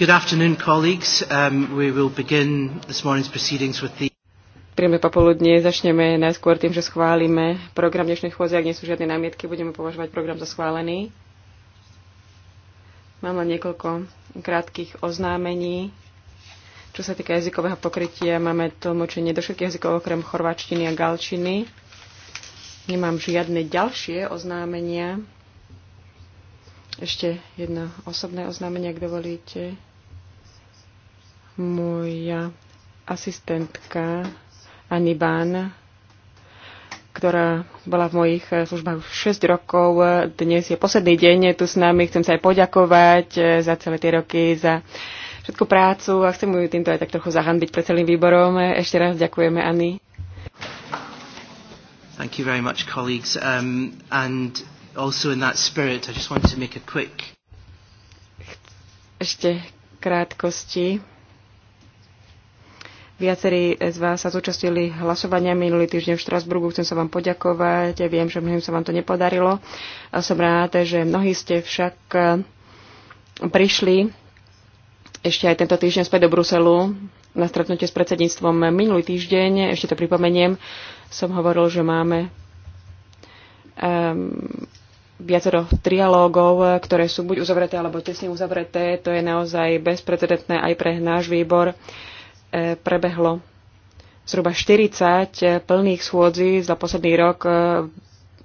Good afternoon, colleagues. Um, we will begin this morning's proceedings with the Príjemné popoludne. Začneme najskôr tým, že schválime program dnešnej chôdze. Ak nie sú žiadne námietky, budeme považovať program za schválený. Mám len niekoľko krátkých oznámení. Čo sa týka jazykového pokrytia, máme tlmočenie do všetkých jazykov okrem chorváčtiny a galčiny. Nemám žiadne ďalšie oznámenia. Ešte jedno osobné oznámenie, ak dovolíte. Moja asistentka Ani Bán, ktorá bola v mojich eh, službách 6 rokov. Dnes je posledný deň tu s nami. Chcem sa aj poďakovať eh, za celé tie roky, za všetku prácu a chcem ju týmto aj tak trochu zahanbiť pre celým výborom. Eh, ešte raz ďakujeme, Ani. Thank you very much, colleagues. Um, and also in that spirit, I just wanted to make a quick... Ešte krátkosti Viacerí z vás sa zúčastnili hlasovania minulý týždeň v Štrasburgu. Chcem sa vám poďakovať. Viem, že mnohým sa vám to nepodarilo. A som ráda, že mnohí ste však e, prišli ešte aj tento týždeň späť do Bruselu na stretnutie s predsedníctvom minulý týždeň. Ešte to pripomeniem. Som hovoril, že máme um, viacero trialógov, ktoré sú buď uzavreté alebo tesne uzavreté. To je naozaj bezprecedentné aj pre náš výbor. Uh, E, prebehlo zhruba 40 e, plných schôdzí za posledný rok e,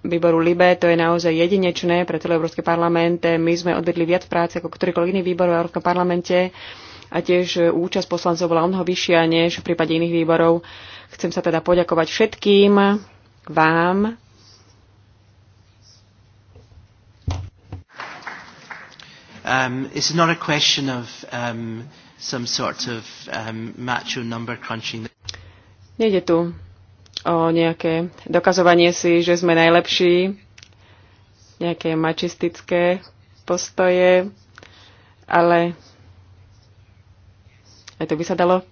výboru LIBE. To je naozaj jedinečné pre celý Európsky parlament. My sme odvedli viac práce ako ktorýkoľvek iný výbor v Európskom parlamente a tiež účasť poslancov bola mnoho vyššia než v prípade iných výborov. Chcem sa teda poďakovať všetkým vám. Um, it's not a question of um, some sort of um, macho number crunching. Nejde tu o nejaké dokazovanie si, že sme najlepší, nejaké mačistické postoje, ale aj to by sa dalo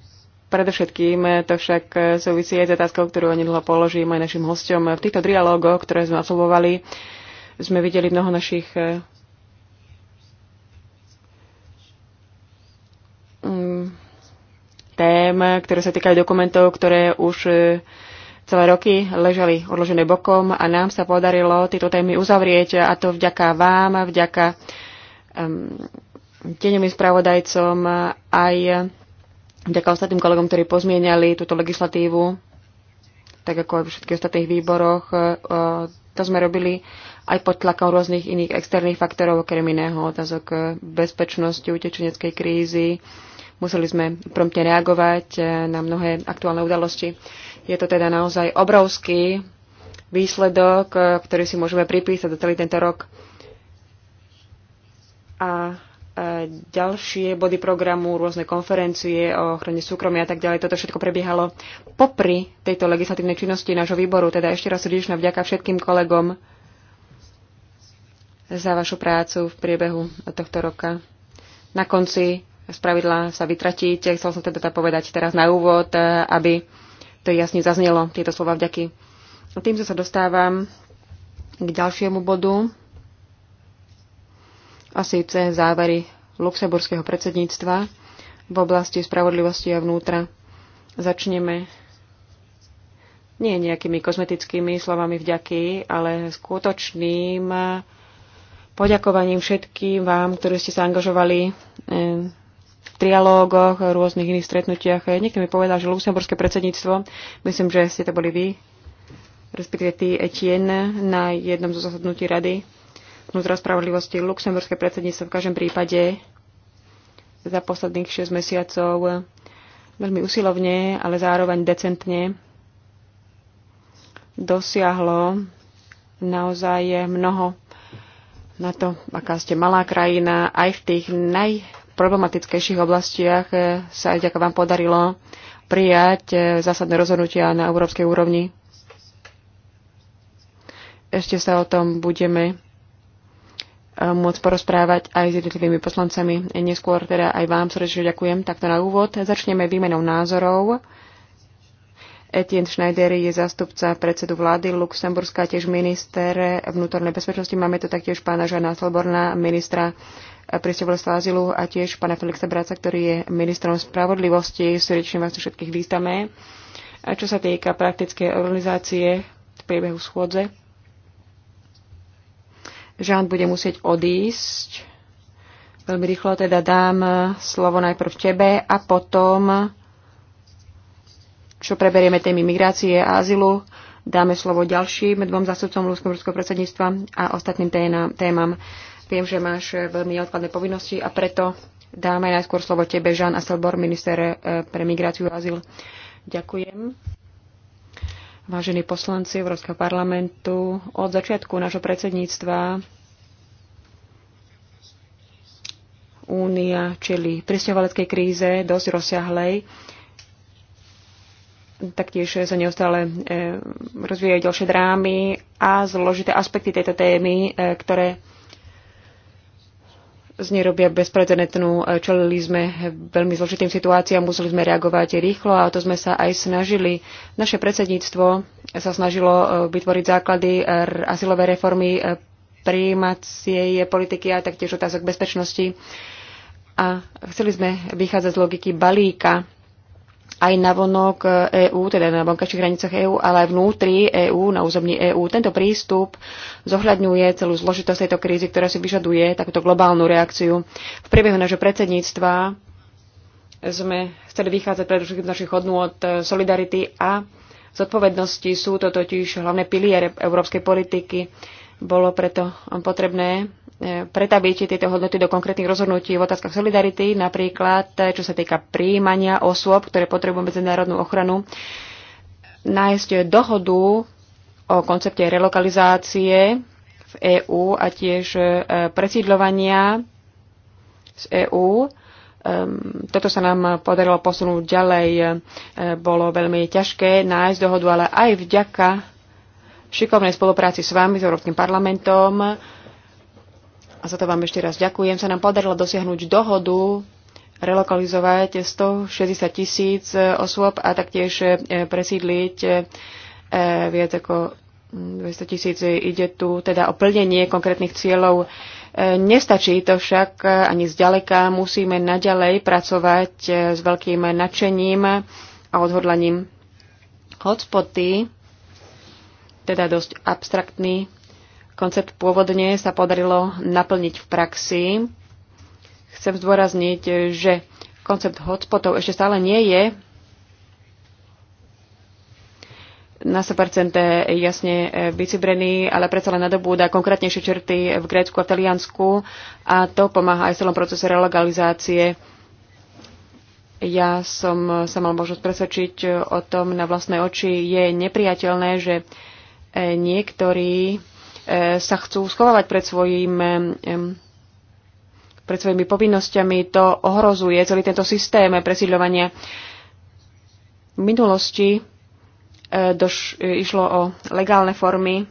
predovšetkým, to však súvisí aj s otázkou, ktorú dlho položím aj našim hostom. V týchto dialógoch, ktoré sme absolvovali, sme videli mnoho našich tém, ktoré sa týkajú dokumentov, ktoré už e, celé roky ležali odložené bokom a nám sa podarilo tieto témy uzavrieť a to vďaka vám, vďaka um, tenevým spravodajcom aj vďaka ostatným kolegom, ktorí pozmieniali túto legislatívu, tak ako aj v všetkých ostatných výboroch. E, to sme robili aj pod tlakom rôznych iných externých faktorov, okrem iného otázok bezpečnosti, utečeneckej krízy, Museli sme promptne reagovať eh, na mnohé aktuálne udalosti. Je to teda naozaj obrovský výsledok, eh, ktorý si môžeme pripísať za celý tento rok. A eh, ďalšie body programu, rôzne konferencie o ochrane súkromia a tak ďalej. Toto všetko prebiehalo popri tejto legislatívnej činnosti nášho výboru. Teda ešte raz srdečná vďaka všetkým kolegom za vašu prácu v priebehu tohto roka. Na konci spravidla sa vytratíte. Chcel som teda povedať teraz na úvod, e, aby to jasne zaznelo, tieto slova vďaky. A tým sa dostávam k ďalšiemu bodu, a síce závery luxemburského predsedníctva v oblasti spravodlivosti a vnútra. Začneme nie nejakými kozmetickými slovami vďaky, ale skutočným e, poďakovaním všetkým vám, ktorí ste sa angažovali e, v trialógoch, rôznych iných stretnutiach. Niekto mi povedal, že luxemburské predsedníctvo, myslím, že ste to boli vy, respektíve ty Etienne na jednom zo zasadnutí rady vnútra spravodlivosti. Luxemburské predsedníctvo v každom prípade za posledných 6 mesiacov veľmi usilovne, ale zároveň decentne dosiahlo naozaj mnoho na to, aká ste malá krajina, aj v tých naj problematickejších oblastiach eh, sa aj ďaká vám podarilo prijať eh, zásadné rozhodnutia na európskej úrovni. Ešte sa o tom budeme eh, môcť porozprávať aj s jednotlivými poslancami. Neskôr teda aj vám srdečne ďakujem. Takto na úvod začneme výmenou názorov. Etienne Schneider je zástupca predsedu vlády Luxemburska, tiež minister vnútornej bezpečnosti. Máme tu taktiež pána Žana Slborna, ministra prísťovalstva azylu a tiež pána Felixa Braca, ktorý je ministrom spravodlivosti. Srdečne vás všetkých vítame. A čo sa týka praktickej organizácie v priebehu schôdze, Žán bude musieť odísť. Veľmi rýchlo teda dám slovo najprv tebe a potom, čo preberieme témy migrácie a azylu, dáme slovo ďalším dvom zástupcom Luxemburského predsedníctva a ostatným témam. Viem, že máš eh, veľmi odkladné povinnosti a preto dáme najskôr slovo tebe, Žan Aselbor, minister eh, pre migráciu a azyl. Ďakujem. Vážení poslanci Európskeho parlamentu, od začiatku nášho predsedníctva Únia čeli presňovaleckej kríze, dosť rozsiahlej. Taktiež sa neustále eh, rozvíjajú ďalšie drámy a zložité aspekty tejto témy, ktoré z nej robia bezprecedentnú. E, čelili sme veľmi zložitým situáciám, museli sme reagovať rýchlo a o to sme sa aj snažili. Naše predsedníctvo sa snažilo e, vytvoriť základy e, asilové reformy prijímacej politiky a taktiež otázok bezpečnosti. A chceli sme vychádzať z logiky balíka aj na Vonok EÚ, e teda na vonkajších hranicách EÚ, ale aj vnútri EÚ, na území EÚ. Tento prístup zohľadňuje celú zložitosť tejto krízy, ktorá si vyžaduje takúto globálnu reakciu. V priebehu nášho predsedníctva sme chceli vychádzať predovšetkým z našich od e, solidarity a zodpovednosti. Sú to totiž hlavné piliere európskej politiky. Bolo preto potrebné e, pretaviť tieto hodnoty do konkrétnych rozhodnutí v otázkach solidarity, napríklad e, čo sa týka príjmania osôb, ktoré potrebujú medzinárodnú ochranu, nájsť dohodu o koncepte relokalizácie v EÚ a tiež e, presídľovania z EÚ. Ehm, toto sa nám podarilo posunúť ďalej. Bolo veľmi ťažké nájsť dohodu, ale aj vďaka šikovnej spolupráci s vami, s Európskym parlamentom. A za to vám ešte raz ďakujem. Sa nám podarilo dosiahnuť dohodu relokalizovať 160 tisíc eh, osôb a taktiež eh, presídliť eh, viac ako 200 tisíc. Ide tu teda o plnenie konkrétnych cieľov. Nestačí to však ani zďaleka. Musíme naďalej pracovať s veľkým nadšením a odhodlaním. Hotspoty teda dosť abstraktný koncept pôvodne sa podarilo naplniť v praxi. Chcem zdôrazniť, že koncept hotspotov ešte stále nie je na 100% jasne vycibrený, ale predsa len nadobúda konkrétnejšie črty v Grécku a v Taliansku a to pomáha aj v celom procese relegalizácie. Ja som sa mal možnosť presvedčiť o tom na vlastné oči. Je nepriateľné, že E, niektorí e, sa chcú schovávať pred svojim e, pred svojimi povinnosťami, to ohrozuje celý tento systém presídľovania. V minulosti doš- išlo o legálne formy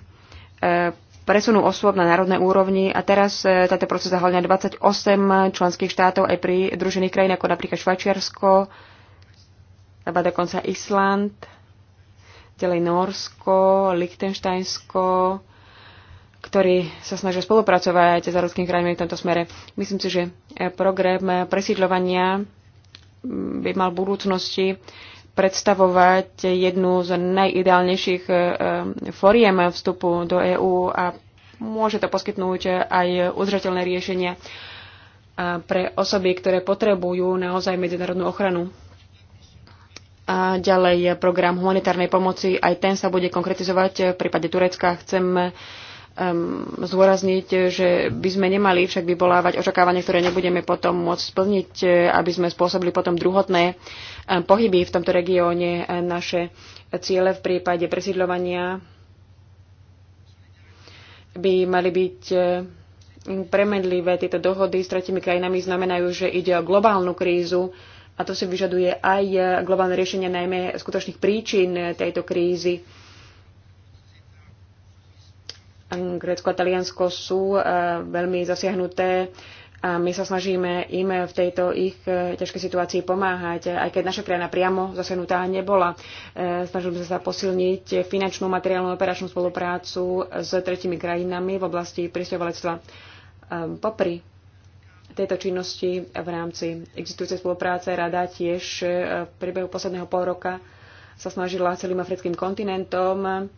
presunú osôb na národnej úrovni a teraz táto proces zahľadňa 28 členských štátov aj pri družených krajín, ako napríklad Švajčiarsko, dokonca Island, ďalej Norsko, Liechtensteinsko, ktorí sa snažia spolupracovať s európskymi krajinami v tomto smere. Myslím si, že e, program presídľovania mm, by mal v budúcnosti predstavovať jednu z najideálnejších e, e, foriem vstupu do EÚ a môže to poskytnúť aj uzrateľné riešenia pre osoby, ktoré potrebujú naozaj medzinárodnú ochranu. A ďalej program humanitárnej pomoci, aj ten sa bude konkretizovať v prípade Turecka. Chcem um, zdôrazniť, že by sme nemali však vyvolávať očakávania, ktoré nebudeme potom môcť splniť, aby sme spôsobili potom druhotné pohyby v tomto regióne. E, naše ciele v prípade presídľovania by mali byť e, premenlivé. Tieto dohody s tretimi krajinami znamenajú, že ide o globálnu krízu, a to si vyžaduje aj e, globálne riešenie najmä skutočných príčin e, tejto krízy. Grécko a Taliansko sú e, veľmi zasiahnuté a my sa snažíme im v tejto ich ťažkej situácii pomáhať, aj keď naša krajina priamo zasiahnutá nebola. Snažili sme sa posilniť finančnú, materiálnu, operačnú spoluprácu s tretimi krajinami v oblasti prisťovalectva popri tejto činnosti v rámci existujúcej spolupráce. Rada tiež e, v priebehu posledného pol roka sa snažila celým africkým kontinentom.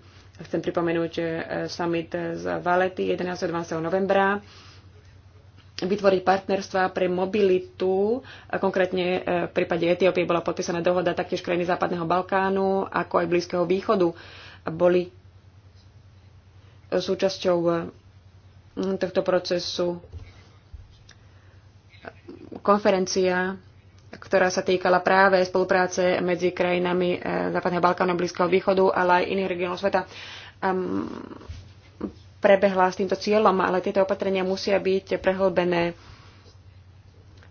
Chcem pripomenúť e, summit z Valety 11. 12. novembra vytvoriť partnerstva pre mobilitu. Konkrétne e, v prípade Etiópie bola podpísaná dohoda taktiež krajiny Západného Balkánu, ako aj Blízkeho východu boli súčasťou tohto procesu konferencia, ktorá sa týkala práve spolupráce medzi krajinami eh, Západného Balkánu, Blízkeho východu, ale aj iných regiónov sveta, ehm, prebehla s týmto cieľom, ale tieto opatrenia musia byť prehlbené.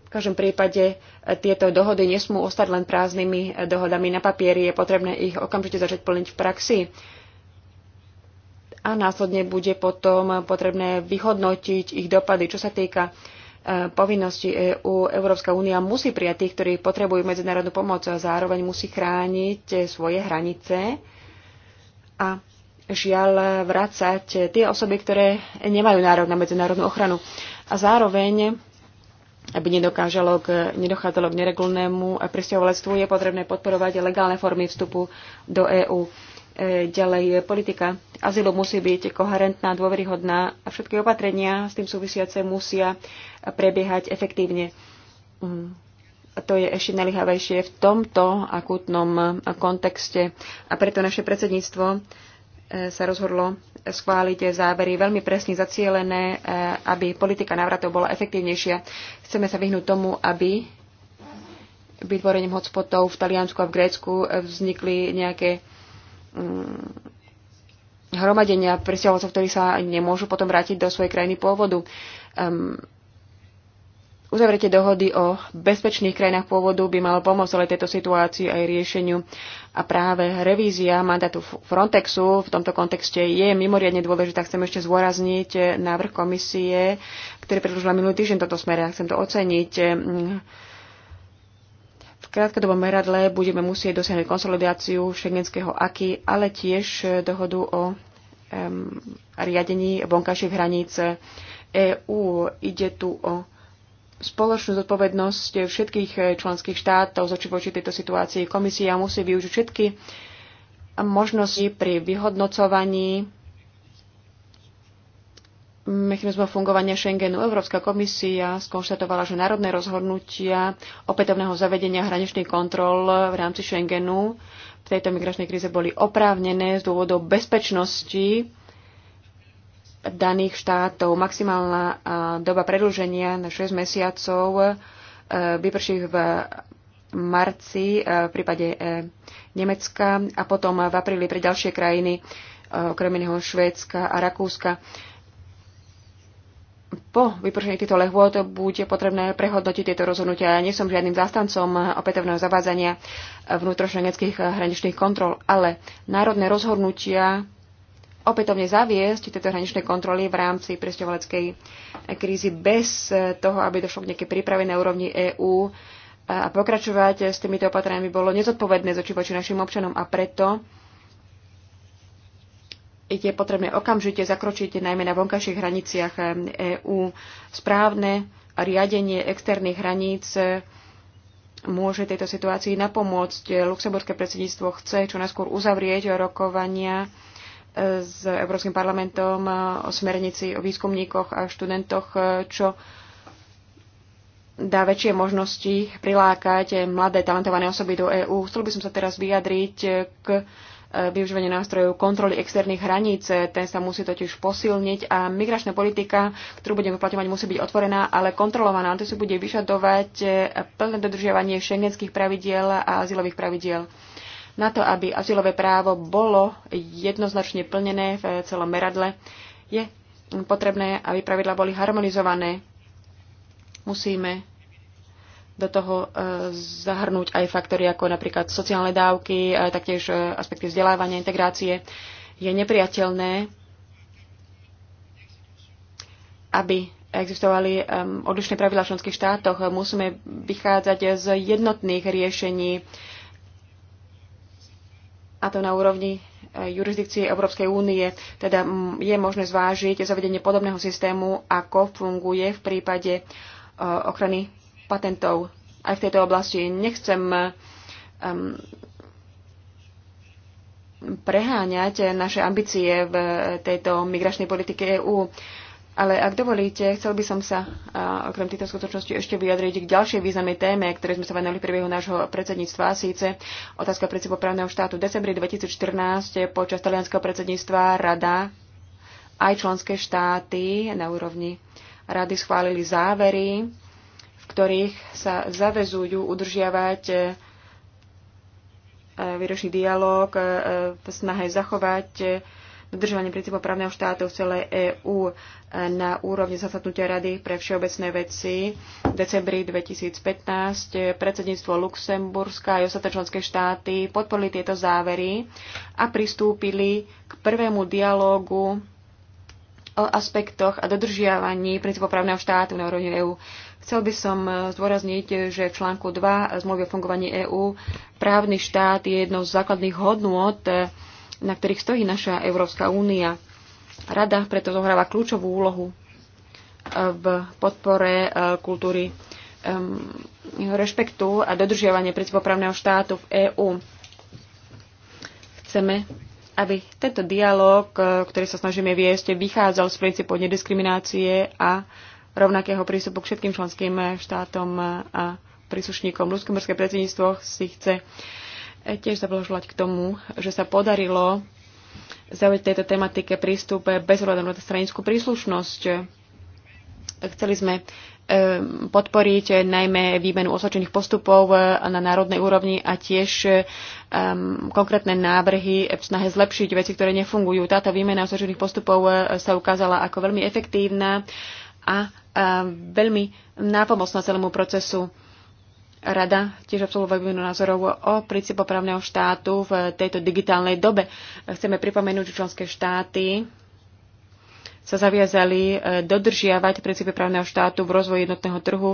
V každom prípade eh, tieto dohody nesmú ostať len prázdnymi eh, dohodami na papieri. Je potrebné ich okamžite začať plniť v praxi. A následne bude potom potrebné vyhodnotiť ich dopady. Čo sa týka povinnosti EÚ. EU. Európska únia musí prijať tých, ktorí potrebujú medzinárodnú pomoc a zároveň musí chrániť svoje hranice a žiaľ vracať tie osoby, ktoré nemajú nárok na medzinárodnú ochranu. A zároveň aby nedokážalo k, nedochádzalo k neregulnému presťahovalectvu, je potrebné podporovať legálne formy vstupu do EÚ. E, ďalej, politika azylu musí byť koherentná, dôveryhodná a všetky opatrenia s tým súvisiace musia prebiehať efektívne. Mm. A To je ešte nalihavejšie v tomto akútnom kontexte a preto naše predsedníctvo e, sa rozhodlo schváliť závery veľmi presne zacielené, e, aby politika návratov bola efektívnejšia. Chceme sa vyhnúť tomu, aby vytvorením hotspotov v Taliansku a v Grécku vznikli nejaké Mm, hromadenia presťahovalcov, ktorí sa nemôžu potom vrátiť do svojej krajiny pôvodu. Um, uzavretie dohody o bezpečných krajinách pôvodu by malo pomôcť celej tejto situácii aj riešeniu a práve revízia mandátu Frontexu v tomto kontexte je mimoriadne dôležitá. Chcem ešte zdôrazniť návrh komisie, ktorý predložila minulý týždeň toto smere. Chcem to oceniť krátkodobom meradle budeme musieť dosiahnuť konsolidáciu šengenského aky, ale tiež e, dohodu o um, riadení vonkajších hraníc EÚ. Ide tu o spoločnú zodpovednosť všetkých e, členských štátov zoči voči tejto situácii. Komisia musí využiť všetky možnosti pri vyhodnocovaní mechanizmov fungovania Schengenu. Európska komisia skonštatovala, že národné rozhodnutia opätovného zavedenia hraničných kontrol v rámci Schengenu v tejto migračnej kríze boli oprávnené z dôvodov bezpečnosti daných štátov. Maximálna doba predlženia na 6 mesiacov e, vyprší v marci e, v prípade e, Nemecka a potom v apríli pre ďalšie krajiny, okrem iného Švédska a Rakúska po vypršení týchto lehôd bude potrebné prehodnotiť tieto rozhodnutia. Ja nie som žiadnym zástancom opätovného zavádzania vnútrošeneckých hraničných kontrol, ale národné rozhodnutia opätovne zaviesť tieto hraničné kontroly v rámci presťovaleckej krízy bez toho, aby došlo k nejaké príprave na úrovni EÚ a pokračovať s týmito opatreniami bolo nezodpovedné zoči voči našim občanom a preto je potrebné okamžite zakročiť najmä na vonkajších hraniciach EÚ. Správne riadenie externých hraníc môže tejto situácii napomôcť. Luxemburské predsedníctvo chce čo najskôr uzavrieť rokovania s Európskym parlamentom o smernici o výskumníkoch a študentoch, čo dá väčšie možnosti prilákať mladé talentované osoby do EÚ. Chcel by som sa teraz vyjadriť k využívanie nástrojov kontroly externých hraníc. Ten sa musí totiž posilniť a migračná politika, ktorú budeme uplatňovať, musí byť otvorená, ale kontrolovaná. To si bude vyžadovať plné dodržiavanie šengenských pravidiel a azylových pravidiel na to, aby azylové právo bolo jednoznačne plnené v celom meradle, je potrebné, aby pravidla boli harmonizované. Musíme do toho e, zahrnúť aj faktory ako napríklad sociálne dávky, e, taktiež e, aspekty vzdelávania, integrácie. Je nepriateľné, aby existovali odlišné pravidla v členských štátoch. Musíme vychádzať z jednotných riešení a to na úrovni jurisdikcie Európskej únie. Teda je možné zvážiť zavedenie podobného systému, ako funguje v prípade ochrany patentov aj v tejto oblasti. Nechcem um, preháňať naše ambície v tejto migračnej politike EÚ. Ale ak dovolíte, chcel by som sa a okrem týchto skutočnosti ešte vyjadriť k ďalšej významnej téme, ktoré sme sa venovali v priebehu nášho predsedníctva, síce otázka princípoprávneho štátu. V decembri 2014 počas talianského predsedníctva Rada aj členské štáty na úrovni Rady schválili závery ktorých sa zavezujú udržiavať e, výročný dialog e, v snahe zachovať e, dodržovanie princípov právneho štátu v celej EÚ na úrovni zasadnutia Rady pre všeobecné veci v decembri 2015. Predsedníctvo Luxemburska a ostatné členské štáty podporili tieto závery a pristúpili k prvému dialógu o aspektoch a dodržiavaní princípov právneho štátu na úrovni EÚ. Chcel by som e, zdôrazniť, e, že v článku 2 zmluvy o fungovaní EÚ právny štát je jednou z základných hodnôt, e, na ktorých stojí naša Európska únia. Rada preto zohráva kľúčovú úlohu v podpore kultúry rešpektu a dodržiavania princípov právneho štátu v EÚ. Chceme, aby tento dialog, ktorý sa snažíme viesť, vychádzal z princípu nediskriminácie a rovnakého prístupu k všetkým členským štátom a príslušníkom. Luxemburské predsedníctvo si chce eh, tiež zablažovať k tomu, že sa podarilo zaujať tejto tematike prístup eh, bez hľadom na stranickú príslušnosť. Eh, chceli sme podporiť najmä výmenu osvedčených postupov na národnej úrovni a tiež um, konkrétne návrhy v snahe zlepšiť veci, ktoré nefungujú. Táto výmena osvedčených postupov sa ukázala ako veľmi efektívna. Uh, a, a veľmi nápomocná celému procesu. Rada tiež absolvovala výmenu názorov o princípoch právneho štátu v tejto digitálnej dobe. Chceme pripomenúť, že členské štáty sa zaviazali e, dodržiavať princípy právneho štátu v rozvoji jednotného trhu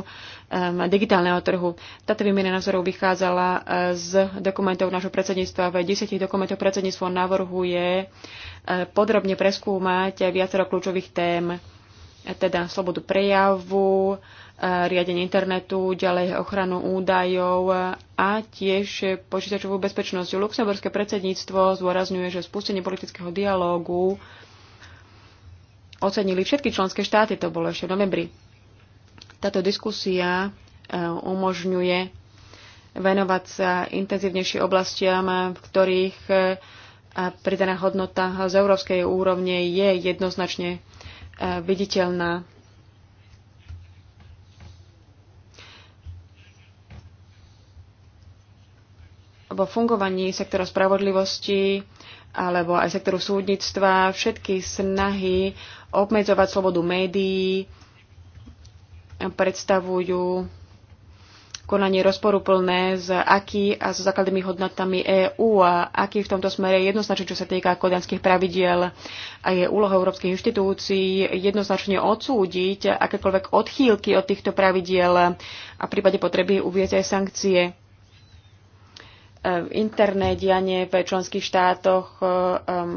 a digitálneho trhu. Táto výmena názorov vychádzala e, z dokumentov nášho predsedníctva. V desiatich dokumentoch predsedníctvo navrhuje e, podrobne preskúmať viacero kľúčových tém teda slobodu prejavu, eh, riadenie internetu, ďalej ochranu údajov a tiež počítačovú bezpečnosť. Luxemburské predsedníctvo zdôrazňuje, že spustenie politického dialógu ocenili všetky členské štáty, to bolo ešte v novembri. Táto diskusia eh, umožňuje venovať sa intenzívnejším oblastiam, v ktorých eh, pridaná hodnota z európskej úrovne je jednoznačne Eh, viditeľná. Vo fungovaní sektora spravodlivosti alebo aj sektoru súdnictva všetky snahy obmedzovať slobodu médií predstavujú konanie rozporuplné s aký a so základnými hodnotami EÚ a aký v tomto smere je jednoznačne, čo sa týka kodanských pravidiel a je úloha európskych inštitúcií jednoznačne odsúdiť akékoľvek odchýlky od týchto pravidiel a v prípade potreby uvieť aj sankcie e, interné dianie v členských štátoch e,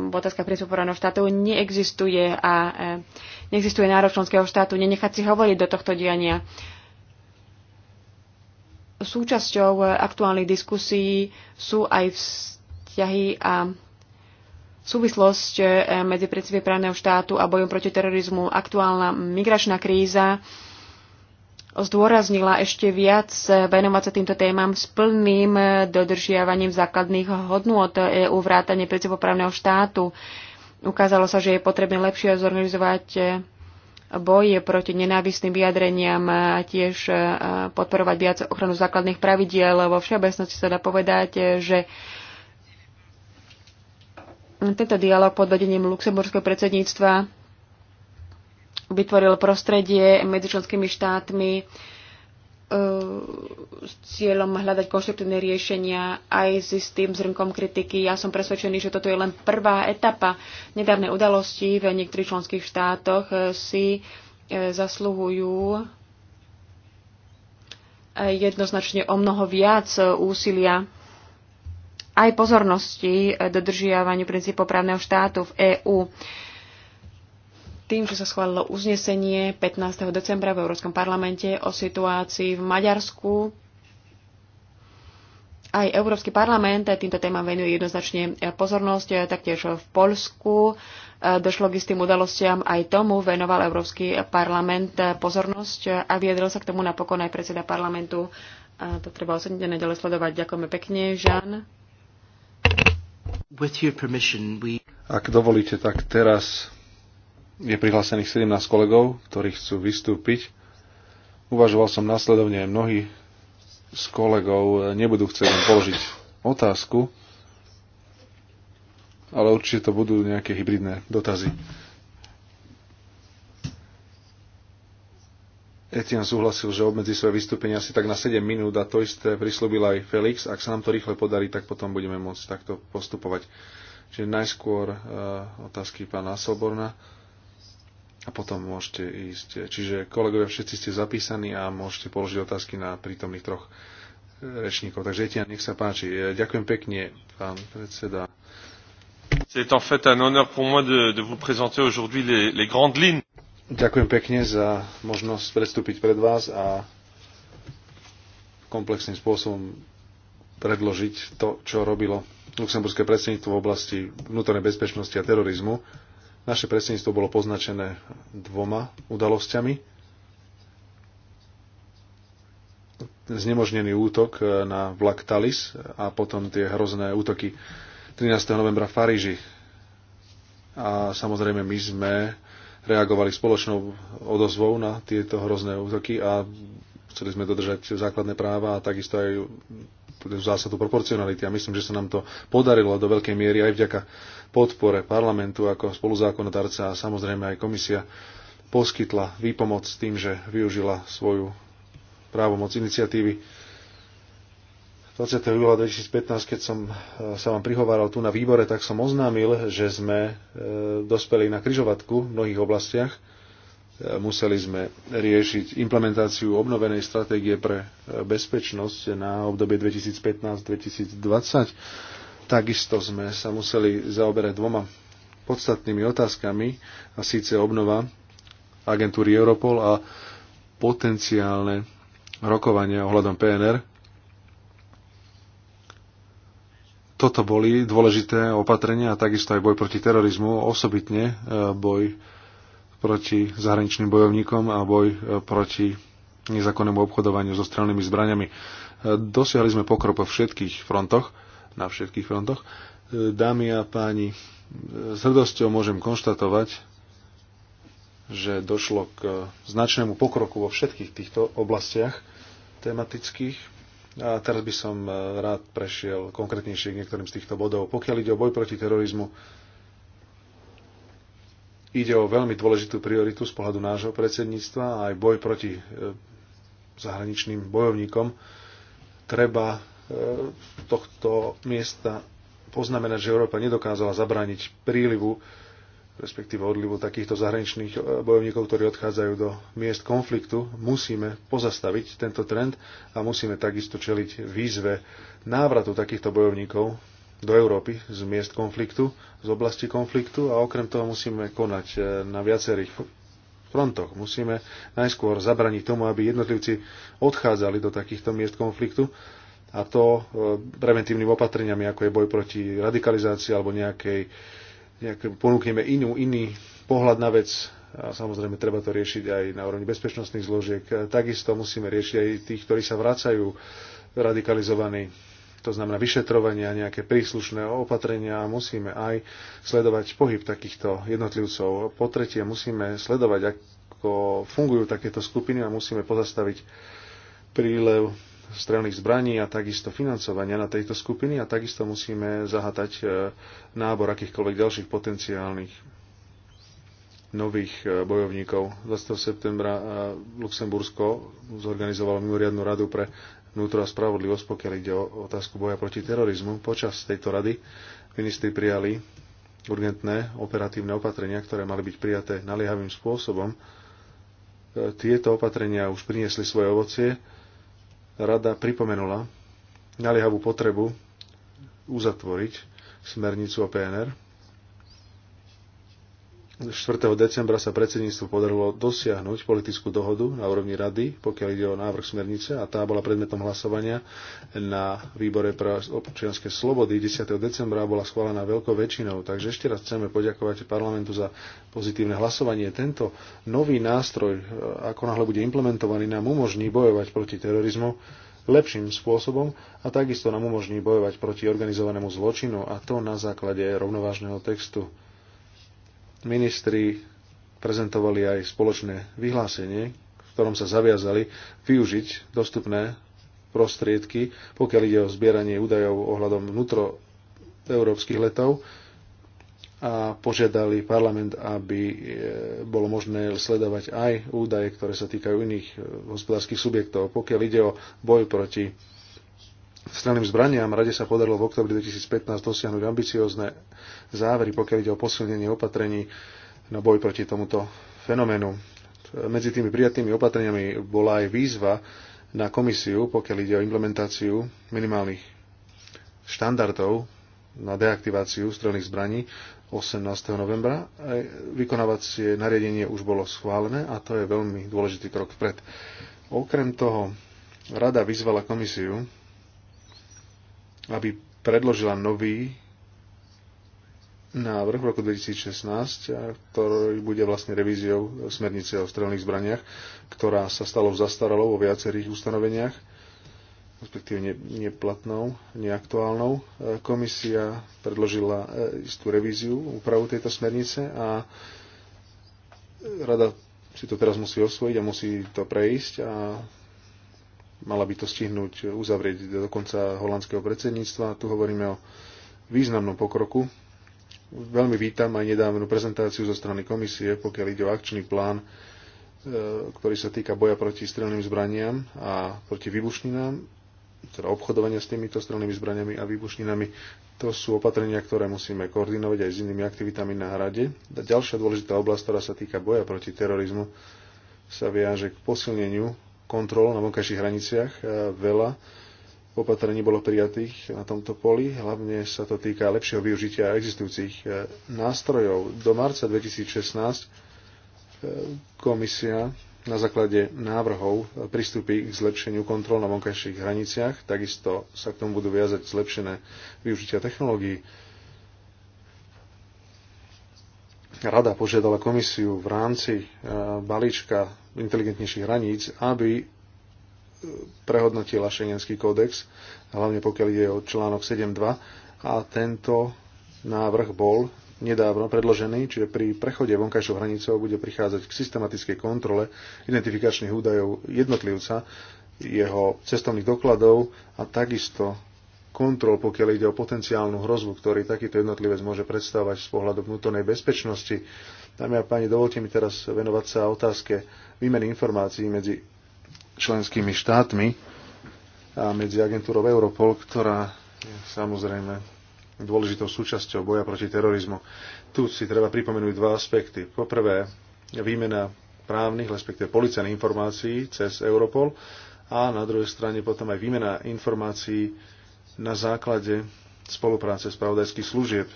v otázkach prístupu štátu neexistuje a e, neexistuje národ členského štátu nenechať si hovoriť do tohto diania súčasťou eh, aktuálnych diskusí sú aj vzťahy a súvislosť eh, medzi princípy právneho štátu a bojom proti terorizmu. Aktuálna migračná kríza zdôraznila ešte viac eh, venovať sa týmto témam s plným dodržiavaním základných hodnôt EU vrátane princípov právneho štátu. Ukázalo sa, že je potrebné lepšie zorganizovať boje proti nenávisným vyjadreniam a tiež e, podporovať viac ochranu základných pravidiel. Vo všeobecnosti sa dá povedať, že tento dialog pod vedením luxemburského predsedníctva vytvoril prostredie medzi členskými štátmi, Eh, s cieľom hľadať konštruktívne riešenia aj s tým zrnkom kritiky. Ja som presvedčený, že toto je len prvá etapa nedávnej udalosti v niektorých členských štátoch eh, si eh, zasluhujú jednoznačne o mnoho viac úsilia aj pozornosti dodržiavaniu princípov právneho štátu v EÚ tým, že sa schválilo uznesenie 15. decembra v Európskom parlamente o situácii v Maďarsku. Aj Európsky parlament týmto témam venuje jednoznačne pozornosť, eh, taktiež v Polsku eh, došlo k istým udalostiam, aj tomu venoval Európsky parlament pozornosť a viedol sa k tomu napokon aj predseda parlamentu. A to treba osobne naďalej sledovať. Ďakujeme pekne, Žan. With your permission, we... Ak dovolíte, tak teraz je prihlásených 17 kolegov, ktorí chcú vystúpiť. Uvažoval som následovne, mnohí z kolegov nebudú chcieť len položiť otázku, ale určite to budú nejaké hybridné dotazy. Etian súhlasil, že obmedzi svoje vystúpenie asi tak na 7 minút a to isté prislúbil aj Felix. Ak sa nám to rýchle podarí, tak potom budeme môcť takto postupovať. Čiže najskôr uh, otázky pána Soborna. Uh, a potom môžete ísť. Čiže kolegovia, všetci ste zapísaní a môžete položiť otázky na prítomných troch e, rečníkov. Takže Etienne, nech sa páči. E, ďakujem pekne, pán predseda. C'est en fait un honneur pour moi de, de vous présenter aujourd'hui les, les grandes lignes. Ďakujem pekne za možnosť predstúpiť pred vás a komplexným spôsobom predložiť to, čo robilo luxemburské predsedníctvo v oblasti vnútornej bezpečnosti a terorizmu naše predsedníctvo bolo poznačené dvoma udalosťami. Znemožnený útok e, na vlak Talis a potom tie hrozné útoky 13. novembra v Paríži. A samozrejme my sme reagovali spoločnou odozvou na tieto hrozné útoky a Chceli sme dodržať základné práva a takisto aj zásadu proporcionality. A myslím, že sa nám to podarilo do veľkej miery aj vďaka podpore parlamentu ako spoluzákonodárca a samozrejme aj komisia poskytla výpomoc tým, že využila svoju právomoc iniciatívy. 20. júla 2015, keď som e, sa vám prihováral tu na výbore, tak som oznámil, že sme e, dospeli na kryžovatku v mnohých oblastiach museli sme riešiť implementáciu obnovenej stratégie pre bezpečnosť na obdobie 2015-2020. Takisto sme sa museli zaoberať dvoma podstatnými otázkami, a síce obnova agentúry Europol a potenciálne rokovania ohľadom PNR. Toto boli dôležité opatrenia a takisto aj boj proti terorizmu, osobitne e, boj proti zahraničným bojovníkom a boj e, proti nezákonnému obchodovaniu so strelnými zbraniami. E, dosiahli sme pokrok po všetkých frontoch, na všetkých frontoch. E, dámy a páni, s hrdosťou môžem konštatovať, že došlo k značnému pokroku vo všetkých týchto oblastiach tematických. A teraz by som rád prešiel konkrétnejšie k niektorým z týchto bodov. Pokiaľ ide o boj proti terorizmu, Ide o veľmi dôležitú prioritu z pohľadu nášho predsedníctva a aj boj proti e, zahraničným bojovníkom. Treba e, tohto miesta poznamenať, že Európa nedokázala zabrániť prílivu, respektíve odlivu takýchto zahraničných e, bojovníkov, ktorí odchádzajú do miest konfliktu. Musíme pozastaviť tento trend a musíme takisto čeliť výzve návratu takýchto bojovníkov do Európy z miest konfliktu, z oblasti konfliktu a okrem toho musíme konať e, na viacerých frontoch. Musíme najskôr zabraniť tomu, aby jednotlivci odchádzali do takýchto miest konfliktu a to e, preventívnymi opatreniami, ako je boj proti radikalizácii alebo nejakej, nejaké, ponúkneme inú, iný pohľad na vec, a samozrejme treba to riešiť aj na úrovni bezpečnostných zložiek. E, takisto musíme riešiť aj tých, ktorí sa vracajú radikalizovaní to znamená vyšetrovania, nejaké príslušné opatrenia a musíme aj sledovať pohyb takýchto jednotlivcov. Po tretie, musíme sledovať, ako fungujú takéto skupiny a musíme pozastaviť prílev strelných zbraní a takisto financovania na tejto skupiny a takisto musíme zahatať e, nábor akýchkoľvek ďalších potenciálnych nových e, bojovníkov. 20. septembra e, Luxembursko zorganizovalo mimoriadnú radu pre vnútro a spravodlivosť, pokiaľ ide o otázku boja proti terorizmu. Počas tejto rady ministri prijali urgentné operatívne opatrenia, ktoré mali byť prijaté naliehavým spôsobom. E, tieto opatrenia už priniesli svoje ovocie. Rada pripomenula naliehavú potrebu uzatvoriť smernicu o PNR 4. decembra sa predsedníctvu podarilo dosiahnuť politickú dohodu na úrovni rady, pokiaľ ide o návrh smernice a tá bola predmetom hlasovania na výbore pre občianske slobody. 10. decembra bola schválená veľkou väčšinou, takže ešte raz chceme poďakovať parlamentu za pozitívne hlasovanie. Tento nový nástroj, e, ako náhle bude implementovaný, nám umožní bojovať proti terorizmu lepším spôsobom a takisto nám umožní bojovať proti organizovanému zločinu a to na základe rovnovážneho textu Ministri prezentovali aj spoločné vyhlásenie, v ktorom sa zaviazali využiť dostupné prostriedky, pokiaľ ide o zbieranie údajov ohľadom vnútro európskych letov a požiadali parlament, aby e, bolo možné sledovať aj údaje, ktoré sa týkajú iných e, hospodárskych subjektov. Pokiaľ ide o boj proti strelným zbraniam rade sa podarilo v oktobri 2015 dosiahnuť ambiciózne závery, pokiaľ ide o posilnenie opatrení na boj proti tomuto fenoménu. Medzi tými prijatými opatreniami bola aj výzva na komisiu, pokiaľ ide o implementáciu minimálnych štandardov na deaktiváciu strelných zbraní 18. novembra. Vykonávacie nariadenie už bolo schválené a to je veľmi dôležitý krok vpred. Okrem toho, rada vyzvala komisiu aby predložila nový návrh v roku 2016, ktorý bude vlastne revíziou smernice o strelných zbraniach, ktorá sa stalo zastaralou vo viacerých ustanoveniach, respektíve neplatnou, neaktuálnou. Komisia predložila e, istú revíziu, úpravu tejto smernice a rada si to teraz musí osvojiť a musí to prejsť a Mala by to stihnúť e, uzavrieť do konca holandského predsedníctva. Tu hovoríme o významnom pokroku. Veľmi vítam aj nedávnu prezentáciu zo strany komisie, pokiaľ ide o akčný plán, e, ktorý sa týka boja proti strelným zbraniam a proti výbušninám teda obchodovania s týmito strelnými zbraniami a výbušninami. To sú opatrenia, ktoré musíme koordinovať aj s inými aktivitami na hrade. A ďalšia dôležitá oblasť, ktorá sa týka boja proti terorizmu, sa viaže k posilneniu kontrol na vonkajších hraniciach. E, veľa opatrení bolo prijatých na tomto poli. Hlavne sa to týka lepšieho využitia existujúcich e, nástrojov. Do marca 2016 e, komisia na základe návrhov pristúpi k zlepšeniu kontrol na vonkajších hraniciach. Takisto sa k tomu budú viazať zlepšené využitia technológií. Rada požiadala komisiu v rámci balíčka inteligentnejších hraníc, aby e, prehodnotila šengenský kódex, hlavne pokiaľ ide o článok 7.2. A tento návrh bol nedávno predložený, čiže pri prechode vonkajšou hranicou bude prichádzať k systematickej kontrole identifikačných údajov jednotlivca, jeho cestovných dokladov a takisto kontrol, pokiaľ ide o potenciálnu hrozbu, ktorý takýto jednotlivec môže predstavať z pohľadu vnútornej bezpečnosti Dámy a páni, dovolte mi teraz venovať sa otázke výmeny informácií medzi členskými štátmi a medzi agentúrou Europol, ktorá je samozrejme dôležitou súčasťou boja proti terorizmu. Tu si treba pripomenúť dva aspekty. Poprvé, výmena právnych, respektíve policajných informácií cez Europol a na druhej strane potom aj výmena informácií na základe spolupráce spravodajských služieb.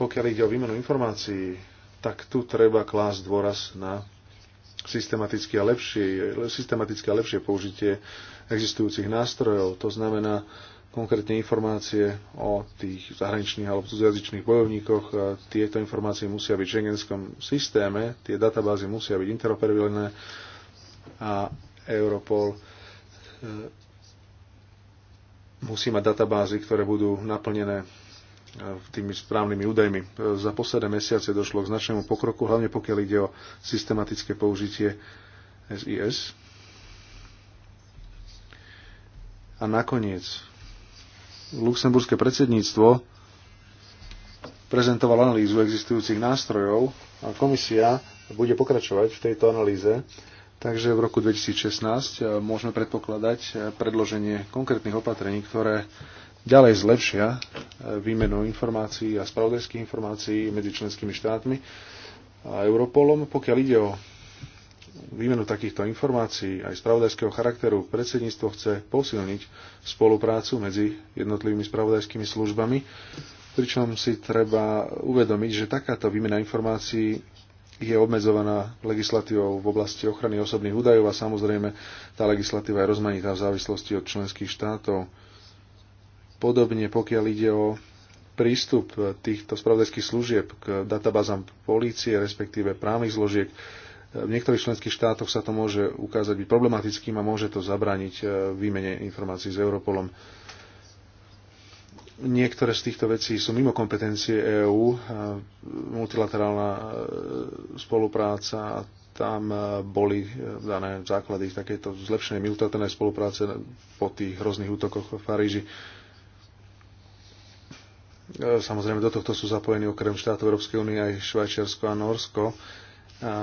Pokiaľ ide o výmenu informácií tak tu treba klásť dôraz na systematické a lepšie, systematické a lepšie použitie existujúcich nástrojov. To znamená konkrétne informácie o tých zahraničných alebo cudzojazyčných bojovníkoch. Tieto informácie musia byť v šengenskom systéme, tie databázy musia byť interoperabilné a Europol e, musí mať databázy, ktoré budú naplnené tými správnymi údajmi. Za posledné mesiace došlo k značnému pokroku, hlavne pokiaľ ide o systematické použitie SIS. A nakoniec, luxemburské predsedníctvo prezentovalo analýzu existujúcich nástrojov a komisia bude pokračovať v tejto analýze. Takže v roku 2016 e, môžeme predpokladať e, predloženie konkrétnych opatrení, ktoré ďalej zlepšia e, výmenu informácií a spravodajských informácií medzi členskými štátmi a Europolom. Pokiaľ ide o výmenu takýchto informácií aj spravodajského charakteru, predsedníctvo chce posilniť spoluprácu medzi jednotlivými spravodajskými službami, pričom si treba uvedomiť, že takáto výmena informácií je obmedzovaná legislatívou v oblasti ochrany osobných údajov a samozrejme tá legislatíva je rozmanitá v závislosti od členských štátov Podobne, pokiaľ ide o prístup týchto spravodajských služieb k databázam polície, respektíve právnych zložiek, v niektorých členských štátoch sa to môže ukázať byť problematickým a môže to zabrániť e, výmene informácií s Europolom. Niektoré z týchto vecí sú mimo kompetencie EÚ, e, multilaterálna e, spolupráca a tam boli dané základy takéto zlepšenej multilaterálnej spolupráce po tých hrozných útokoch v Paríži. E, samozrejme, do tohto sú zapojení okrem štátov Európskej únie aj Švajčiarsko a Norsko. A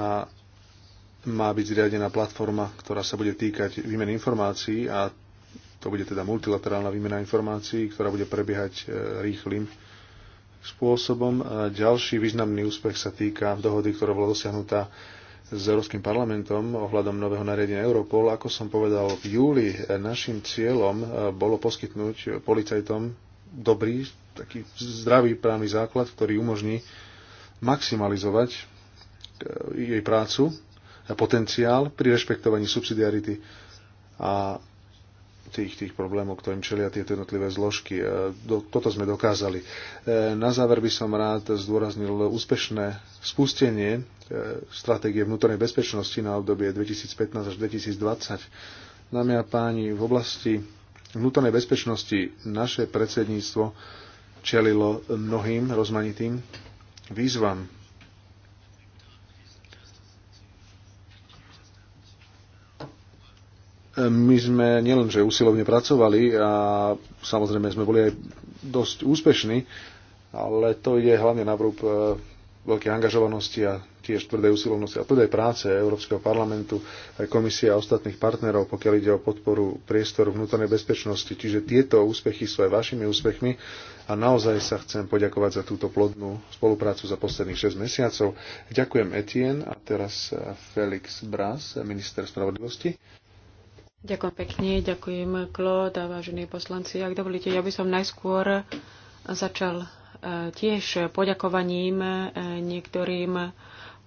má byť zriadená platforma, ktorá sa bude týkať výmeny informácií a to bude teda multilaterálna výmena informácií, ktorá bude prebiehať e, rýchlým spôsobom. A ďalší významný úspech sa týka dohody, ktorá bola dosiahnutá s Európskym parlamentom ohľadom nového nariadenia Europol. Ako som povedal v júli, e, našim cieľom bolo poskytnúť policajtom dobrý, taký zdravý právny základ, ktorý umožní maximalizovať e, jej prácu a potenciál pri rešpektovaní subsidiarity a tých, tých problémov, ktorým čelia tieto jednotlivé zložky. E, toto sme dokázali. E, na záver by som rád zdôraznil úspešné spustenie stratégie vnútornej bezpečnosti na obdobie 2015 až 2020. Dámy a páni, v oblasti vnútornej bezpečnosti naše predsedníctvo čelilo mnohým rozmanitým výzvam. My sme nielenže usilovne pracovali a samozrejme sme boli aj dosť úspešní, ale to je hlavne na vrúb eh, veľkej angažovanosti a tiež tvrdej usilovnosti a tvrdej práce Európskeho parlamentu, aj komisie a ostatných partnerov, pokiaľ ide o podporu priestoru vnútornej bezpečnosti. Čiže tieto úspechy sú aj vašimi úspechmi a naozaj sa chcem poďakovať za túto plodnú spoluprácu za posledných 6 mesiacov. Ďakujem Etienne a teraz eh, Felix Bras, minister spravodlivosti. Ďakujem pekne, ďakujem Klod a vážení poslanci. Ak dovolíte, ja by som najskôr začal tiež poďakovaním e, niektorým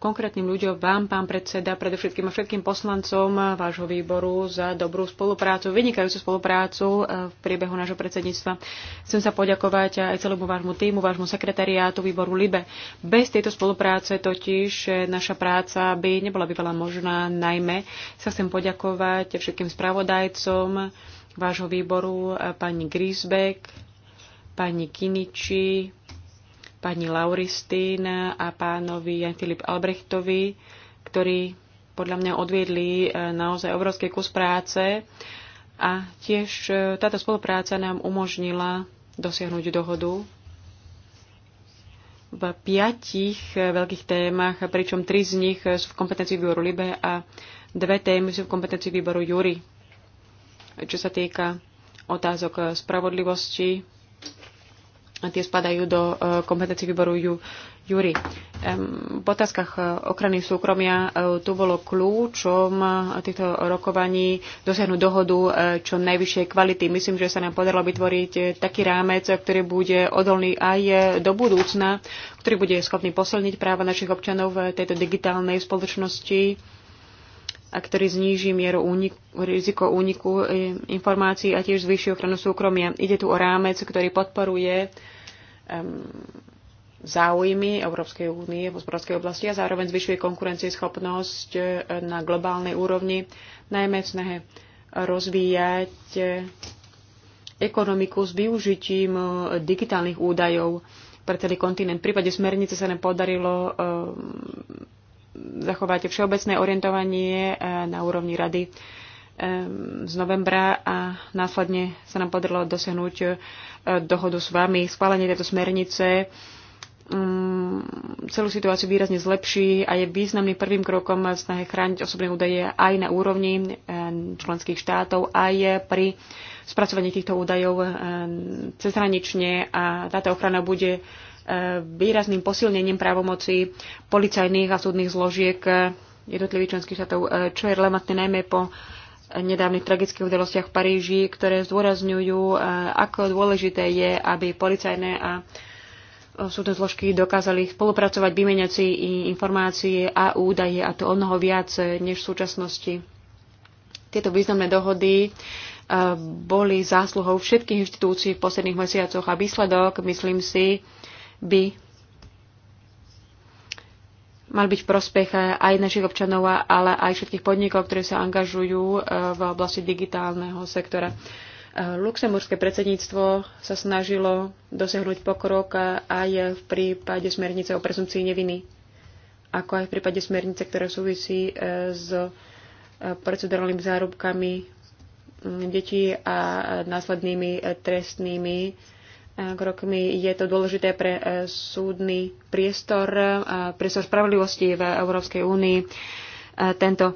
konkrétnym ľuďom, vám, pán predseda, predovšetkým a všetkým poslancom vášho výboru za dobrú spoluprácu, vynikajúcu spoluprácu e, v priebehu nášho predsedníctva. Chcem sa poďakovať aj celému vášmu týmu, vášmu sekretariátu výboru LIBE. Bez tejto spolupráce totiž e, naša práca by nebola by veľa možná. Najmä sa chcem poďakovať všetkým spravodajcom vášho výboru, pani Grisbeck, pani Kiniči, pani Lauristín a pánovi Jan Filip Albrechtovi, ktorí podľa mňa odviedli e, naozaj obrovský kus práce a tiež e, táto spolupráca nám umožnila dosiahnuť dohodu v piatich e, veľkých témach, pričom tri z nich sú v kompetencii výboru Libe a dve témy sú v kompetencii výboru Jury. Čo sa týka otázok spravodlivosti, tie spadajú do e, kompetencií výboru Ju, Júri. V otázkach e, ochrany súkromia e, tu bolo kľúčom týchto rokovaní dosiahnuť dohodu čo najvyššej kvality. Myslím, že sa nám podarilo vytvoriť taký rámec, ktorý bude odolný aj do budúcna, ktorý bude schopný posilniť práva našich občanov v tejto digitálnej spoločnosti a ktorý zníži mieru únik, riziko úniku informácií a tiež zvýši ochranu súkromia. Ide tu o rámec, ktorý podporuje záujmy Európskej únie v hospodárskej oblasti a zároveň zvyšuje konkurencieschopnosť e, na globálnej úrovni, najmä v snahe rozvíjať e, ekonomiku s využitím e, digitálnych údajov pre celý kontinent. V prípade smernice sa nám podarilo zachovať všeobecné orientovanie na úrovni rady z novembra a následne sa nám podarilo dosiahnuť e, dohodu s vami. Schválenie tejto smernice mm, celú situáciu výrazne zlepší a je významným prvým krokom v snahe chrániť osobné údaje aj na úrovni členských štátov, aj pri spracovaní týchto údajov cezhranične a táto ochrana bude výrazným posilnením právomoci policajných a súdnych zložiek jednotlivých členských štátov, eh, čo je relevantné najmä po nedávnych tragických udalostiach v Paríži, ktoré zdôrazňujú, eh, ako dôležité je, aby policajné a eh, súdne zložky dokázali spolupracovať, vymeniať si informácie a údaje, a to o mnoho viac eh, než v súčasnosti. Tieto významné dohody boli zásluhou všetkých inštitúcií v posledných mesiacoch a výsledok, myslím si, by mal byť v prospech eh, aj našich občanov, ale aj všetkých podnikov, ktorí sa angažujú eh, v oblasti digitálneho sektora. Eh, Luxemburské predsedníctvo sa snažilo dosiahnuť pokrok aj v prípade smernice o prezumcii neviny, ako aj v prípade smernice, ktorá súvisí s procedurálnymi zárubkami mm, detí a následnými trestnými krokmi. Je to dôležité pre e, súdny priestor, priestor spravodlivosti v Európskej únii. E, tento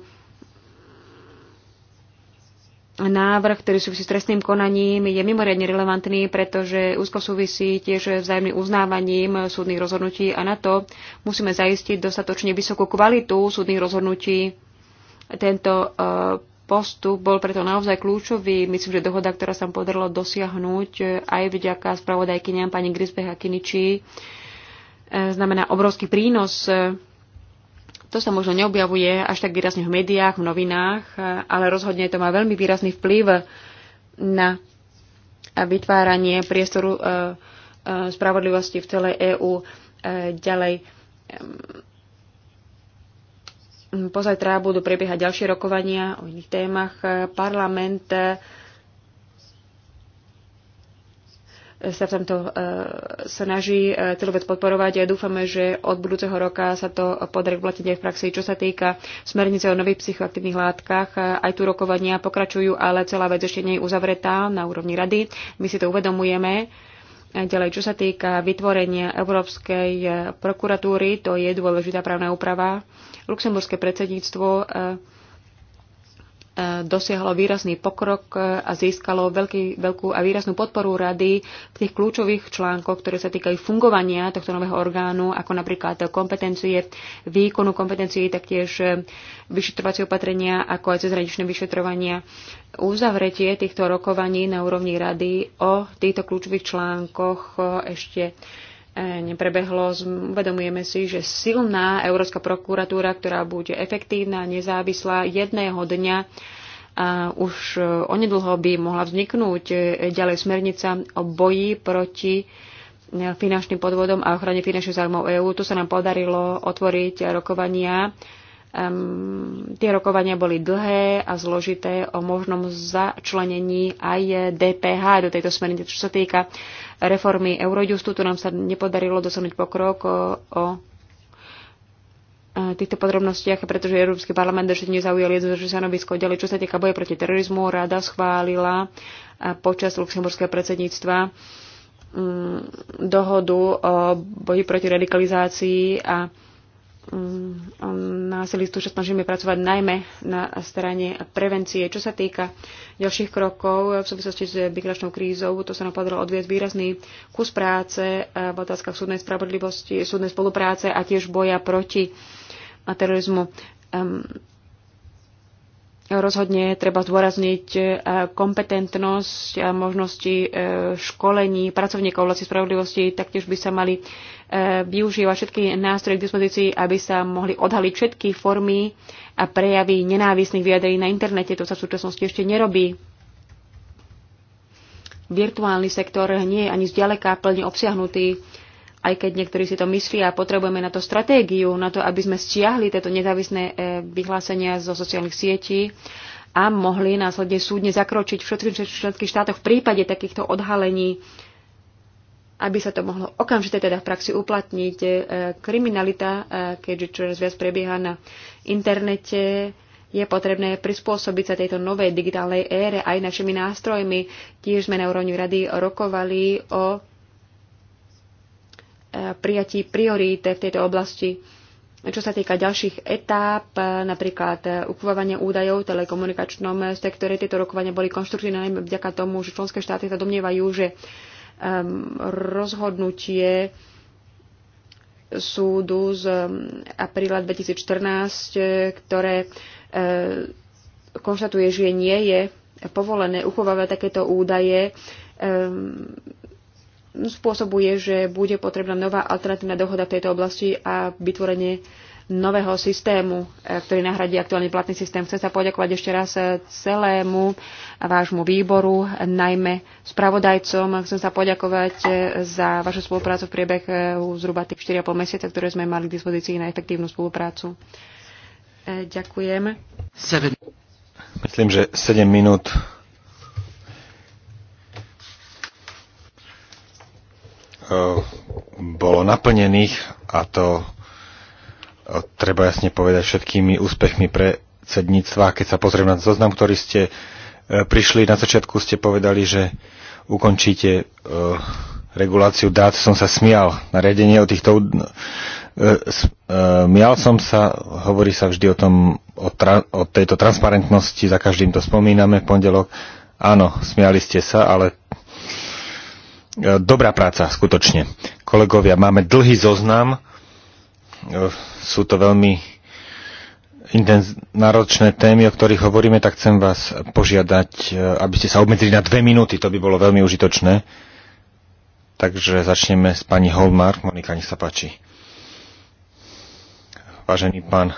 návrh, ktorý súvisí s trestným konaním, je mimoriadne relevantný, pretože úzko súvisí tiež vzájomným uznávaním súdnych rozhodnutí a na to musíme zaistiť dostatočne vysokú kvalitu súdnych rozhodnutí. Tento e, postup bol preto naozaj kľúčový. Myslím, že dohoda, ktorá sa podarilo dosiahnuť e, aj vďaka spravodajkyniam pani Grisbeha Kiniči, e, znamená obrovský prínos. E, to sa možno neobjavuje až tak výrazne v médiách, v novinách, ale rozhodne to má veľmi výrazný vplyv na vytváranie priestoru spravodlivosti v celej EÚ ďalej Hm, pozajtra budú prebiehať ďalšie rokovania o iných témach. Parlament eh, sa v tomto eh, snaží eh, celú vec podporovať. a dúfame, že od budúceho roka sa to podarí vplatiť aj v praxi. Čo sa týka smernice o nových psychoaktívnych látkach, aj tu rokovania pokračujú, ale celá vec ešte nie je uzavretá na úrovni rady. My si to uvedomujeme. Ďalej, čo sa týka vytvorenia Európskej eh, prokuratúry, to je dôležitá právna úprava. Luxemburské predsedníctvo eh, dosiahlo výrazný pokrok e, a získalo veľký, veľkú a výraznú podporu rady v tých kľúčových článkoch, ktoré sa týkajú fungovania tohto nového orgánu, ako napríklad kompetencie, výkonu kompetencií, taktiež e, vyšetrovacie opatrenia, ako aj cezhraničné vyšetrovania. Uzavretie týchto rokovaní na úrovni rady o týchto kľúčových článkoch e, ešte neprebehlo. Uvedomujeme si, že silná Európska prokuratúra, ktorá bude efektívna, nezávislá, jedného dňa a už e, onedlho by mohla vzniknúť e, ďalej smernica o boji proti e, finančným podvodom a ochrane finančných zájmov EÚ. Tu sa nám podarilo otvoriť rokovania Um, tie rokovania boli dlhé a zložité o možnom začlenení aj DPH do tejto smernice. Čo sa týka reformy Eurojustu, tu nám sa nepodarilo dosunúť pokrok o, o e, týchto podrobnostiach, pretože Európsky parlament ešte nezaujal jednoznačné stanovisko. Ďalej, čo sa týka boje proti terorizmu, rada schválila e, počas luxemburského predsedníctva dohodu o boji proti radikalizácii a Mm, násilistu, že snažíme pracovať najmä na strane prevencie. Čo sa týka ďalších krokov v súvislosti s migračnou krízou, to sa nám podarilo odviesť výrazný kus práce v otázkach súdnej spravodlivosti, súdnej spolupráce a tiež boja proti terorizmu. Rozhodne treba zdôrazniť eh, kompetentnosť a možnosti eh, školení pracovníkov vlasti spravodlivosti, taktiež by sa mali E, využíva všetky nástroje k dispozícii, aby sa mohli odhaliť všetky formy a prejavy nenávisných vyjadrení na internete. To sa v súčasnosti ešte nerobí. Virtuálny sektor nie je ani zďaleka plne obsiahnutý, aj keď niektorí si to myslia a potrebujeme na to stratégiu, na to, aby sme stiahli tieto nezávislé e, vyhlásenia zo sociálnych sietí a mohli následne súdne zakročiť v všetkých štátoch v prípade takýchto odhalení aby sa to mohlo okamžite teda v praxi uplatniť. E, kriminalita, e, keďže čoraz viac prebieha na internete, je potrebné prispôsobiť sa tejto novej digitálnej ére aj našimi nástrojmi. Tiež sme na úrovni rady rokovali o e, prijatí priorite v tejto oblasti. Čo sa týka ďalších etáp, napríklad ukvovania údajov v telekomunikačnom sektore, tieto rokovania boli konštruktívne najmä vďaka tomu, že členské štáty sa domnievajú, že rozhodnutie súdu z apríla 2014, ktoré konštatuje, že nie je povolené uchovávať takéto údaje, spôsobuje, že bude potrebná nová alternatívna dohoda v tejto oblasti a vytvorenie nového systému, e, ktorý nahradí aktuálny platný systém. Chcem sa poďakovať ešte raz e, celému vášmu výboru, najmä spravodajcom. Chcem sa poďakovať e, za vašu spoluprácu v priebehu zhruba tých 4,5 mesiaca, ktoré sme mali k dispozícii na efektívnu spoluprácu. Ďakujem. Myslím, že 7 minút bolo naplnených a to treba jasne povedať všetkými úspechmi predsedníctva. Keď sa pozriem na zoznam, ktorý ste e, prišli, na začiatku ste povedali, že ukončíte e, reguláciu dát, som sa smial. Nariadenie o týchto... E, mial som sa, hovorí sa vždy o, tom, o, tra, o tejto transparentnosti, za každým to spomíname v pondelok. Áno, smiali ste sa, ale dobrá práca, skutočne. Kolegovia, máme dlhý zoznam sú to veľmi intenz- náročné témy, o ktorých hovoríme, tak chcem vás požiadať, e, aby ste sa obmedzili na dve minúty, to by bolo veľmi užitočné. Takže začneme s pani Holmark. Monika, nech sa páči. Vážený pán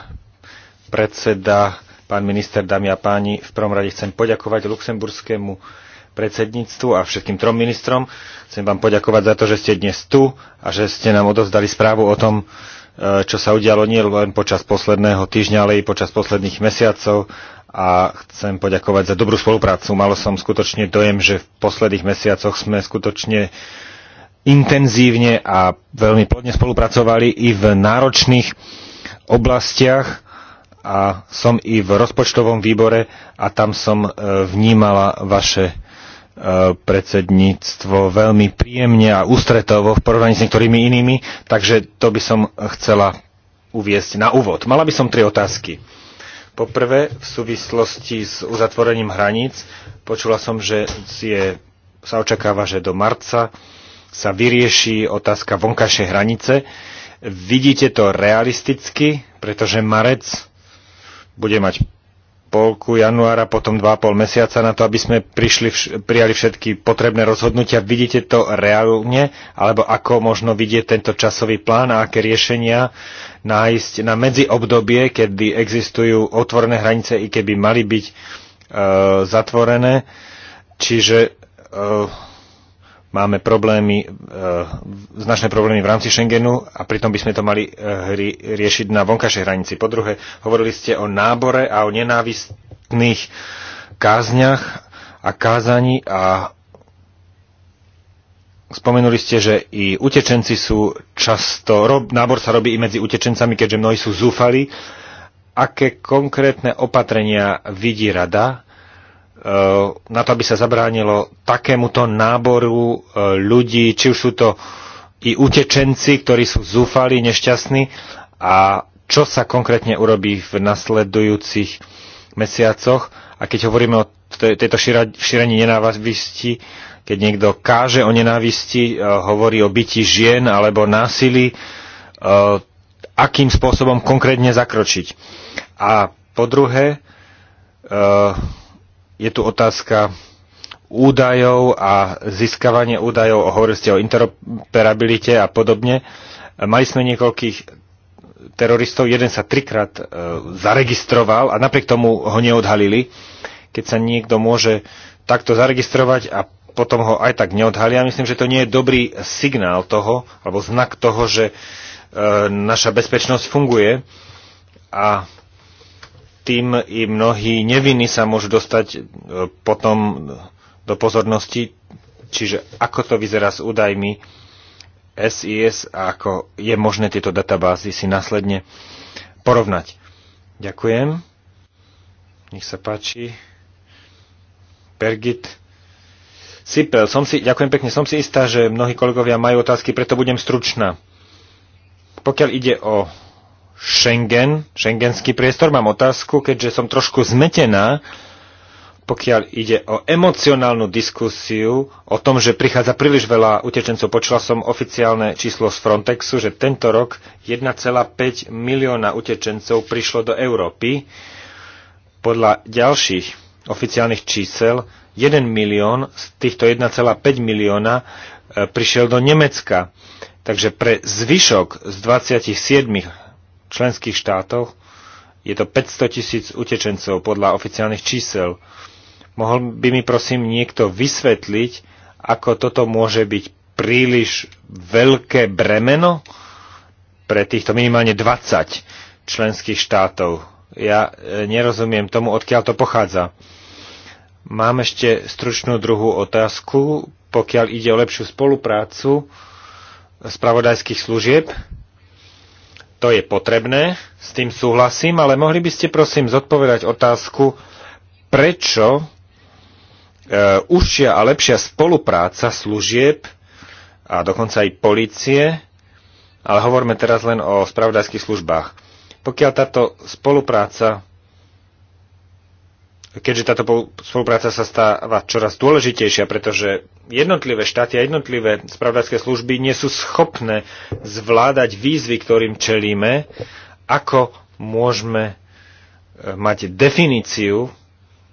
predseda, pán minister, dámy a páni, v prvom rade chcem poďakovať luxemburskému predsedníctvu a všetkým trom ministrom. Chcem vám poďakovať za to, že ste dnes tu a že ste nám odozdali správu o tom, čo sa udialo nie len počas posledného týždňa, ale i počas posledných mesiacov a chcem poďakovať za dobrú spoluprácu. Malo som skutočne dojem, že v posledných mesiacoch sme skutočne intenzívne a veľmi plodne spolupracovali i v náročných oblastiach a som i v rozpočtovom výbore a tam som e, vnímala vaše predsedníctvo veľmi príjemne a ústretovo v porovnaní s niektorými inými, takže to by som chcela uviesť na úvod. Mala by som tri otázky. Poprvé, v súvislosti s uzatvorením hraníc, počula som, že je, sa očakáva, že do marca sa vyrieši otázka vonkajšej hranice. Vidíte to realisticky, pretože marec bude mať polku januára, potom 2,5 mesiaca na to, aby sme prišli, prijali všetky potrebné rozhodnutia. Vidíte to reálne, alebo ako možno vidieť tento časový plán a aké riešenia nájsť na medziobdobie, kedy existujú otvorené hranice i keby mali byť e, zatvorené. Čiže e, máme problémy, e, značné problémy v rámci Schengenu a pritom by sme to mali e, riešiť na vonkajšej hranici. Po druhé, hovorili ste o nábore a o nenávistných kázniach a kázaní a spomenuli ste, že i utečenci sú často, rob, nábor sa robí i medzi utečencami, keďže mnohí sú zúfali. Aké konkrétne opatrenia vidí rada E, na to, aby sa zabránilo takémuto náboru e, ľudí, či už sú to i utečenci, ktorí sú zúfali, nešťastní a čo sa konkrétne urobí v nasledujúcich mesiacoch. A keď hovoríme o tejto šírení nenávisti, keď niekto káže o nenávisti, e, hovorí o byti žien alebo násilí, akým spôsobom konkrétne zakročiť. A po druhé, je tu otázka údajov a získavanie údajov, hovorili ste o interoperabilite a podobne. Mali sme niekoľkých teroristov, jeden sa trikrát e, zaregistroval a napriek tomu ho neodhalili. Keď sa niekto môže takto zaregistrovať a potom ho aj tak neodhalia, myslím, že to nie je dobrý signál toho, alebo znak toho, že e, naša bezpečnosť funguje a tým i mnohí nevinní sa môžu dostať e, potom do pozornosti. Čiže ako to vyzerá s údajmi SIS a ako je možné tieto databázy si následne porovnať. Ďakujem. Nech sa páči. Pergit. Sipel, som si, ďakujem pekne, som si istá, že mnohí kolegovia majú otázky, preto budem stručná. Pokiaľ ide o Schengen, schengenský priestor. Mám otázku, keďže som trošku zmetená, pokiaľ ide o emocionálnu diskusiu o tom, že prichádza príliš veľa utečencov. Počula som oficiálne číslo z Frontexu, že tento rok 1,5 milióna utečencov prišlo do Európy. Podľa ďalších oficiálnych čísel 1 milión z týchto 1,5 milióna e, prišiel do Nemecka. Takže pre zvyšok z 27 členských štátoch je to 500 tisíc utečencov podľa oficiálnych čísel. Mohol by mi prosím niekto vysvetliť, ako toto môže byť príliš veľké bremeno pre týchto minimálne 20 členských štátov. Ja e, nerozumiem tomu, odkiaľ to pochádza. Mám ešte stručnú druhú otázku, pokiaľ ide o lepšiu spoluprácu spravodajských služieb to je potrebné, s tým súhlasím, ale mohli by ste prosím zodpovedať otázku, prečo e, užšia a lepšia spolupráca služieb a dokonca aj policie, ale hovorme teraz len o spravodajských službách. Pokiaľ táto spolupráca keďže táto spolupráca sa stáva čoraz dôležitejšia, pretože jednotlivé štáty a jednotlivé spravodajské služby nie sú schopné zvládať výzvy, ktorým čelíme, ako môžeme e, mať definíciu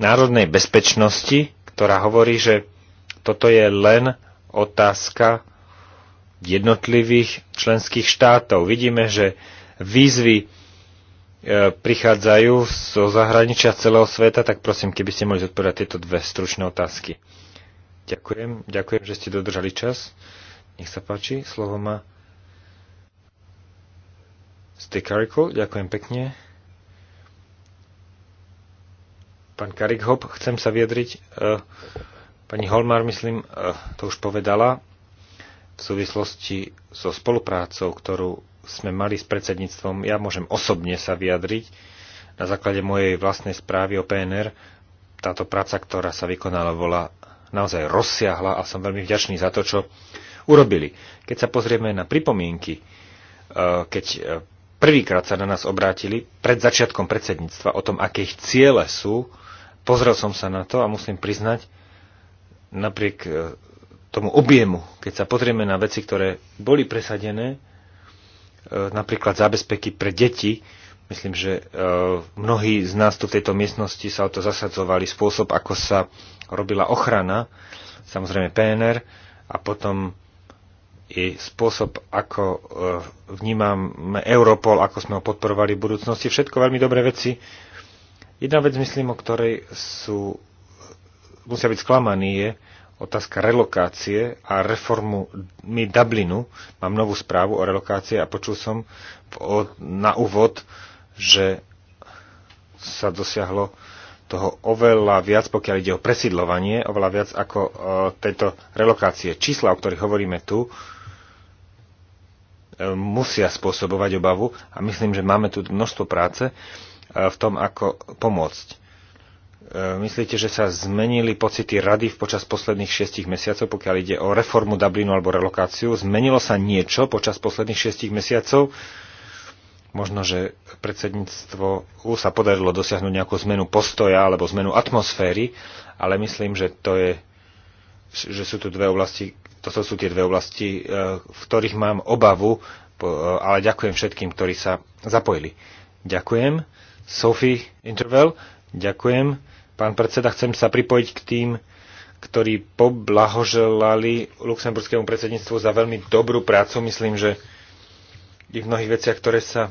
národnej bezpečnosti, ktorá hovorí, že toto je len otázka jednotlivých členských štátov. Vidíme, že výzvy prichádzajú zo zahraničia celého sveta, tak prosím, keby ste mohli zodpovedať tieto dve stručné otázky. Ďakujem, ďakujem, že ste dodržali čas. Nech sa páči, slovo má Stay Carico, ďakujem pekne. Pán Karikhop, chcem sa vyjadriť. E, pani Holmar, myslím, e, to už povedala v súvislosti so spoluprácou, ktorú sme mali s predsedníctvom, ja môžem osobne sa vyjadriť na základe mojej vlastnej správy o PNR. Táto práca, ktorá sa vykonala, bola naozaj rozsiahla a som veľmi vďačný za to, čo urobili. Keď sa pozrieme na pripomienky, e, keď e, prvýkrát sa na nás obrátili pred začiatkom predsedníctva o tom, aké ich ciele sú, pozrel som sa na to a musím priznať, napriek e, tomu objemu, keď sa pozrieme na veci, ktoré boli presadené, E, napríklad zábezpeky pre deti. Myslím, že e, mnohí z nás tu v tejto miestnosti sa o to zasadzovali spôsob, ako sa robila ochrana, samozrejme PNR, a potom i spôsob, ako e, vnímame Europol, ako sme ho podporovali v budúcnosti. Všetko veľmi dobré veci. Jedna vec, myslím, o ktorej sú, musia byť sklamaní, je, otázka relokácie a reformu mi Dublinu. Mám novú správu o relokácii a počul som na úvod, že sa dosiahlo toho oveľa viac, pokiaľ ide o presídlovanie, oveľa viac ako e, tejto relokácie. Čísla, o ktorých hovoríme tu, e, musia spôsobovať obavu a myslím, že máme tu množstvo práce e, v tom, ako pomôcť E, myslíte, že sa zmenili pocity rady počas posledných šiestich mesiacov, pokiaľ ide o reformu Dublinu alebo relokáciu? Zmenilo sa niečo počas posledných šiestich mesiacov? Možno, že predsedníctvo U sa podarilo dosiahnuť nejakú zmenu postoja alebo zmenu atmosféry, ale myslím, že to je že sú tu dve oblasti, toto sú tie dve oblasti, e, v ktorých mám obavu, e, ale ďakujem všetkým, ktorí sa zapojili. Ďakujem. Sophie Interval, ďakujem. Pán predseda, chcem sa pripojiť k tým, ktorí poblahoželali luxemburskému predsedníctvu za veľmi dobrú prácu. Myslím, že i v mnohých veciach, ktoré sa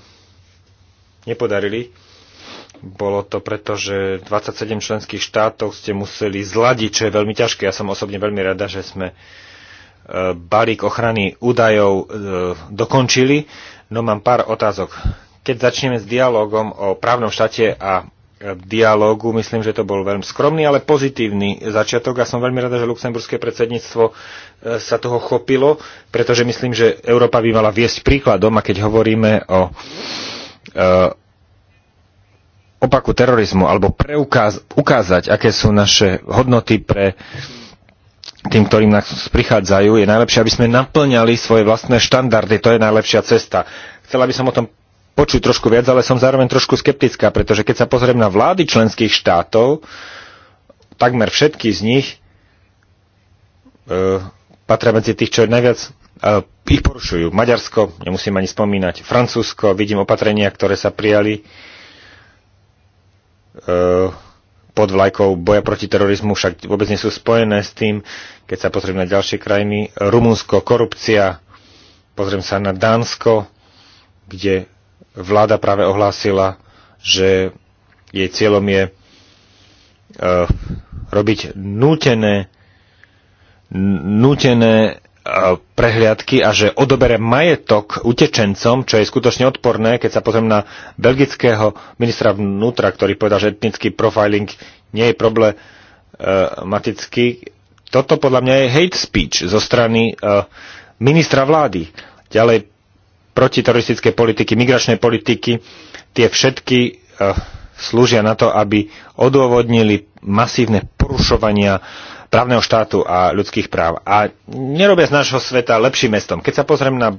nepodarili. Bolo to preto, že 27 členských štátov ste museli zladiť, čo je veľmi ťažké. Ja som osobne veľmi rada, že sme e, balík ochrany údajov e, dokončili. No mám pár otázok. Keď začneme s dialogom o právnom štáte a dialógu. Myslím, že to bol veľmi skromný, ale pozitívny začiatok a som veľmi rada, že luxemburské predsedníctvo e, sa toho chopilo, pretože myslím, že Európa by mala viesť príkladom a keď hovoríme o e, opaku terorizmu alebo ukázať, aké sú naše hodnoty pre tým, ktorým nás prichádzajú, je najlepšie, aby sme naplňali svoje vlastné štandardy. To je najlepšia cesta. Chcela by som o tom počuť trošku viac, ale som zároveň trošku skeptická, pretože keď sa pozriem na vlády členských štátov, takmer všetky z nich e, patria medzi tých, čo najviac e, ich porušujú. Maďarsko, nemusím ani spomínať, Francúzsko, vidím opatrenia, ktoré sa prijali e, pod vlajkou boja proti terorizmu, však vôbec nie sú spojené s tým, keď sa pozriem na ďalšie krajiny. Rumunsko, korupcia, pozriem sa na Dánsko, kde vláda práve ohlásila, že jej cieľom je e, robiť nútené, nútené e, prehliadky a že odobere majetok utečencom, čo je skutočne odporné, keď sa pozriem na belgického ministra vnútra, ktorý povedal, že etnický profiling nie je problematický. E, Toto podľa mňa je hate speech zo strany ministra vlády. Ďalej protiteroristické politiky, migračnej politiky, tie všetky eh, slúžia na to, aby odôvodnili masívne porušovania právneho štátu a ľudských práv. A nerobia z nášho sveta lepším mestom. Keď sa pozriem na eh,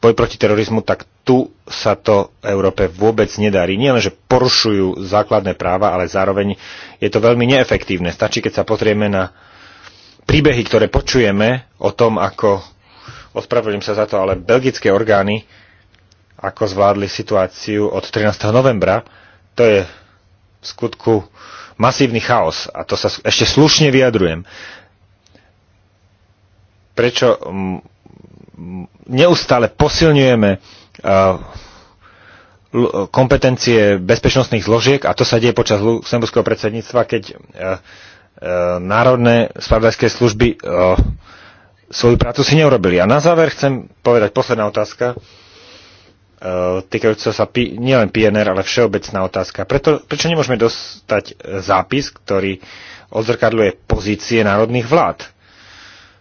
boj proti terorizmu, tak tu sa to Európe vôbec nedarí. Nie len, že porušujú základné práva, ale zároveň je to veľmi neefektívne. Stačí, keď sa pozrieme na príbehy, ktoré počujeme o tom, ako Ospravedlňujem sa za to, ale belgické orgány, ako zvládli situáciu od 13. novembra, to je v skutku masívny chaos. A to sa ešte slušne vyjadrujem. Prečo neustále posilňujeme e, kompetencie bezpečnostných zložiek a to sa deje počas luxemburského predsedníctva, keď e, e, národné spravodajské služby svoju prácu si neurobili. A na záver chcem povedať posledná otázka, e, týkajúca sa pi- nielen PNR, ale všeobecná otázka. Preto, prečo nemôžeme dostať e, zápis, ktorý odzrkadľuje pozície národných vlád?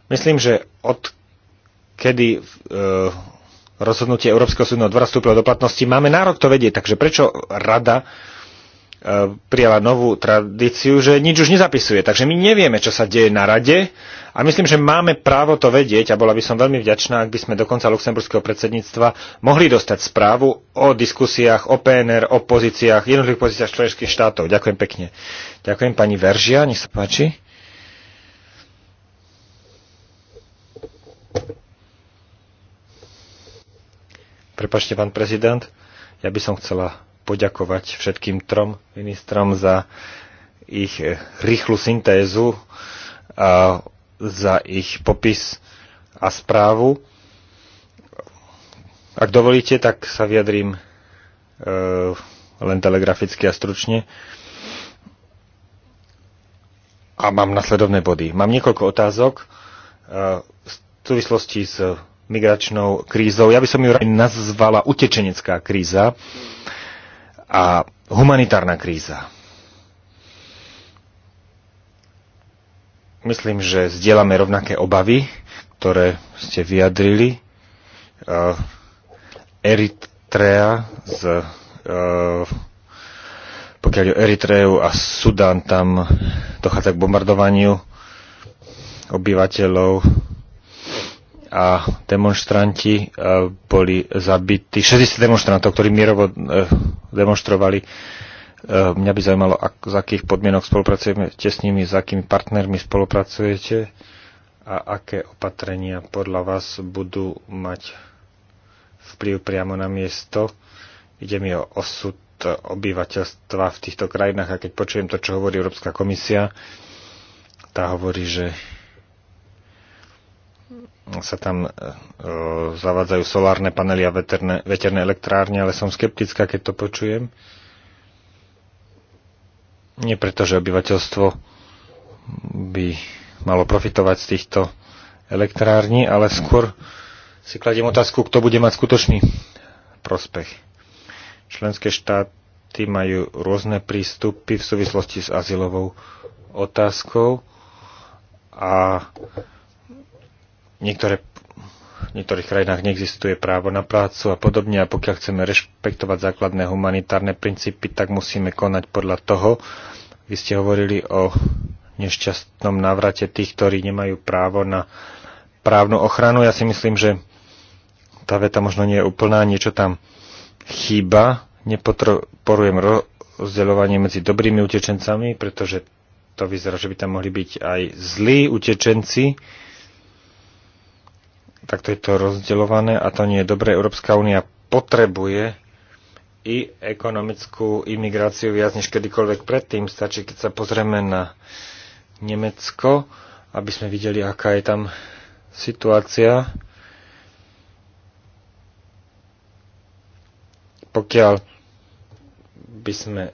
Myslím, že od kedy e, rozhodnutie Európskeho súdneho dvora vstúpilo do platnosti, máme nárok to vedieť, takže prečo rada E, prijala novú tradíciu, že nič už nezapisuje. Takže my nevieme, čo sa deje na rade a myslím, že máme právo to vedieť a bola by som veľmi vďačná, ak by sme do konca luxemburského predsedníctva mohli dostať správu o diskusiách, o PNR, o pozíciách, jednotlivých pozíciách členských štátov. Ďakujem pekne. Ďakujem pani Veržia, nech sa páči. Prepačte, pán prezident, ja by som chcela poďakovať všetkým trom ministrom za ich eh, rýchlu syntézu, a za ich popis a správu. Ak dovolíte, tak sa vyjadrím eh, len telegraficky a stručne. A mám nasledovné body. Mám niekoľko otázok eh, v súvislosti s migračnou krízou. Ja by som ju nazvala utečenecká kríza. Mm a humanitárna kríza. Myslím, že zdieľame rovnaké obavy, ktoré ste vyjadrili. Eh, Eritrea z eh, pokiaľ je Eritreju a Sudán, tam dochádza k bombardovaniu obyvateľov a demonstranti e, boli zabití. 60 demonstrantov, ktorí mierovo e, demonstrovali. E, mňa by zaujímalo, ak, z akých podmienok spolupracujete s nimi, s akými partnermi spolupracujete a aké opatrenia podľa vás budú mať vplyv priamo na miesto. Ide mi o osud obyvateľstva v týchto krajinách a keď počujem to, čo hovorí Európska komisia, tá hovorí, že sa tam e, zavádzajú solárne panely a veterné, veterné elektrárne, ale som skeptická, keď to počujem. Nie preto, že obyvateľstvo by malo profitovať z týchto elektrární, ale skôr si kladiem otázku, kto bude mať skutočný prospech. Členské štáty majú rôzne prístupy v súvislosti s azylovou otázkou a niektoré, v niektorých krajinách neexistuje právo na prácu a podobne a pokiaľ chceme rešpektovať základné humanitárne princípy, tak musíme konať podľa toho. Vy ste hovorili o nešťastnom návrate tých, ktorí nemajú právo na právnu ochranu. Ja si myslím, že tá veta možno nie je úplná, niečo tam chýba. Nepodporujem rozdeľovanie medzi dobrými utečencami, pretože to vyzerá, že by tam mohli byť aj zlí utečenci, takto je to rozdeľované a to nie je dobré. Európska únia potrebuje i ekonomickú imigráciu viac než kedykoľvek predtým. Stačí, keď sa pozrieme na Nemecko, aby sme videli, aká je tam situácia. Pokiaľ by sme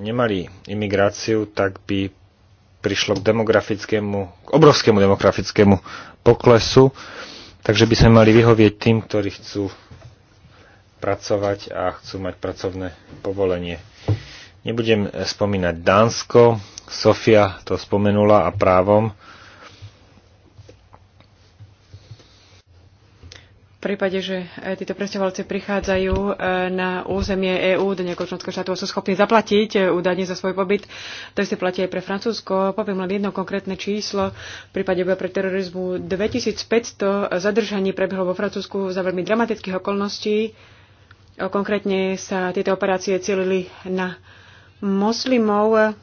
nemali imigráciu, tak by prišlo k demografickému, k obrovskému demografickému poklesu Takže by sme mali vyhovieť tým, ktorí chcú pracovať a chcú mať pracovné povolenie. Nebudem spomínať Dánsko, Sofia to spomenula a právom. V prípade, že e, títo presťahovalci prichádzajú e, na územie EÚ do nejakého členského štátu a sú schopní zaplatiť e, údajne za svoj pobyt, to isté platí aj pre Francúzsko. Poviem len jedno konkrétne číslo. V prípade boja pre terorizmu 2500 zadržaní prebehlo vo Francúzsku za veľmi dramatických okolností. Konkrétne sa tieto operácie cielili na moslimov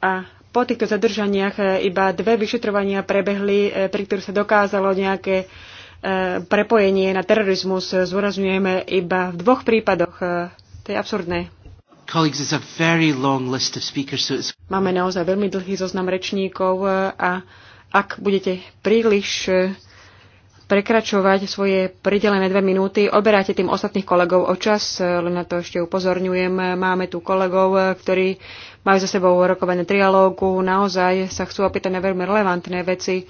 a po týchto zadržaniach iba dve vyšetrovania prebehli, pri ktorých sa dokázalo nejaké E, prepojenie na terorizmus zdôrazňujeme iba v dvoch prípadoch. E, to je absurdné. Máme naozaj veľmi dlhý zoznam rečníkov e, a ak budete príliš prekračovať svoje pridelené dve minúty, oberáte tým ostatných kolegov o čas, len na to ešte upozorňujem. Máme tu kolegov, ktorí majú za sebou rokovanie trialógu, naozaj sa chcú opýtať na veľmi relevantné veci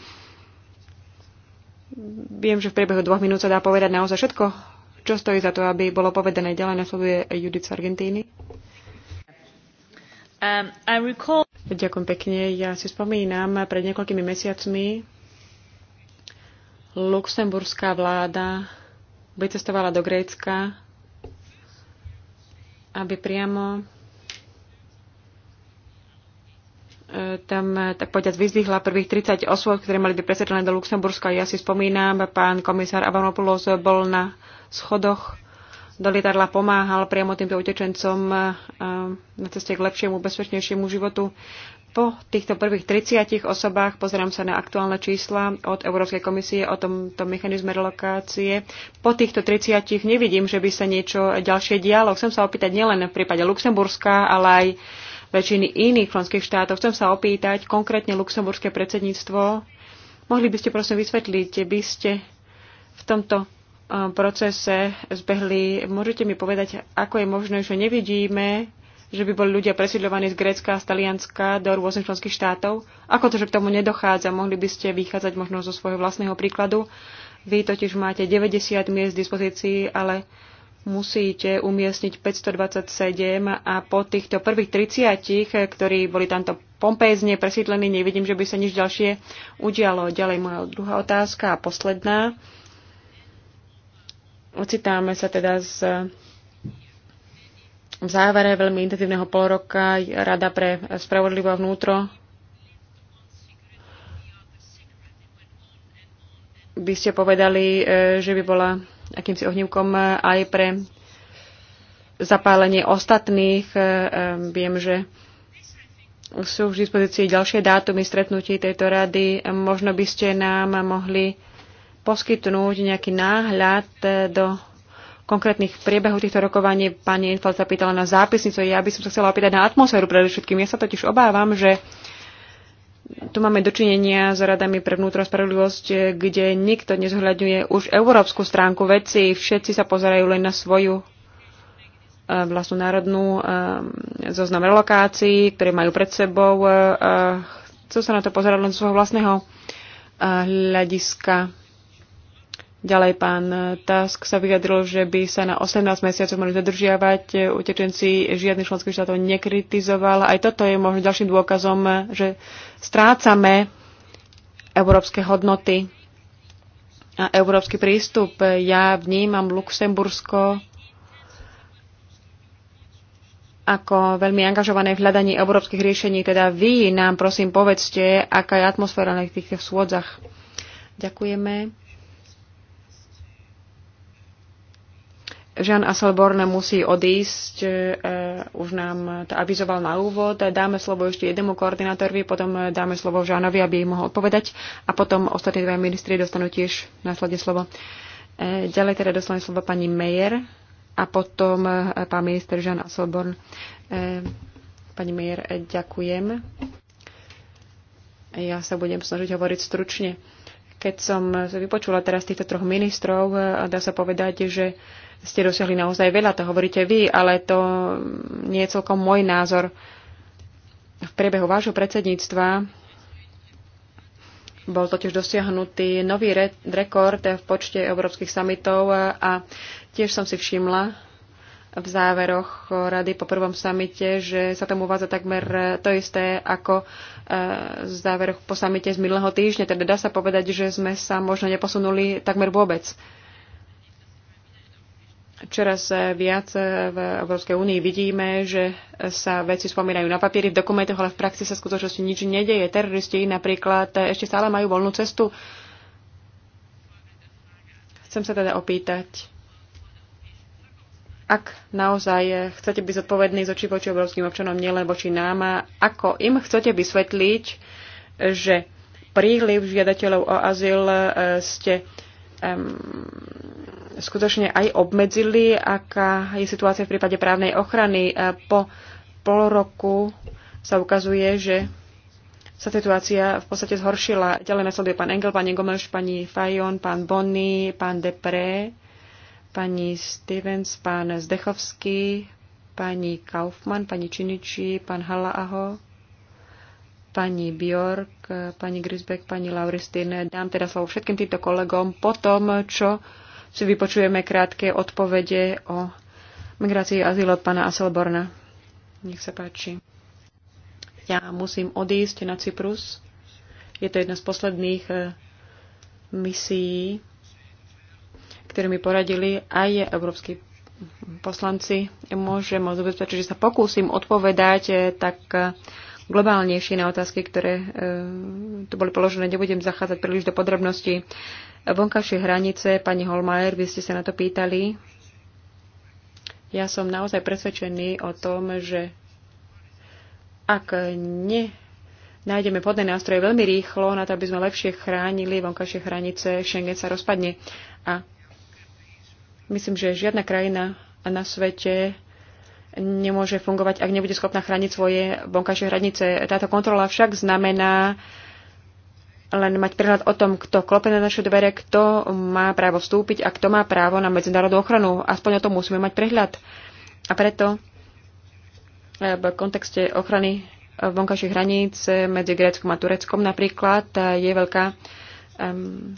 Viem, že v priebehu dvoch minút sa dá povedať naozaj všetko, čo stojí za to, aby bolo povedané. Ďalej na slovo Judith z Argentíny. Um, I recall... Ďakujem pekne. Ja si spomínam, pred niekoľkými mesiacmi luxemburská vláda vycestovala do Grécka, aby priamo E, tam, e, tak povedať, vyzvihla prvých 30 osôb, ktoré mali byť presedené do Luxemburska. Ja si spomínam, pán komisár Avanopoulos bol na schodoch do lietadla, pomáhal priamo týmto utečencom e, na ceste k lepšiemu, bezpečnejšiemu životu. Po týchto prvých 30 osobách pozerám sa na aktuálne čísla od Európskej komisie o tomto mechanizme relokácie. Po týchto 30 nevidím, že by sa niečo ďalšie dialo. Chcem sa opýtať nielen v prípade Luxemburska, ale aj väčšiny iných členských štátov. Chcem sa opýtať, konkrétne luxemburské predsedníctvo, mohli by ste prosím vysvetliť, by ste v tomto e, procese zbehli. Môžete mi povedať, ako je možné, že nevidíme, že by boli ľudia presidľovaní z Grécka a z Talianska do rôznych členských štátov? Ako to, že k tomu nedochádza? Mohli by ste vychádzať možno zo svojho vlastného príkladu? Vy totiž máte 90 miest v dispozícii, ale musíte umiestniť 527 a po týchto prvých 30, ktorí boli tamto pompézne presídlení, nevidím, že by sa nič ďalšie udialo. Ďalej moja druhá otázka a posledná. Ocitáme sa teda z v závere veľmi intenzívneho polroka Rada pre spravodlivo vnútro by ste povedali, e, že by bola akýmsi ohnívkom e, aj pre zapálenie ostatných. E, e, viem, že sú v dispozícii ďalšie dátumy stretnutí tejto rady. Možno by ste nám mohli poskytnúť nejaký náhľad do konkrétnych priebehov týchto rokovaní. Pani Infeld sa pýtala na zápisnicu. Ja by som sa chcela opýtať na atmosféru predovšetkým. Ja sa totiž obávam, že tu máme dočinenia s radami pre vnútro spravodlivosť, kde nikto nezhľadňuje už európsku stránku veci, všetci sa pozerajú len na svoju eh, vlastnú národnú eh, zoznam relokácií, ktoré majú pred sebou. Eh, chcú sa na to pozerať len z svojho vlastného hľadiska. Ďalej pán Tusk sa vyjadril, že by sa na 18 mesiacov mali zadržiavať e, utečenci, žiadny členský štát to nekritizoval. Aj toto je možno ďalším dôkazom, že strácame európske hodnoty a európsky prístup. Ja vnímam Luxembursko ako veľmi angažované v hľadaní európskych riešení. Teda vy nám prosím povedzte, aká je atmosféra na týchto schôdzach. Ďakujeme. Jean Asselborn musí odísť, e, už nám to avizoval na úvod. Dáme slovo ešte jednému koordinátorovi, potom dáme slovo Žánovi, aby mohol odpovedať a potom ostatní dva ministri dostanú tiež následne slovo. E, ďalej teda dostane slovo pani Meyer a potom e, pán minister Jean Asselborn. Pani Meyer, ďakujem. Ja sa budem snažiť hovoriť stručne. Keď som vypočula teraz týchto troch ministrov, dá sa povedať, že ste dosiahli naozaj veľa, to hovoríte vy, ale to nie je celkom môj názor. V priebehu vášho predsedníctva bol totiž dosiahnutý nový re- rekord v počte európskych samitov a tiež som si všimla v záveroch rady po prvom samite, že sa tam uvádza takmer to isté ako e, v záveroch po samite z minulého týždňa. Teda dá sa povedať, že sme sa možno neposunuli takmer vôbec čoraz viac v Európskej únii vidíme, že sa veci spomínajú na papieri, v dokumentoch, ale v praxi sa v skutočnosti nič nedeje. Teroristi napríklad ešte stále majú voľnú cestu. Chcem sa teda opýtať, ak naozaj chcete byť zodpovední z očí voči európskym občanom, nielen voči nám, ako im chcete vysvetliť, že príliv žiadateľov o azyl eh, ste um, skutočne aj obmedzili, aká je situácia v prípade právnej ochrany. Po pol roku sa ukazuje, že sa situácia v podstate zhoršila. Ďalej nasleduje pán Engel, pán Engomelš, pani Fajon, pán Bonny, pán Depré, pani Stevens, pán Zdechovský, pani Kaufmann, pani Činiči, pán Halaaho, pani Bjork, pani Grisbeck, pani Lauristin. Dám teda slovo všetkým týmto kolegom po tom, čo si vypočujeme krátke odpovede o migrácii azyl od pána Aselborna. Nech sa páči. Ja musím odísť na Cyprus. Je to jedna z posledných eh, misií, ktoré mi poradili aj európsky poslanci. Môžem zabezpečiť, že sa pokúsim odpovedať eh, tak eh, globálnejšie na otázky, ktoré e, tu boli položené. Nebudem zachádzať príliš do podrobností. Vonkajšie hranice, pani Holmajer, vy ste sa na to pýtali. Ja som naozaj presvedčený o tom, že ak ne nájdeme podné nástroje veľmi rýchlo na to, aby sme lepšie chránili vonkajšie hranice, Schengen sa rozpadne. A myslím, že žiadna krajina na svete nemôže fungovať, ak nebude schopná chrániť svoje vonkajšie hranice. Táto kontrola však znamená len mať prehľad o tom, kto klope na naše dvere, kto má právo vstúpiť a kto má právo na medzinárodnú ochranu. Aspoň o tom musíme mať prehľad. A preto eh, v kontexte ochrany eh, vonkajších hraníc eh, medzi Gréckom a Tureckom napríklad je veľká um,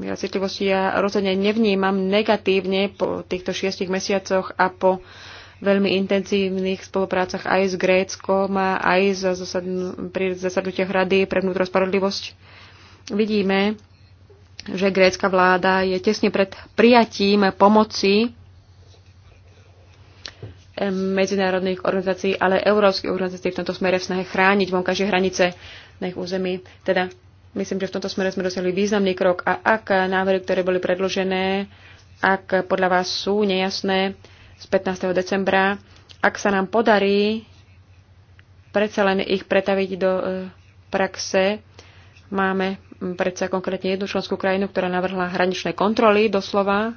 ehm, ja, Ja rozhodne nevnímam negatívne po týchto šiestich mesiacoch a po veľmi intenzívnych spoluprácach aj s Gréckom a aj za zasadn- pri zasadnutiach Rady pre vnútro spravodlivosť. Vidíme, že grécka vláda je tesne pred prijatím pomoci medzinárodných organizácií, ale európskych organizácií v tomto smere v snahe chrániť vonkajšie hranice na ich území. Teda myslím, že v tomto smere sme dosiahli významný krok a ak návrhy, ktoré boli predložené, ak podľa vás sú nejasné, z 15. decembra. Ak sa nám podarí predsa len ich pretaviť do e, praxe, máme predsa konkrétne jednu členskú krajinu, ktorá navrhla hraničné kontroly doslova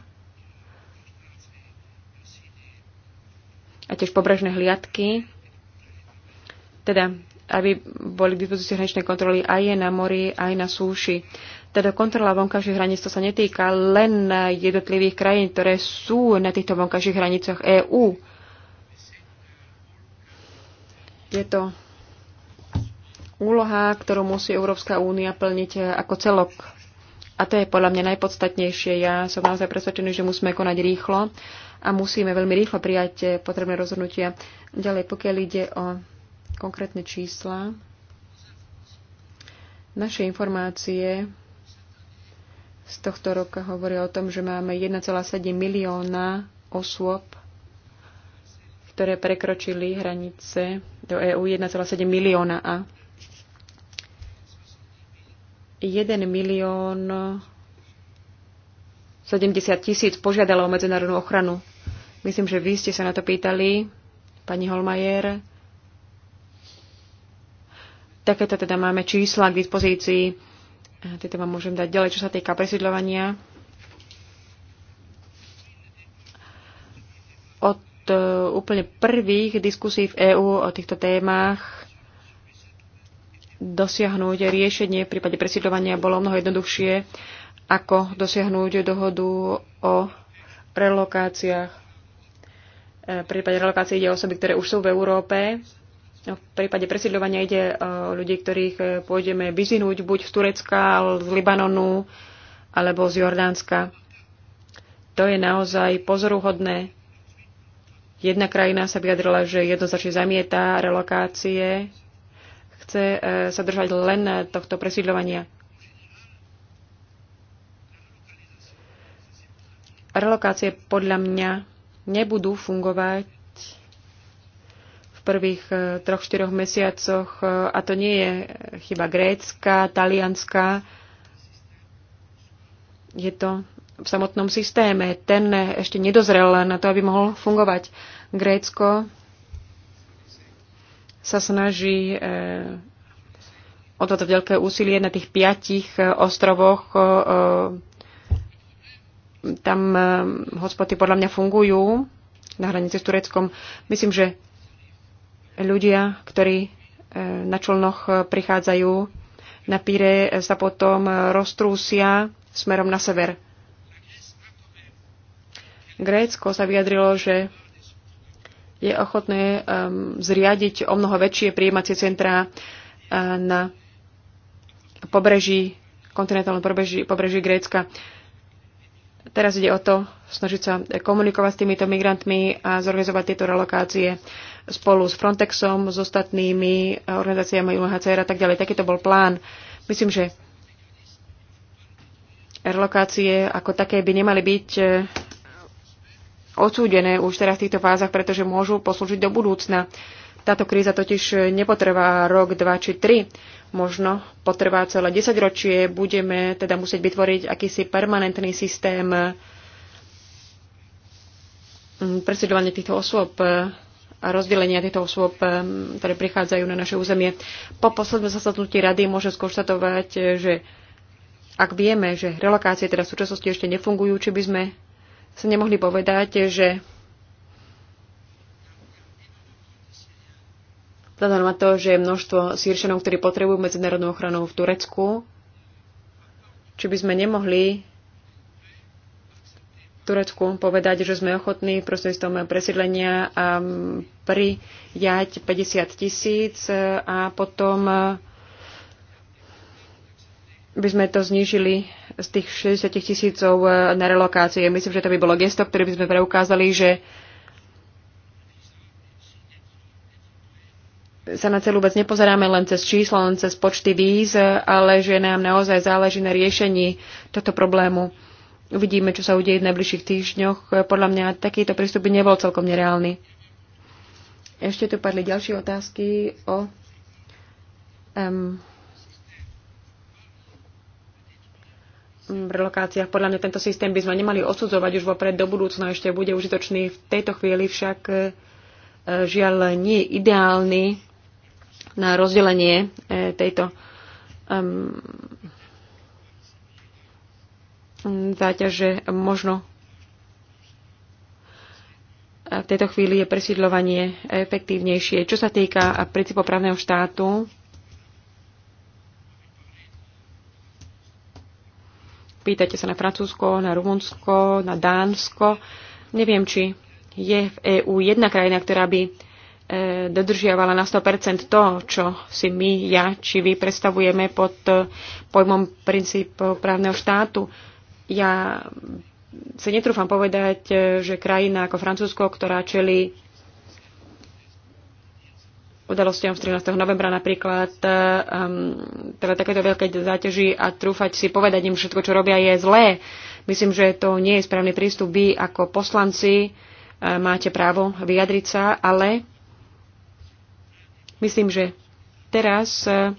a tiež pobrežné hliadky. Teda aby boli k dispozícii hraničné kontroly aj na mori, aj na súši. Teda kontrola vonkajších hraníc to sa netýka len jednotlivých krajín, ktoré sú na týchto vonkajších hranicoch EÚ. Je to úloha, ktorú musí Európska únia plniť eh, ako celok. A to je podľa mňa najpodstatnejšie. Ja som naozaj presvedčený, že musíme konať rýchlo a musíme veľmi rýchlo prijať eh, potrebné rozhodnutia. Ďalej, pokiaľ ide o konkrétne čísla, naše informácie z tohto roka hovoria o tom, že máme 1,7 milióna osôb, ktoré prekročili hranice do EÚ 1,7 milióna a 1 milión 70 tisíc požiadalo o medzinárodnú ochranu. Myslím, že vy ste sa na to pýtali, pani Holmajer. Takéto teda máme čísla k dispozícii tieto vám môžem dať ďalej, čo sa týka presídľovania. Od e, úplne prvých diskusí v EÚ o týchto témach dosiahnuť riešenie v prípade presídľovania bolo mnoho jednoduchšie, ako dosiahnuť dohodu o relokáciách. E, v prípade relokácie ide o osoby, ktoré už sú v Európe, No, v prípade presídľovania ide e, o ľudí, ktorých e, pôjdeme vyzinúť buď z Turecka, z Libanonu alebo z Jordánska. To je naozaj pozoruhodné. Jedna krajina sa vyjadrila, že jednoznačne zamieta relokácie, chce e, sa držať len tohto presídľovania. Relokácie podľa mňa nebudú fungovať prvých e, troch, štyroch mesiacoch. E, a to nie je chyba grécka, talianská. Je to v samotnom systéme. Ten ešte nedozrel na to, aby mohol fungovať. Grécko sa snaží e, o toto veľké úsilie na tých piatich ostrovoch. Tam hospody podľa mňa fungujú na hranici s Tureckom. Myslím, že ľudia, ktorí e, na člnoch e, prichádzajú na píre, e, sa potom roztrúsia smerom na sever. Grécko sa vyjadrilo, že je ochotné um, zriadiť o mnoho väčšie príjemacie centrá uh, na pobreží, kontinentálnom pobreží, pobreží Grécka. Uh, Teraz ide o to snažiť sa komunikovať s týmito migrantmi a zorganizovať tieto relokácie spolu s Frontexom, s ostatnými organizáciami UNHCR a tak ďalej. Takýto bol plán. Myslím, že relokácie ako také by nemali byť e, odsúdené už teraz v týchto fázach, pretože môžu poslúžiť do budúcna. Táto kríza totiž nepotrvá rok, dva či tri možno potrvá celé 10 ročie, budeme teda musieť vytvoriť akýsi permanentný systém mm, presídľovania týchto osôb a rozdelenia týchto osôb, mm, ktoré prichádzajú na naše územie. Po poslednom zasadnutí rady môžem skonštatovať, že ak vieme, že relokácie teda v súčasnosti ešte nefungujú, či by sme sa nemohli povedať, že Vzhľadom na to, že je množstvo Síršanov, ktorí potrebujú medzinárodnú ochranu v Turecku, či by sme nemohli Turecku povedať, že sme ochotní prostredstvom presídlenia um, prijať 50 tisíc uh, a potom uh, by sme to znížili z tých 60 tisícov uh, na relokácie. Myslím, že to by bolo gesto, ktoré by sme preukázali, že sa na celú vec nepozeráme len cez čísla, len cez počty víz, ale že nám naozaj záleží na riešení tohto problému. Uvidíme, čo sa udeje v najbližších týždňoch. Podľa mňa takýto prístup by nebol celkom nereálny. Ešte tu padli ďalšie otázky o um, relokáciách. Podľa mňa tento systém by sme nemali odsudzovať už vopred do budúcna. Ešte bude užitočný v tejto chvíli však e, žiaľ nie ideálny na rozdelenie e, tejto um, záťaže možno v tejto chvíli je presídľovanie efektívnejšie. Čo sa týka princípov právneho štátu, pýtate sa na Francúzsko, na Rumunsko, na Dánsko. Neviem, či je v EÚ jedna krajina, ktorá by E, dodržiavala na 100% to, čo si my, ja či vy predstavujeme pod e, pojmom princíp právneho štátu. Ja sa netrúfam povedať, e, že krajina ako Francúzsko, ktorá čeli udalostiam z 13. novembra napríklad, um, teda takéto veľké záťaži a trúfať si povedať im všetko, čo robia, je zlé. Myslím, že to nie je správny prístup. Vy ako poslanci máte právo vyjadriť sa, ale Myslím, že teraz, eh,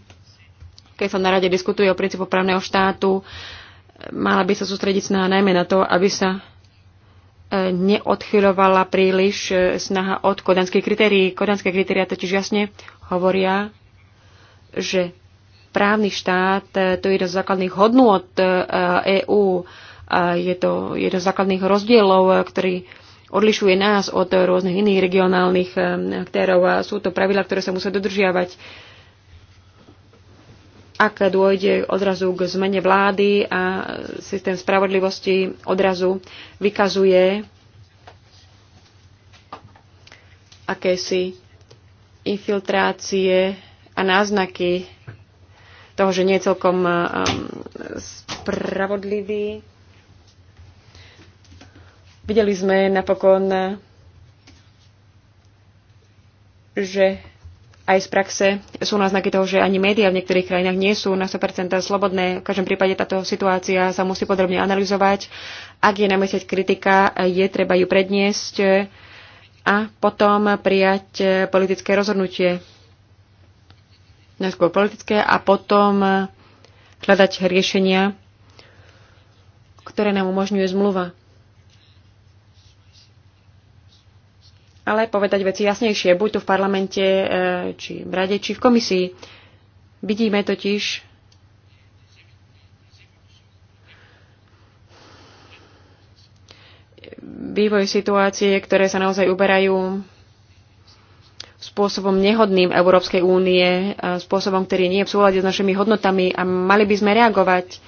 keď sa na rade diskutuje o princípu právneho štátu, eh, mala by sa sústrediť snaha najmä na to, aby sa eh, neodchylovala príliš snaha od kodanských kritérií. Kodanské kritéria totiž jasne hovoria, že právny štát to je do z základných od EÚ. E je to jeden z základných rozdielov, ktorý odlišuje nás od rôznych iných regionálnych eh, aktérov a sú to pravidla, ktoré sa musia dodržiavať. Ak dôjde odrazu k zmene vlády a systém spravodlivosti odrazu vykazuje akési infiltrácie a náznaky toho, že nie je celkom eh, eh, spravodlivý Videli sme napokon, že aj z praxe sú náznaky toho, že ani médiá v niektorých krajinách nie sú na 100% slobodné. V každom prípade táto situácia sa musí podrobne analyzovať. Ak je na mesiac kritika, je treba ju predniesť a potom prijať politické rozhodnutie. Najskôr politické a potom hľadať riešenia, ktoré nám umožňuje zmluva. ale povedať veci jasnejšie, buď tu v parlamente, e, či v rade, či v komisii. Vidíme totiž, vývoj situácie, ktoré sa naozaj uberajú spôsobom nehodným Európskej únie, spôsobom, ktorý nie je v súlade s našimi hodnotami a mali by sme reagovať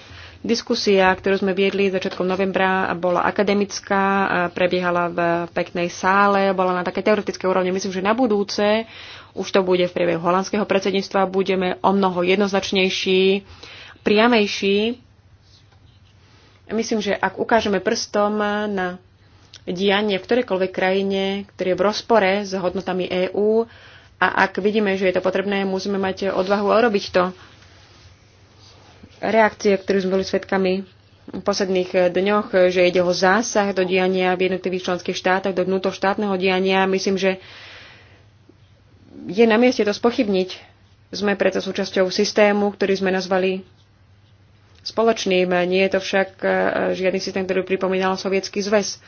Diskusia, ktorú sme viedli začiatkom novembra, bola akademická, prebiehala v peknej sále, bola na také teoretické úrovni. Myslím, že na budúce, už to bude v priebehu holandského predsedníctva, budeme o mnoho jednoznačnejší, priamejší. Myslím, že ak ukážeme prstom na dianie v ktorejkoľvek krajine, ktoré je v rozpore s hodnotami EÚ a ak vidíme, že je to potrebné, musíme mať odvahu a urobiť to reakcie, ktorú sme boli svedkami v posledných dňoch, že ide o zásah do diania v jednotlivých členských štátoch, do vnútroštátneho diania, myslím, že je na mieste to spochybniť. Sme preto súčasťou systému, ktorý sme nazvali spoločným. Nie je to však eh, žiadny systém, ktorý pripomínal Sovietský zväz.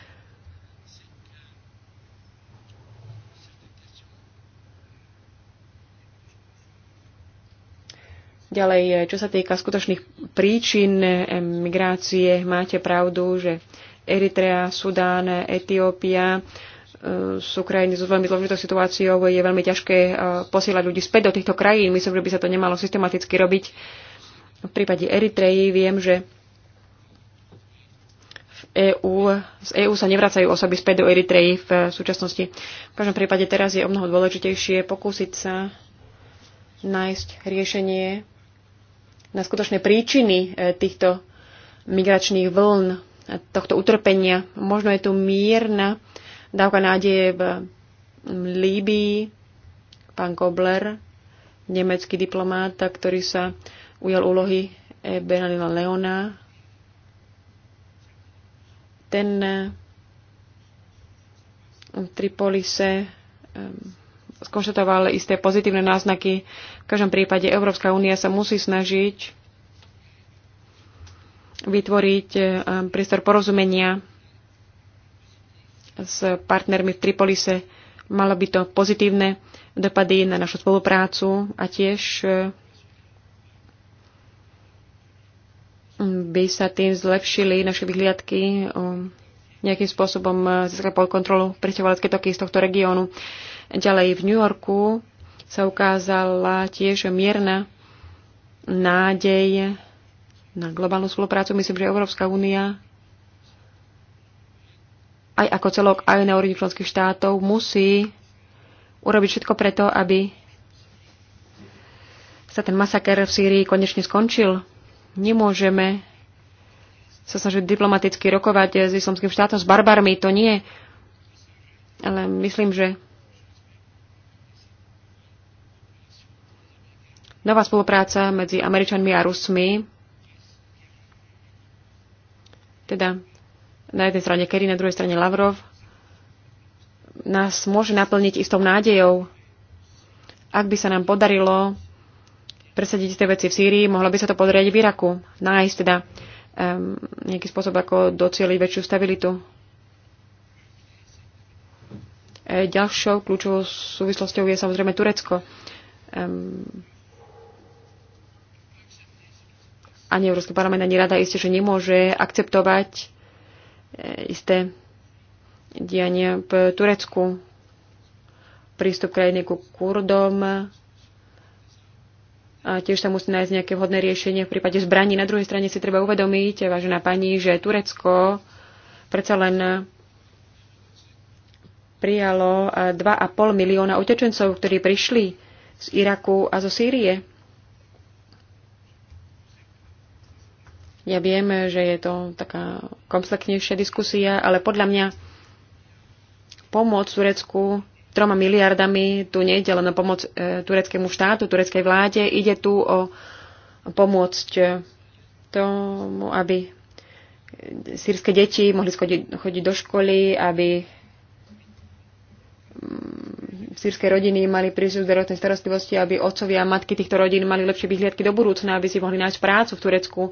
Ďalej, e, čo sa týka skutočných príčin e, migrácie, máte pravdu, že Eritrea, Sudán, Etiópia e, sú krajiny s veľmi zložitou situáciou. Je veľmi ťažké posielať ľudí späť do týchto krajín. Myslím, že by sa to nemalo systematicky robiť. V prípade Eritreji viem, že v EU, z EÚ sa nevracajú osoby späť do Eritreji v súčasnosti. V každom prípade teraz je o mnoho dôležitejšie pokúsiť sa nájsť riešenie na skutočné príčiny e, týchto migračných vln, tohto utrpenia. Možno je tu mierna dávka nádeje v Líbii. Pán Kobler, nemecký diplomáta, ktorý sa ujal úlohy e, Bernardina Leona. Ten e, v Tripolise skonštatoval isté pozitívne náznaky. V každom prípade Európska únia sa musí snažiť vytvoriť e, priestor porozumenia s partnermi v Tripolise. Malo by to pozitívne dopady na našu spoluprácu a tiež e, by sa tým zlepšili naše vyhliadky e, nejakým spôsobom získať pod kontrolu presťahovalecké toky z tohto regiónu. Ďalej v New Yorku sa ukázala tiež mierna nádej na globálnu spoluprácu. Myslím, že Európska únia aj ako celok, aj na úrovni členských štátov musí urobiť všetko preto, aby sa ten masaker v Sýrii konečne skončil. Nemôžeme sa snažiť diplomaticky rokovať s islamským štátom, s barbarmi, to nie. Ale myslím, že Nová spolupráca medzi Američanmi a Rusmi, teda na jednej strane Kerry, na druhej strane Lavrov, nás môže naplniť istou nádejou. Ak by sa nám podarilo presadiť tie veci v Sýrii, mohlo by sa to podariť v Iraku. Nájsť teda um, nejaký spôsob, ako docieliť väčšiu stabilitu. E, ďalšou kľúčovou súvislosťou je samozrejme Turecko. Um, ani Európsky parlament, ani rada isté, že nemôže akceptovať e, isté diania v Turecku. Prístup krajiny ku Kurdom. A tiež sa musí nájsť nejaké vhodné riešenie v prípade zbraní. Na druhej strane si treba uvedomiť, vážená pani, že Turecko predsa len prijalo 2,5 e, milióna utečencov, ktorí prišli z Iraku a zo Sýrie Ja viem, že je to taká komplexnejšia diskusia, ale podľa mňa pomoc Turecku troma miliardami, tu nejde len o pomoc e, tureckému štátu, tureckej vláde, ide tu o pomôcť tomu, aby sírske deti mohli chodiť do školy, aby mm, sírske rodiny mali prísť zdravotnej starostlivosti, aby otcovia a matky týchto rodín mali lepšie vyhliadky do budúcna, aby si mohli nájsť prácu v Turecku.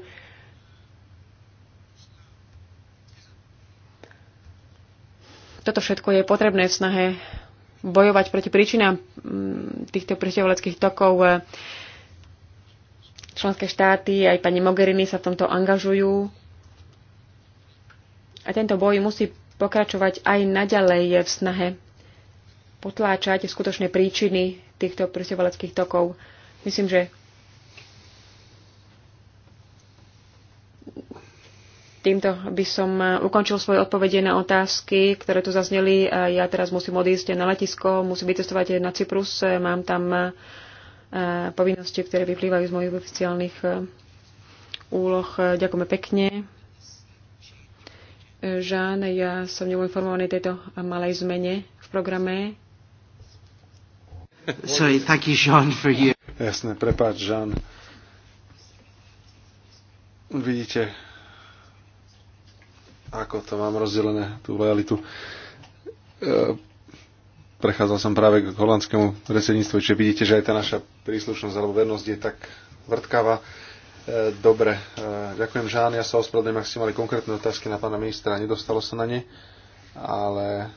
Toto všetko je potrebné v snahe bojovať proti príčinám mm, týchto prisťovaleckých tokov. Členské štáty, aj pani Mogherini sa v tomto angažujú. A tento boj musí pokračovať aj naďalej v snahe potláčať skutočné príčiny týchto prisťovaleckých tokov. Myslím, že Týmto by som e, ukončil svoje odpovede na otázky, ktoré tu zazneli. E, ja teraz musím odísť na letisko, musím vycestovať na Cyprus. E, mám tam povinnosti, ktoré vyplývajú z mojich oficiálnych úloh. Ďakujeme pekne. Žán, ja som nebol informovaný tejto malej zmene v programe. Sorry, thank you, Jean, for you. Jasné, prepáč, Žán. Vidíte, ako to mám rozdelené, tú lojalitu. E, prechádzal som práve k holandskému predsedníctvu, čiže vidíte, že aj tá naša príslušnosť alebo vernosť je tak vrtkavá. E, dobre, e, ďakujem Žán, ja sa ospravedlňujem, ak ste mali konkrétne otázky na pána ministra, nedostalo sa na ne, ale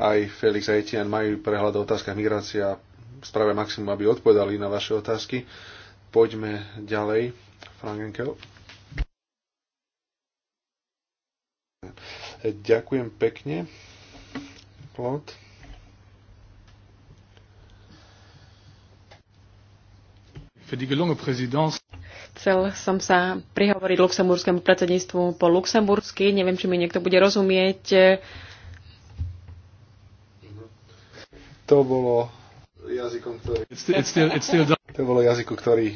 aj Felix a Etienne majú prehľad o otázkach migrácia, spravia maximum, aby odpovedali na vaše otázky. Poďme ďalej. Frank Enkel. Ďakujem pekne, Plot. Chcel som sa prihovoriť luxemburskému predsedníctvu po luxembursky. Neviem, či mi niekto bude rozumieť. To bolo jazykom, ktorý... It's still, it's still, it's still... To bolo jazyku, ktorý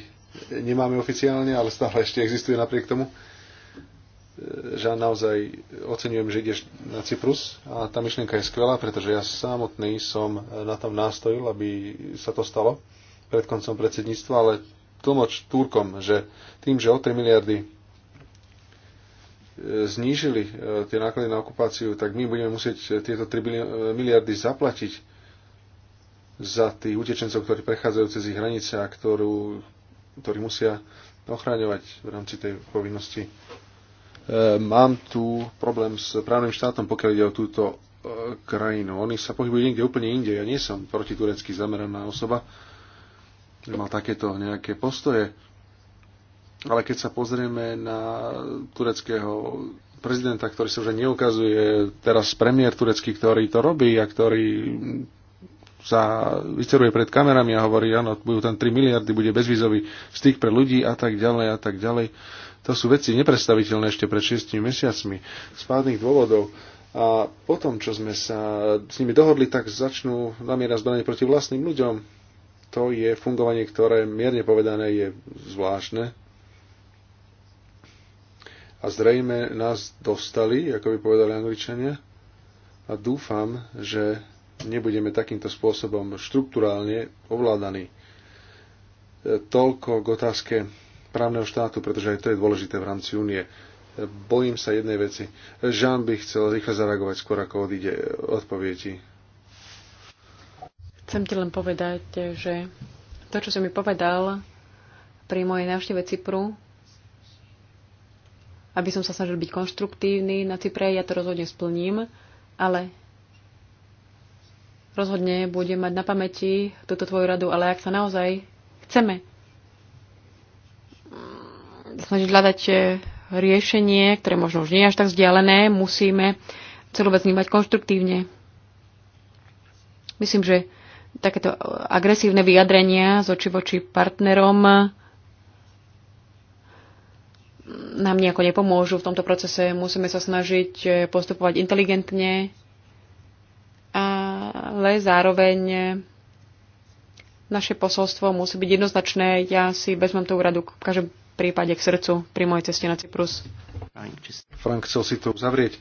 nemáme oficiálne, ale stále ešte existuje napriek tomu že naozaj oceňujem, že ideš na Cyprus a tá myšlienka je skvelá, pretože ja samotný som na tom nástojil, aby sa to stalo pred koncom predsedníctva, ale tlmoč Turkom, že tým, že o 3 miliardy e, znížili e, tie náklady na okupáciu, tak my budeme musieť tieto 3 e, miliardy zaplatiť za tých utečencov, ktorí prechádzajú cez ich hranice a ktorú, ktorí musia ochraňovať v rámci tej povinnosti Eh, mám tu problém s právnym štátom, pokiaľ ide o túto eh, krajinu. Oni sa pohybujú niekde úplne inde. Ja nie som protiturecky zameraná osoba, že mal takéto nejaké postoje. Ale keď sa pozrieme na tureckého prezidenta, ktorý sa už neukazuje, teraz premiér turecký, ktorý to robí a ktorý sa vyceruje pred kamerami a hovorí, áno, budú tam 3 miliardy, bude bezvizový styk pre ľudí a tak ďalej a tak ďalej. To sú veci neprestaviteľné ešte pred 6 mesiacmi z pádnych dôvodov. A potom, čo sme sa s nimi dohodli, tak začnú namierať zbranie proti vlastným ľuďom. To je fungovanie, ktoré mierne povedané je zvláštne. A zrejme nás dostali, ako by povedali angličania. A dúfam, že nebudeme takýmto spôsobom štruktúrálne ovládaní. E, toľko k otázke právneho štátu, pretože aj to je dôležité v rámci únie. Bojím sa jednej veci. Žán by chcel rýchle zareagovať skôr, ako odíde odpovieti. Chcem ti len povedať, že to, čo som mi povedal pri mojej návšteve Cypru, aby som sa snažil byť konštruktívny na Cypre, ja to rozhodne splním, ale rozhodne budem mať na pamäti túto tvoju radu, ale ak sa naozaj chceme snažiť hľadať e, riešenie, ktoré možno už nie je až tak vzdialené, musíme celú vec vnímať konštruktívne. Myslím, že takéto agresívne vyjadrenia z oči voči partnerom nám nejako nepomôžu v tomto procese. Musíme sa snažiť e, postupovať inteligentne, ale zároveň e, naše posolstvo musí byť jednoznačné. Ja si vezmem tú radu, v prípade k srdcu pri mojej ceste na Cyprus. Frank chcel si to uzavrieť.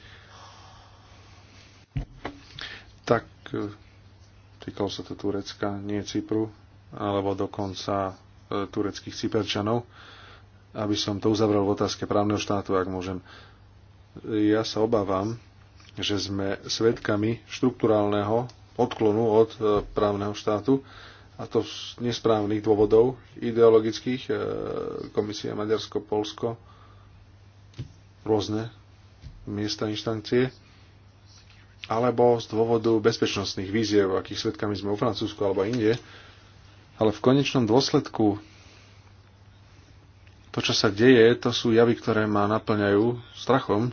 Tak e, týkalo sa to Turecka, nie Cypru, alebo dokonca e, tureckých Cyperčanov. Aby som to uzavrel v otázke právneho štátu, ak môžem. Ja sa obávam, že sme svedkami štruktúrálneho odklonu od e, právneho štátu a to z nesprávnych dôvodov ideologických. E, Komisia Maďarsko, Polsko, rôzne miesta, inštancie, alebo z dôvodu bezpečnostných víziev, akých svetkami sme u Francúzsku alebo inde. Ale v konečnom dôsledku to, čo sa deje, to sú javy, ktoré ma naplňajú strachom.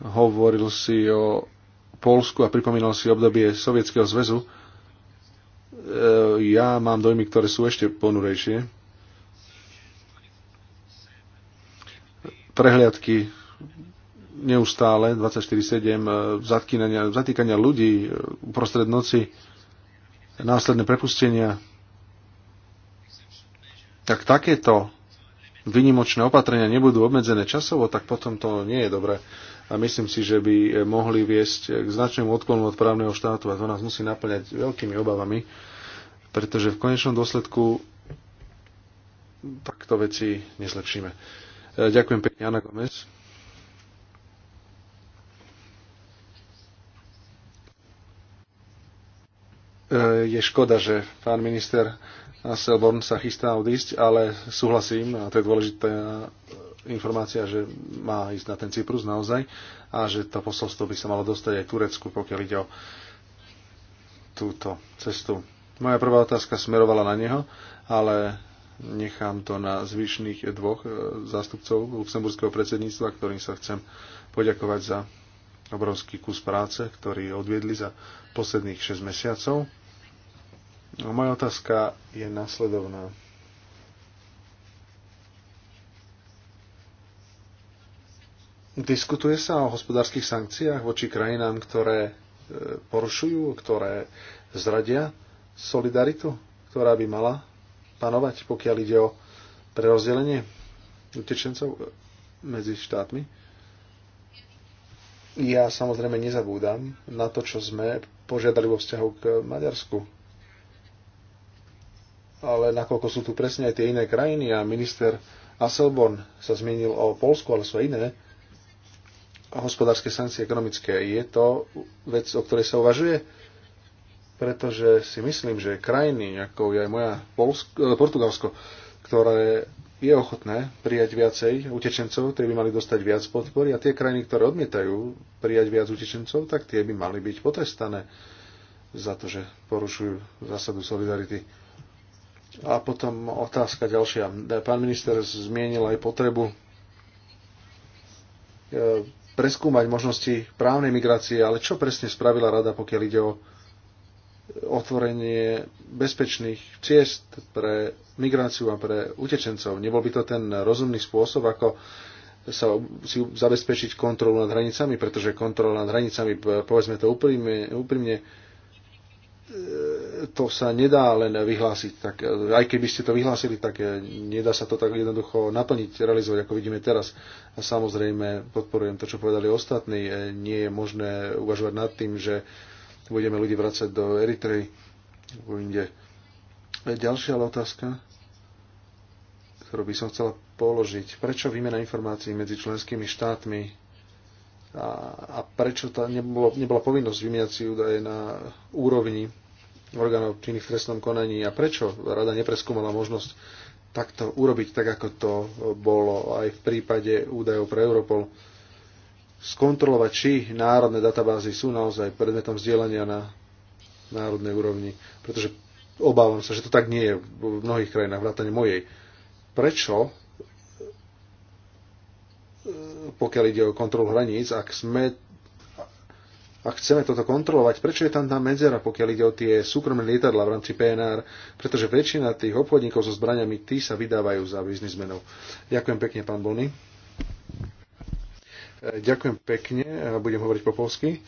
Hovoril si o Polsku a pripomínal si obdobie Sovietskeho zväzu, E, ja mám dojmy, ktoré sú ešte ponurejšie. Prehliadky neustále, 24-7, e, zatýkania ľudí e, uprostred noci, následné prepustenia. Tak takéto vynimočné opatrenia nebudú obmedzené časovo, tak potom to nie je dobré. A myslím si, že by eh, mohli viesť eh, k značnému odklonu od právneho štátu a to nás musí naplňať veľkými obavami, pretože v konečnom dôsledku takto veci nezlepšíme. Eh, ďakujem pekne, Ana Gomez. Je škoda, že pán minister Selborn sa chystá odísť, ale súhlasím, a to je dôležitá informácia, že má ísť na ten Cyprus naozaj a že to posolstvo by sa malo dostať aj Turecku, pokiaľ ide o túto cestu. Moja prvá otázka smerovala na neho, ale nechám to na zvyšných dvoch e, zástupcov luxemburského predsedníctva, ktorým sa chcem poďakovať za obrovský kus práce, ktorý odviedli za posledných 6 mesiacov. A no, moja otázka je nasledovná. Diskutuje sa o hospodárskych sankciách voči krajinám, ktoré e, porušujú, ktoré zradia solidaritu, ktorá by mala panovať, pokiaľ ide o prerozdelenie utečencov e, medzi štátmi. Ja samozrejme nezabúdam na to, čo sme požiadali vo vzťahu k Maďarsku ale nakoľko sú tu presne aj tie iné krajiny a minister Asselborn sa zmienil o Polsku, ale sú aj iné hospodárske sankcie ekonomické. Je to vec, o ktorej sa uvažuje? Pretože si myslím, že krajiny, ako je aj moja Polsko, e, Portugalsko, ktoré je ochotné prijať viacej utečencov, tie by mali dostať viac podpory a tie krajiny, ktoré odmietajú prijať viac utečencov, tak tie by mali byť potrestané za to, že porušujú zásadu solidarity. A potom otázka ďalšia. Pán minister zmienil aj potrebu e, preskúmať možnosti právnej migrácie, ale čo presne spravila rada, pokiaľ ide o otvorenie bezpečných ciest pre migráciu a pre utečencov. Nebol by to ten rozumný spôsob, ako sa si zabezpečiť kontrolu nad hranicami, pretože kontrola nad hranicami, povedzme to úprimne, úprimne e, to sa nedá len vyhlásiť. Tak, aj keby ste to vyhlásili, tak eh, nedá sa to tak jednoducho naplniť, realizovať, ako vidíme teraz. A samozrejme, podporujem to, čo povedali ostatní. Eh, nie je možné uvažovať nad tým, že budeme ľudí vracať do Eritrej alebo eh, Ďalšia otázka, ktorú by som chcela položiť. Prečo výmena informácií medzi členskými štátmi a, a prečo tá nebola, nebola povinnosť vymieňať si údaje na úrovni orgánov činných v trestnom konaní a prečo rada nepreskúmala možnosť takto urobiť, tak ako to bolo aj v prípade údajov pre Europol, skontrolovať, či národné databázy sú naozaj predmetom vzdielania na národnej úrovni, pretože obávam sa, že to tak nie je v mnohých krajinách, vrátane mojej. Prečo, pokiaľ ide o kontrolu hraníc, ak sme a chceme toto kontrolovať, prečo je tam tá medzera, pokiaľ ide o tie súkromné lietadla v rámci PNR, pretože väčšina tých obchodníkov so zbraniami, tí sa vydávajú za biznismenov. Ďakujem pekne, pán Bony. E, ďakujem pekne, e, budem hovoriť po polsky.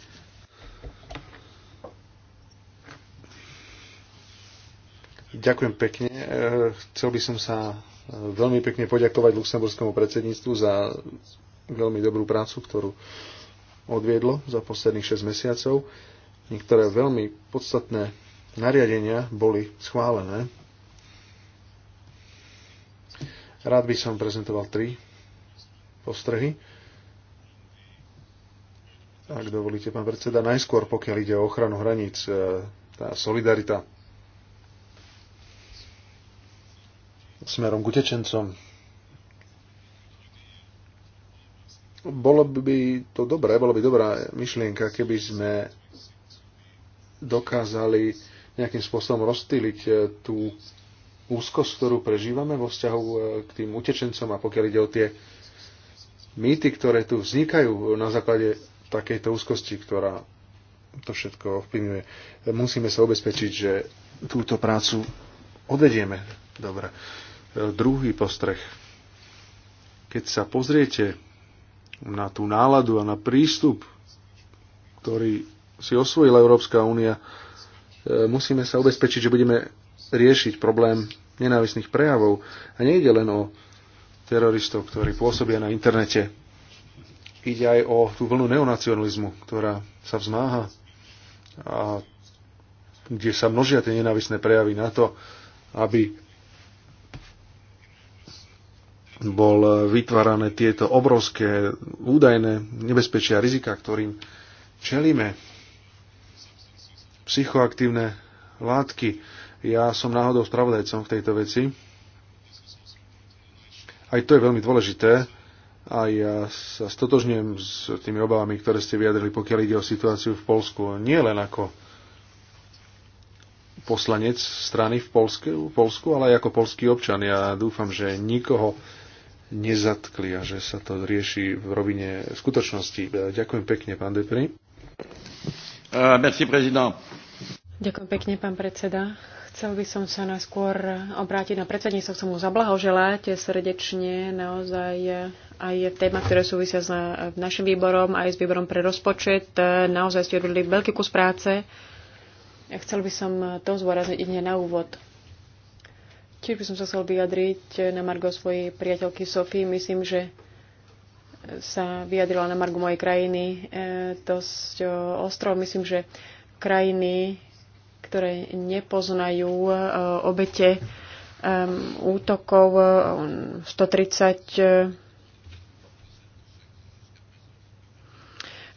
Ďakujem pekne. E, chcel by som sa veľmi pekne poďakovať luxemburskému predsedníctvu za veľmi dobrú prácu, ktorú odviedlo za posledných 6 mesiacov. Niektoré veľmi podstatné nariadenia boli schválené. Rád by som prezentoval tri postrehy. Ak dovolíte, pán predseda, najskôr, pokiaľ ide o ochranu hraníc, e, tá solidarita smerom k utečencom, Bolo by to dobré, bolo by dobrá myšlienka, keby sme dokázali nejakým spôsobom rozstýliť e, tú úzkosť, ktorú prežívame vo vzťahu e, k tým utečencom a pokiaľ ide o tie mýty, ktoré tu vznikajú na základe takejto úzkosti, ktorá to všetko ovplyvňuje. Musíme sa obezpečiť, že túto prácu odvedieme. Dobre. E, druhý postreh. Keď sa pozriete na tú náladu a na prístup, ktorý si osvojila Európska únia, e, musíme sa ubezpečiť, že budeme riešiť problém nenávisných prejavov. A nejde len o teroristov, ktorí pôsobia na internete. Ide aj o tú vlnu neonacionalizmu, ktorá sa vzmáha a kde sa množia tie nenávisné prejavy na to, aby bol vytvárané tieto obrovské údajné nebezpečia a rizika, ktorým čelíme. Psychoaktívne látky. Ja som náhodou spravodajcom v tejto veci. Aj to je veľmi dôležité a ja sa stotožňujem s tými obavami, ktoré ste vyjadrili, pokiaľ ide o situáciu v Polsku. Nie len ako poslanec strany v Polsku, Polsku ale aj ako polský občan. Ja dúfam, že nikoho nezatkli a že sa to rieši v rovine skutočnosti. Ďakujem pekne, pán Depri. Uh, merci, prezident. Ďakujem pekne, pán predseda. Chcel by som sa najskôr obrátiť na predsedníctvo, chcem mu zablahoželať srdečne naozaj aj v ktoré súvisia s našim výborom, aj s výborom pre rozpočet. Naozaj ste odvedli veľký kus práce. Chcel by som to zvorazniť hneď na úvod. Tiež by som sa chcel vyjadriť na Margo svojej priateľky Sofii. Myslím, že sa vyjadrila na Margo mojej krajiny e, dosť e, ostro. Myslím, že krajiny, ktoré nepoznajú e, obete útokov 130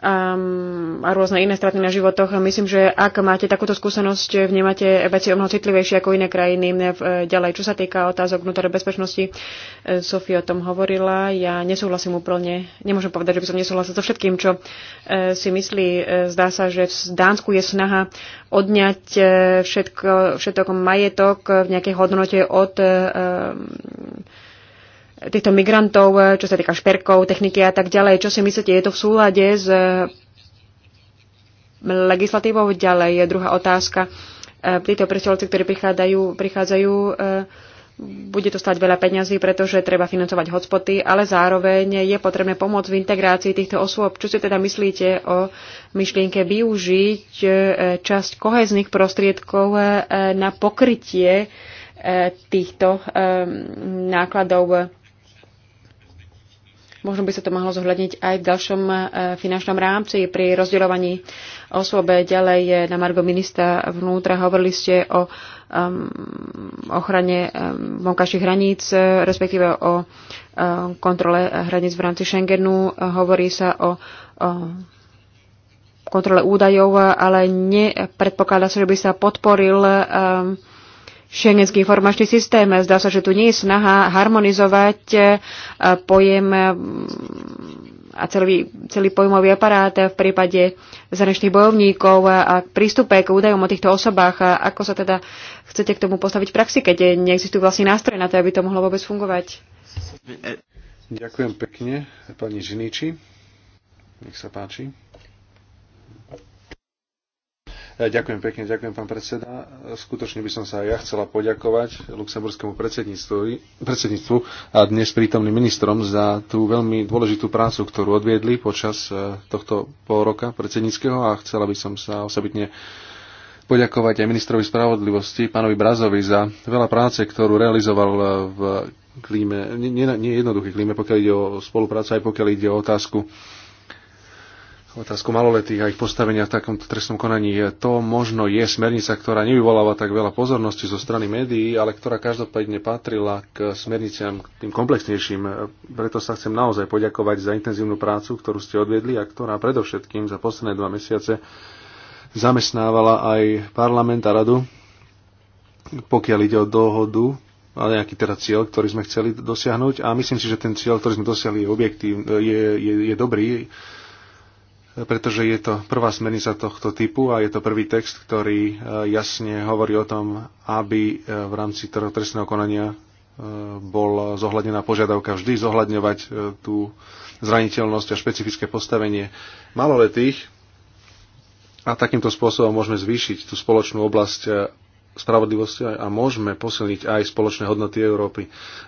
um, a rôzne iné straty na životoch. Myslím, že ak máte takúto skúsenosť, vnímate veci o mnoho citlivejšie ako iné krajiny. E, ďalej, čo sa týka otázok vnútornej bezpečnosti, e, Sofia o tom hovorila. Ja nesúhlasím úplne, nemôžem povedať, že by som nesúhlasil so všetkým, čo e, si myslí. Zdá sa, že v Dánsku je snaha odňať všetko, všetok majetok v nejakej hodnote od um, týchto migrantov, e, čo sa týka šperkov, techniky a tak ďalej. Čo si myslíte, je to v súlade s e, legislatívou? Ďalej je druhá otázka. E, títo predstavovci, ktorí prichádzajú, prichádzajú bude to stať veľa peňazí, pretože treba financovať hotspoty, ale zároveň je potrebné pomôcť v integrácii týchto osôb. Čo si teda myslíte o myšlienke využiť časť kohezných prostriedkov na pokrytie týchto nákladov Možno by sa to mohlo zohľadniť aj v ďalšom e, finančnom rámci pri rozdeľovaní osobe. Ďalej je na Margo ministra vnútra hovorili ste o um, ochrane um, vonkajších hraníc, e, respektíve o um, kontrole hraníc v rámci Schengenu. Hovorí sa o, o kontrole údajov, ale nepredpokladá sa, že by sa podporil um, šengenský informačný systém. Zdá sa, že tu nie je snaha harmonizovať eh, pojem mm, a celý, celý pojmový aparát v prípade zahraničných bojovníkov a prístupe k údajom o týchto osobách. A ako sa teda chcete k tomu postaviť v praxi, keď neexistujú vlastne nástroje na to, aby to mohlo vôbec fungovať? Ďakujem pekne, pani Žiniči. Nech sa páči. Ďakujem pekne, ďakujem pán predseda. Skutočne by som sa aj ja chcela poďakovať luxemburskému predsedníctvu, predsedníctvu a dnes prítomným ministrom za tú veľmi dôležitú prácu, ktorú odviedli počas e, tohto pol roka predsedníckého a chcela by som sa osobitne poďakovať aj ministrovi spravodlivosti, pánovi Brazovi, za veľa práce, ktorú realizoval e, v klíme, nie, nie jednoduché klíme, pokiaľ ide o spoluprácu, aj pokiaľ ide o otázku otázku maloletých a ich postavenia v takomto trestnom konaní. To možno je smernica, ktorá nevyvoláva tak veľa pozornosti zo strany médií, ale ktorá každopádne patrila k smerniciam tým komplexnejším. Preto sa chcem naozaj poďakovať za intenzívnu prácu, ktorú ste odviedli a ktorá predovšetkým za posledné dva mesiace zamestnávala aj parlament a radu, pokiaľ ide o dohodu a nejaký teda cieľ, ktorý sme chceli dosiahnuť. A myslím si, že ten cieľ, ktorý sme dosiahli, je, objektív, je, je, je dobrý pretože je to prvá smernica tohto typu a je to prvý text, ktorý e, jasne hovorí o tom, aby e, v rámci trestného konania e, bol zohľadnená požiadavka vždy zohľadňovať tú zraniteľnosť a špecifické postavenie maloletých. A takýmto spôsobom môžeme zvýšiť tú spoločnú oblasť spravodlivosti a môžeme posilniť aj spoločné hodnoty Európy.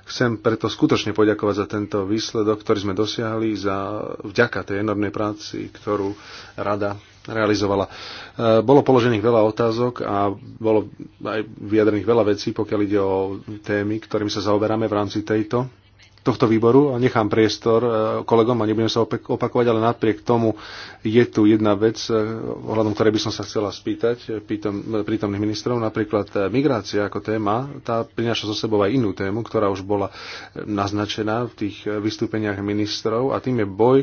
Chcem preto skutočne poďakovať za tento výsledok, ktorý sme dosiahli za, vďaka tej enormnej práci, ktorú rada realizovala. E, bolo položených veľa otázok a bolo aj vyjadrených veľa vecí, pokiaľ ide o témy, ktorými sa zaoberáme v rámci tejto tohto výboru a nechám priestor e, kolegom a nebudem sa opakovať, ale napriek tomu je tu jedna vec, e, ohľadom ktorej by som sa chcela spýtať e, pýtom, prítomných ministrov, napríklad migrácia ako téma, tá prináša so sebou aj inú tému, ktorá už bola naznačená v tých vystúpeniach ministrov a tým je boj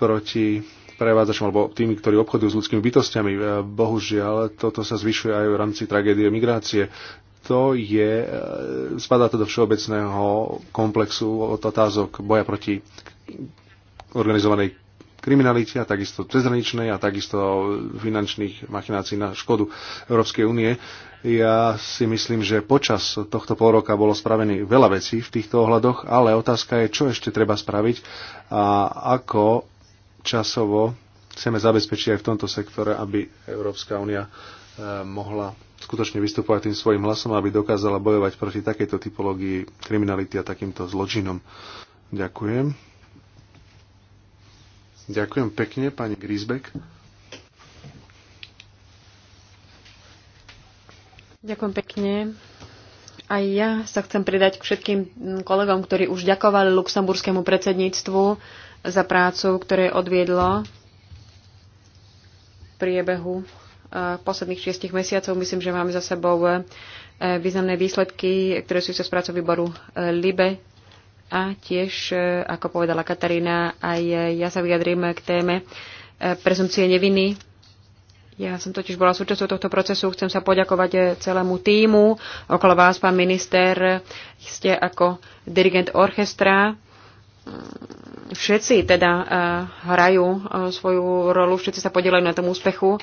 proti prevádzačom alebo tými, ktorí obchodujú s ľudskými bytostiami. Bohužiaľ, toto sa zvyšuje aj v rámci tragédie migrácie to je, e, spadá to do všeobecného komplexu od otázok boja proti organizovanej kriminalite a takisto cezhraničnej a takisto finančných machinácií na škodu Európskej únie. Ja si myslím, že počas tohto pol roka bolo spravený veľa vecí v týchto ohľadoch, ale otázka je, čo ešte treba spraviť a ako časovo chceme zabezpečiť aj v tomto sektore, aby Európska únia mohla skutočne vystupovať tým svojim hlasom, aby dokázala bojovať proti takejto typológii kriminality a takýmto zločinom. Ďakujem. Ďakujem pekne, pani Grisbeck. Ďakujem pekne. A ja sa chcem pridať k všetkým kolegom, ktorí už ďakovali luxemburskému predsedníctvu za prácu, ktoré odviedlo v priebehu Eh, posledných šiestich mesiacov. Myslím, že máme za sebou eh, významné výsledky, ktoré sú sa prácou výboru eh, LIBE. A tiež, ako povedala Katarína, aj ja sa vyjadrím k téme prezumcie neviny. Ja som totiž bola súčasťou tohto procesu. Chcem sa poďakovať celému týmu. Okolo vás, pán minister, ste ako dirigent orchestra. Všetci teda hrajú svoju rolu, všetci sa podielajú na tom úspechu.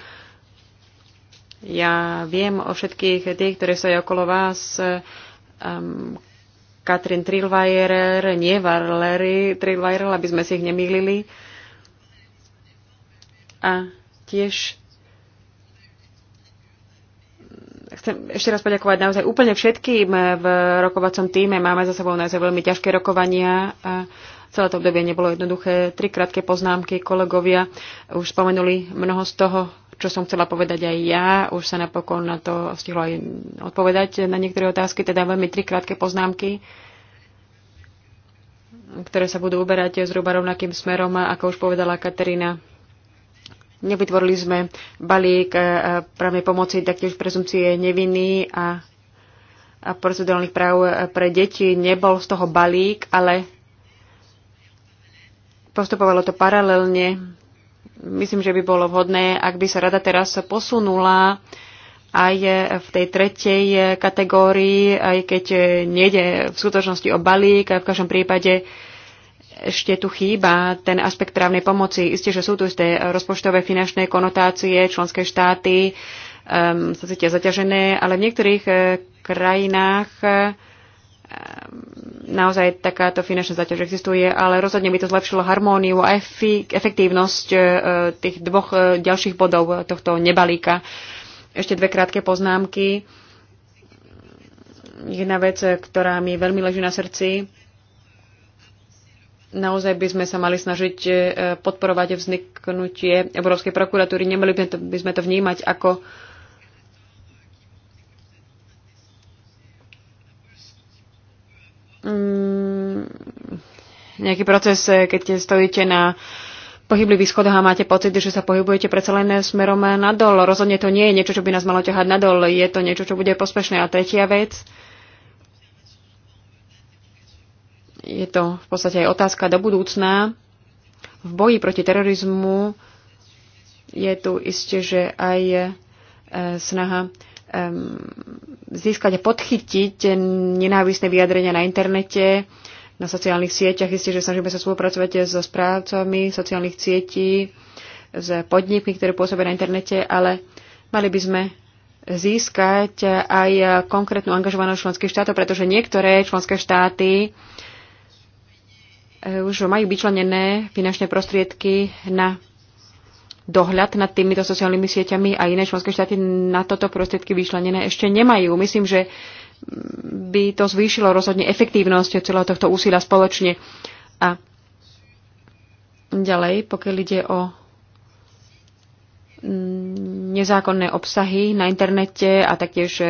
Ja viem o všetkých tých, ktoré sa aj okolo vás, um, Katrin Trilvajerer, nie Valery Trilvajerer, aby sme si ich nemýlili. A tiež chcem ešte raz poďakovať naozaj úplne všetkým v rokovacom týme. Máme za sebou naozaj veľmi ťažké rokovania. A celé to obdobie nebolo jednoduché. Tri krátke poznámky kolegovia už spomenuli mnoho z toho, čo som chcela povedať aj ja. Už sa napokon na to stihlo aj odpovedať na niektoré otázky, teda veľmi tri krátke poznámky ktoré sa budú uberať zhruba rovnakým smerom, ako už povedala Katerina. Nevytvorili sme balík e, právnej pomoci, taktiež prezumcie neviny a, a procedurálnych práv pre deti. Nebol z toho balík, ale postupovalo to paralelne. Myslím, že by bolo vhodné, ak by sa rada teraz posunula aj v tej tretej kategórii, aj keď nejde v skutočnosti o balík, v každom prípade ešte tu chýba ten aspekt právnej pomoci. Isté, že sú tu isté rozpočtové finančné konotácie, členské štáty um, sa cítia zaťažené, ale v niektorých eh, krajinách Ehm, naozaj takáto finančná záťaž existuje, ale rozhodne by to zlepšilo harmóniu a efektívnosť e, tých dvoch e, ďalších bodov tohto nebalíka. Ešte dve krátke poznámky. Jedna vec, ktorá mi veľmi leží na srdci, naozaj by sme sa mali snažiť e, podporovať vzniknutie Európskej prokuratúry. Nemali by sme to vnímať ako nejaký proces, eh, keď stojíte na pohyblivých schodoch a máte pocit, že sa pohybujete predsa len eh, smerom eh, nadol. Rozhodne to nie je niečo, čo by nás malo ťahať nadol. Je to niečo, čo bude pospešné. A tretia vec, je to v podstate aj otázka do budúcna. V boji proti terorizmu je tu isté, že aj snaha získať a podchytiť nenávisné vyjadrenia na internete na sociálnych sieťach. Isté, že snažíme sa spolupracovať so správcami sociálnych sietí, s podnikmi, ktoré pôsobia na internete, ale mali by sme získať aj konkrétnu angažovanosť členských štátov, pretože niektoré členské štáty eh, už majú vyčlenené finančné prostriedky na dohľad nad týmito sociálnymi sieťami a iné členské štáty na toto prostriedky vyčlenené ešte nemajú. Myslím, že by to zvýšilo rozhodne efektívnosť celého tohto úsilia spoločne. A ďalej, pokiaľ ide o nezákonné obsahy na internete a taktiež e,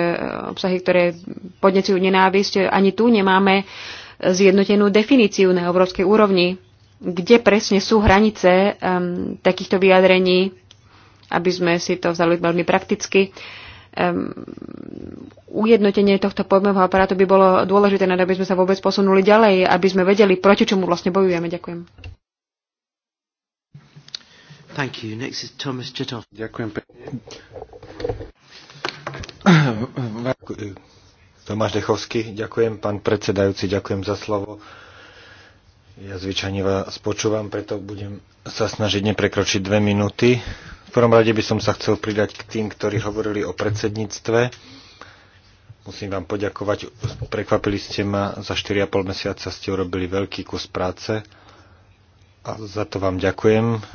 obsahy, ktoré podnecujú nenávisť. Ani tu nemáme zjednotenú definíciu na európskej úrovni, kde presne sú hranice um, takýchto vyjadrení, aby sme si to vzali veľmi prakticky. Uh, ujednotenie tohto pojmového aparátu by bolo dôležité, na aby sme sa vôbec posunuli ďalej, aby sme vedeli, proti čomu vlastne bojujeme. Ďakujem. Thank you. Next is Thomas Ďakujem Tomáš Dechovský, ďakujem pán predsedajúci, ďakujem za slovo. Ja zvyčajne vás počúvam, preto budem sa snažiť neprekročiť dve minúty. V prvom rade by som sa chcel pridať k tým, ktorí hovorili o predsedníctve. Musím vám poďakovať. Prekvapili ste ma. Za 4,5 mesiaca ste urobili veľký kus práce. A za to vám ďakujem.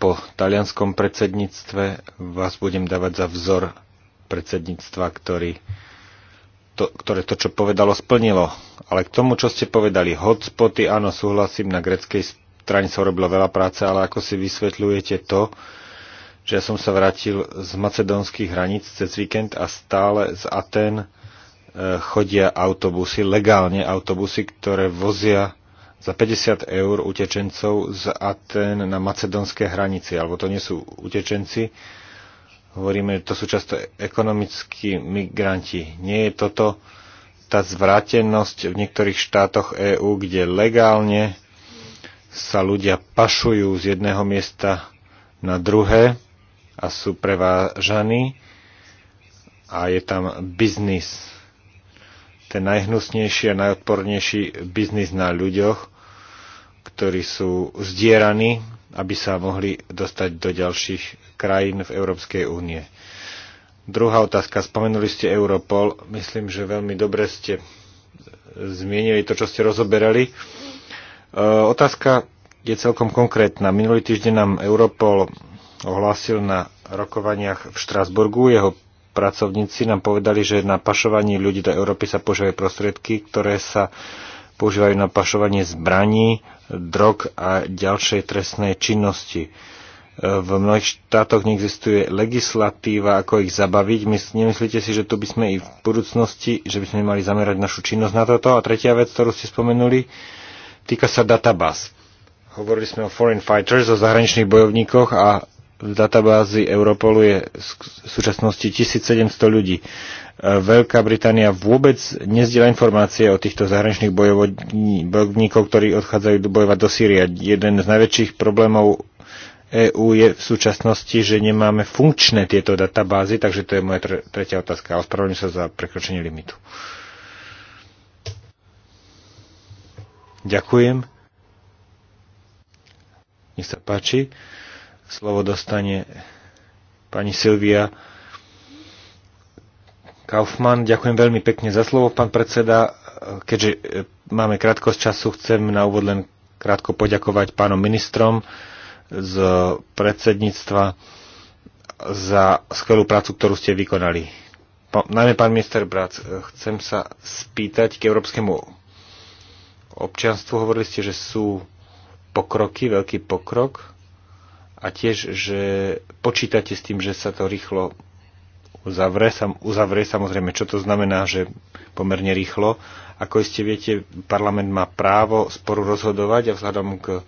Po talianskom predsedníctve vás budem dávať za vzor predsedníctva, ktorý to, ktoré to, čo povedalo, splnilo. Ale k tomu, čo ste povedali, hotspoty, áno, súhlasím, na greckej sa urobilo veľa práce, ale ako si vysvetľujete to, že ja som sa vrátil z macedónskych hraníc cez víkend a stále z Aten e, chodia autobusy, legálne autobusy, ktoré vozia za 50 eur utečencov z Aten na macedónske hranice, alebo to nie sú utečenci, hovoríme, že to sú často ekonomickí migranti. Nie je toto tá zvrátenosť v niektorých štátoch EÚ, kde legálne sa ľudia pašujú z jedného miesta na druhé a sú prevážaní a je tam biznis. Ten najhnusnejší a najodpornejší biznis na ľuďoch, ktorí sú zdieraní, aby sa mohli dostať do ďalších krajín v Európskej únie. Druhá otázka. Spomenuli ste Europol. Myslím, že veľmi dobre ste zmienili to, čo ste rozoberali. Eh, otázka je celkom konkrétna. Minulý týždeň nám Europol ohlásil na rokovaniach v Štrasburgu. Jeho pracovníci nám povedali, že na pašovanie ľudí do Európy sa používajú prostriedky, ktoré sa používajú na pašovanie zbraní, drog a ďalšej trestnej činnosti. Eh, v mnohých štátoch neexistuje legislatíva, ako ich zabaviť. Nemyslíte si, že tu by sme i v budúcnosti, že by sme mali zamerať našu činnosť na toto? A tretia vec, ktorú ste spomenuli, Týka sa databáz. Hovorili sme o foreign fighters, o zahraničných bojovníkoch a v databázi Europolu je v súčasnosti 1700 ľudí. E, Veľká Británia vôbec nezdiela informácie o týchto zahraničných bojovníkoch, ktorí odchádzajú bojovať do Sýria. Jeden z najväčších problémov EÚ je v súčasnosti, že nemáme funkčné tieto databázy, takže to je moja tretia otázka. Ospravedlňujem sa za prekročenie limitu. Uh, Ďakujem. Nech sa páči. Slovo dostane pani Silvia Kaufmann. Ďakujem veľmi pekne za slovo, pán predseda. Keďže e, máme krátkosť času, chcem na úvod len krátko poďakovať pánom ministrom z predsedníctva za skvelú prácu, ktorú ste vykonali. Po, najmä pán minister Brac, chcem sa spýtať k Európskemu občianstvu. Hovorili ste, že sú pokroky, veľký pokrok a tiež, že počítate s tým, že sa to rýchlo uzavre, sam, uzavrie samozrejme, čo to znamená, že pomerne rýchlo. Ako ste viete, parlament má právo sporu rozhodovať a vzhľadom k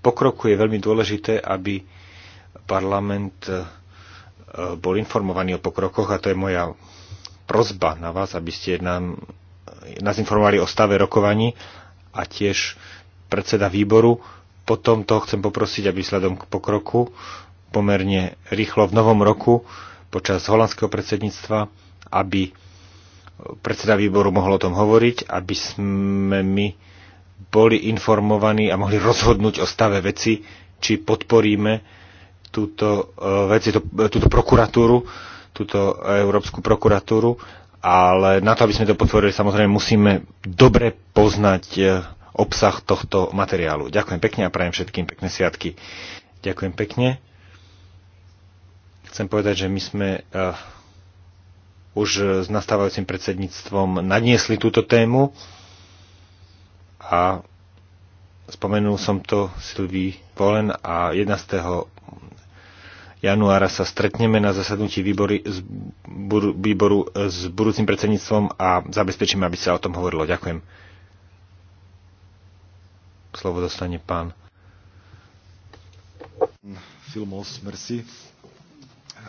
pokroku je veľmi dôležité, aby parlament e, bol informovaný o pokrokoch a to je moja prozba na vás, aby ste nám, nás informovali o stave rokovaní a tiež predseda výboru. Potom to chcem poprosiť, aby sledom k pokroku pomerne rýchlo v novom roku počas holandského predsedníctva, aby predseda výboru mohol o tom hovoriť, aby sme my boli informovaní a mohli rozhodnúť o stave veci, či podporíme túto, eh, veci, eh, túto prokuratúru, túto Európsku prokuratúru ale na to, aby sme to potvorili, samozrejme musíme dobre poznať eh, obsah tohto materiálu. Ďakujem pekne a prajem všetkým pekné sviatky. Ďakujem pekne. Chcem povedať, že my sme uh, už s nastávajúcim predsedníctvom nadniesli túto tému a spomenul som to Silvii Volen a 11 januára sa stretneme na zasadnutí výbory výboru s budúcim predsedníctvom a zabezpečíme, aby sa o tom hovorilo. Ďakujem. Slovo dostane pán. Filmos, merci.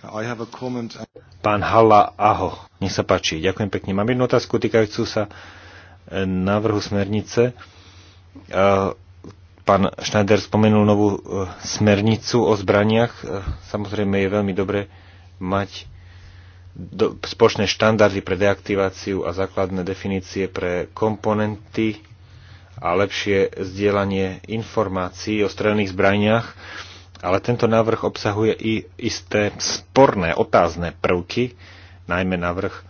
I have a comment. Pán Halla Aho, nech sa páči. Ďakujem pekne. Mám jednu otázku týkajúcu sa eh, návrhu smernice. Uh, Pán Schneider spomenul novú e, smernicu o zbraniach. E, samozrejme je veľmi dobre mať do, spoločné štandardy pre deaktiváciu a základné definície pre komponenty a lepšie zdieľanie informácií o strelných zbraniach, ale tento návrh obsahuje i isté sporné, otázne prvky, najmä návrh e,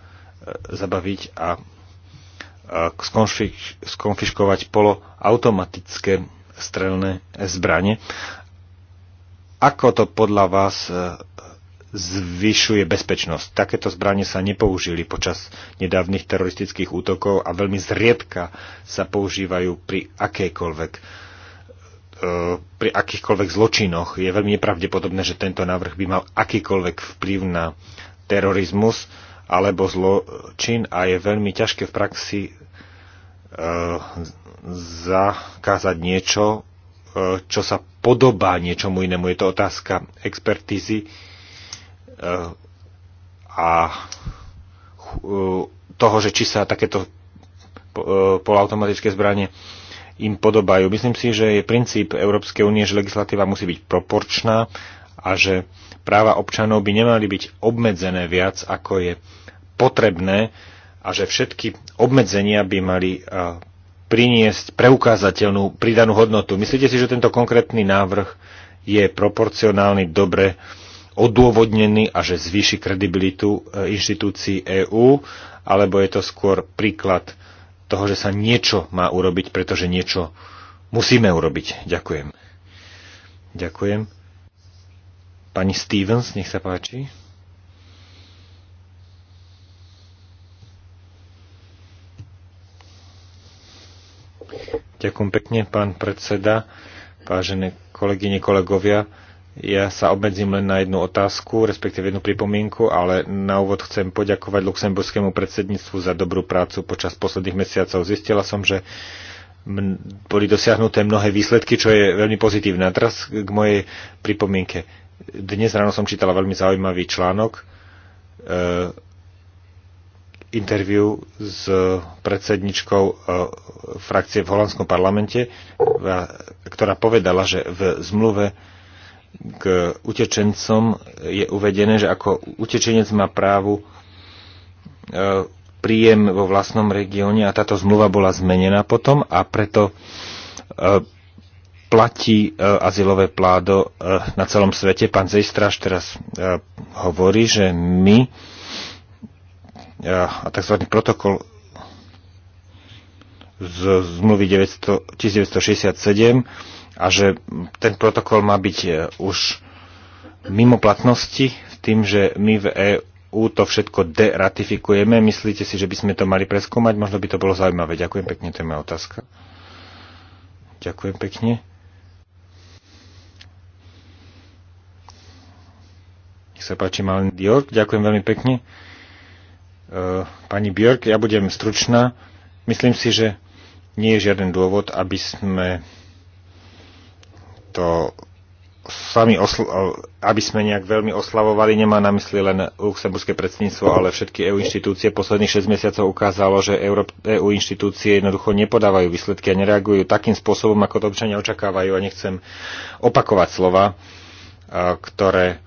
zabaviť a, e, skonfiškovať poloautomatické strelné zbranie. Ako to podľa vás e, zvyšuje bezpečnosť? Takéto zbranie sa nepoužili počas nedávnych teroristických útokov a veľmi zriedka sa používajú pri akejkoľvek e, pri akýchkoľvek zločinoch. Je veľmi nepravdepodobné, že tento návrh by mal akýkoľvek vplyv na terorizmus alebo zločin a je veľmi ťažké v praxi E, zakázať niečo, e, čo sa podobá niečomu inému. Je to otázka expertízy e, a toho, že či sa takéto polautomatické zbranie im podobajú. Myslím si, že je princíp Európskej únie, že legislatíva musí byť proporčná a že práva občanov by nemali byť obmedzené viac, ako je potrebné, a že všetky obmedzenia by mali e, priniesť preukázateľnú pridanú hodnotu. Myslíte si, že tento konkrétny návrh je proporcionálny, dobre odôvodnený a že zvýši kredibilitu e, inštitúcií EÚ, alebo je to skôr príklad toho, že sa niečo má urobiť, pretože niečo musíme urobiť. Ďakujem. Ďakujem. Pani Stevens, nech sa páči. Ďakujem pekne, pán predseda, vážené kolegyne, kolegovia. Ja sa obmedzím len na jednu otázku, respektíve jednu pripomienku, ale na úvod chcem poďakovať luxemburskému predsedníctvu za dobrú prácu počas posledných mesiacov. Zistila som, že boli dosiahnuté mnohé výsledky, čo je veľmi pozitívne. A teraz k mojej pripomienke. Dnes ráno som čítala veľmi zaujímavý článok, e, interviu s predsedničkou e, frakcie v holandskom parlamente, ktorá povedala, že v zmluve k utečencom je uvedené, že ako utečenec má právo e, príjem vo vlastnom regióne a táto zmluva bola zmenená potom a preto e, platí azylové pládo na celom svete. Pán Zejstraš teraz hovorí, že my a tzv. protokol z zmluvy 1967 a že ten protokol má byť e, už mimo platnosti tým, že my v EU to všetko deratifikujeme. Myslíte si, že by sme to mali preskúmať? Možno by to bolo zaujímavé. Ďakujem pekne, to je moja otázka. Ďakujem pekne. Nech sa páči, Malin Dior. Ďakujem veľmi pekne. E, pani Björk, ja budem stručná. Myslím si, že nie je žiaden dôvod, aby sme to sami osl- e, aby sme nejak veľmi oslavovali, nemá na mysli len luxemburské predsedníctvo, ale všetky EU inštitúcie. Posledných 6 mesiacov ukázalo, že EU e inštitúcie jednoducho nepodávajú výsledky a nereagujú takým spôsobom, ako to občania očakávajú. A nechcem opakovať slova, ktoré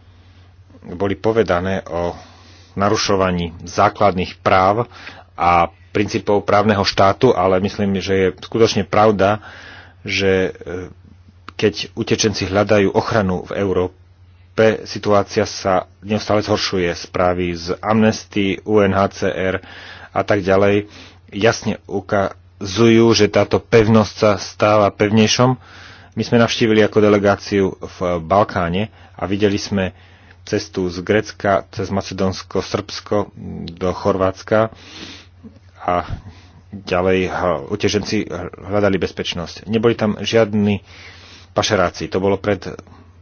boli povedané o narušovaní základných práv a princípov právneho štátu, ale myslím, že je skutočne pravda, že e, keď utečenci hľadajú ochranu v Európe, situácia sa neustále zhoršuje. Správy z Amnesty, UNHCR a tak ďalej jasne ukazujú, že táto pevnosť sa stáva pevnejšom. My sme navštívili ako delegáciu v Balkáne a videli sme cestu z Grecka cez Macedónsko, Srbsko do Chorvátska a ďalej utečenci hľadali bezpečnosť. Neboli tam žiadni pašeráci. To bolo pred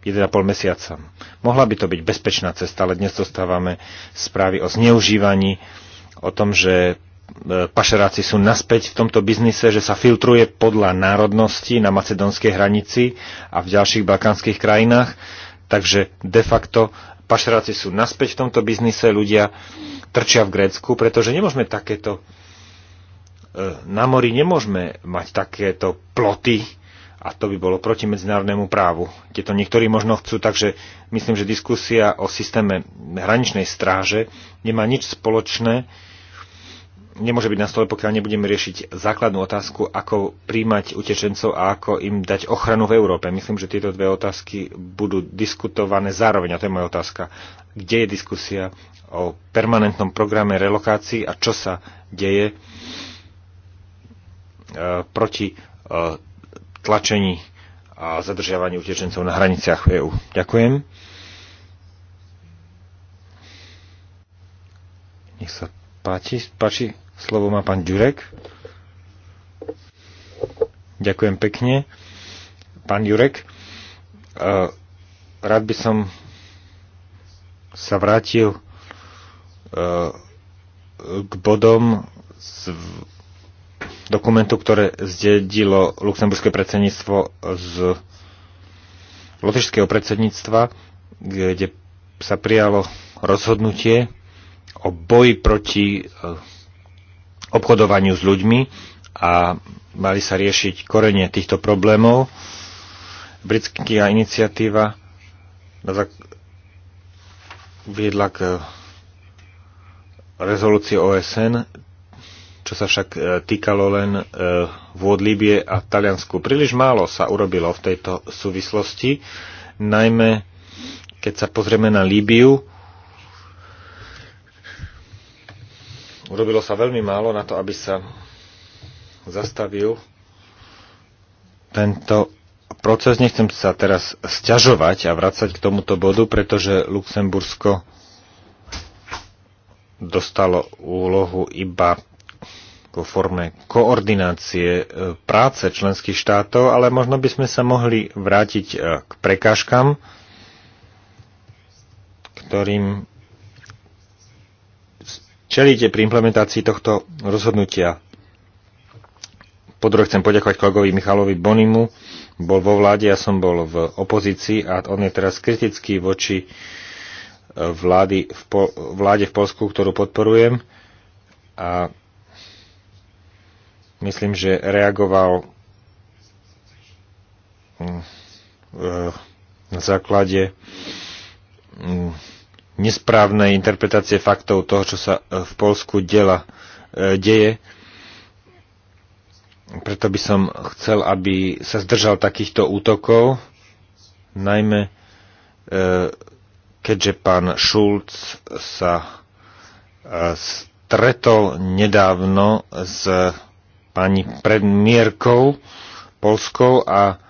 1,5 mesiaca. Mohla by to byť bezpečná cesta, ale dnes dostávame správy o zneužívaní, o tom, že e, pašeráci sú naspäť v tomto biznise, že sa filtruje podľa národnosti na Macedonskej hranici a v ďalších balkánskych krajinách Takže de facto pašeráci sú naspäť v tomto biznise, ľudia trčia v Grécku, pretože nemôžeme takéto e, na mori nemôžeme mať takéto ploty a to by bolo proti medzinárodnému právu. Tieto niektorí možno chcú, takže myslím, že diskusia o systéme hraničnej stráže nemá nič spoločné nemôže byť na stole, pokiaľ nebudeme riešiť základnú otázku, ako príjmať utečencov a ako im dať ochranu v Európe. Myslím, že tieto dve otázky budú diskutované zároveň, a to je moja otázka. Kde je diskusia o permanentnom programe relokácií a čo sa deje e, proti e, tlačení a zadržiavaní utečencov na hraniciach EÚ. Ďakujem. Nech sa páči, páči Slovo má pán Ďurek. Ďakujem pekne. Pán Jurek, e, rád by som sa vrátil e, k bodom z dokumentu, ktoré zdedilo luxemburské predsedníctvo z lotežského predsedníctva, kde sa prijalo rozhodnutie o boji proti e, obchodovaniu s ľuďmi a mali sa riešiť korenie týchto problémov. Britská iniciatíva viedla k eh, rezolúcii OSN, čo sa však eh, týkalo len eh, vôd Líbie a Taliansku. Príliš málo sa urobilo v tejto súvislosti, najmä keď sa pozrieme na Líbiu, Urobilo sa veľmi málo na to, aby sa zastavil tento proces. Nechcem sa teraz sťažovať a vracať k tomuto bodu, pretože Luxembursko dostalo úlohu iba vo forme koordinácie e, práce členských štátov, ale možno by sme sa mohli vrátiť e, k prekážkam, ktorým čelíte pri implementácii tohto rozhodnutia. Podruhé chcem poďakovať kolegovi Michalovi Bonimu. Bol vo vláde, ja som bol v opozícii a on je teraz kritický voči e, vlády v po, vláde v Polsku, ktorú podporujem. A myslím, že reagoval mm, e, na základe mm, nesprávnej interpretácie faktov toho, čo sa e, v Polsku dela, e, deje. Preto by som chcel, aby sa zdržal takýchto útokov, najmä e, keďže pán Šulc sa stretol nedávno s pani premiérkou Polskou a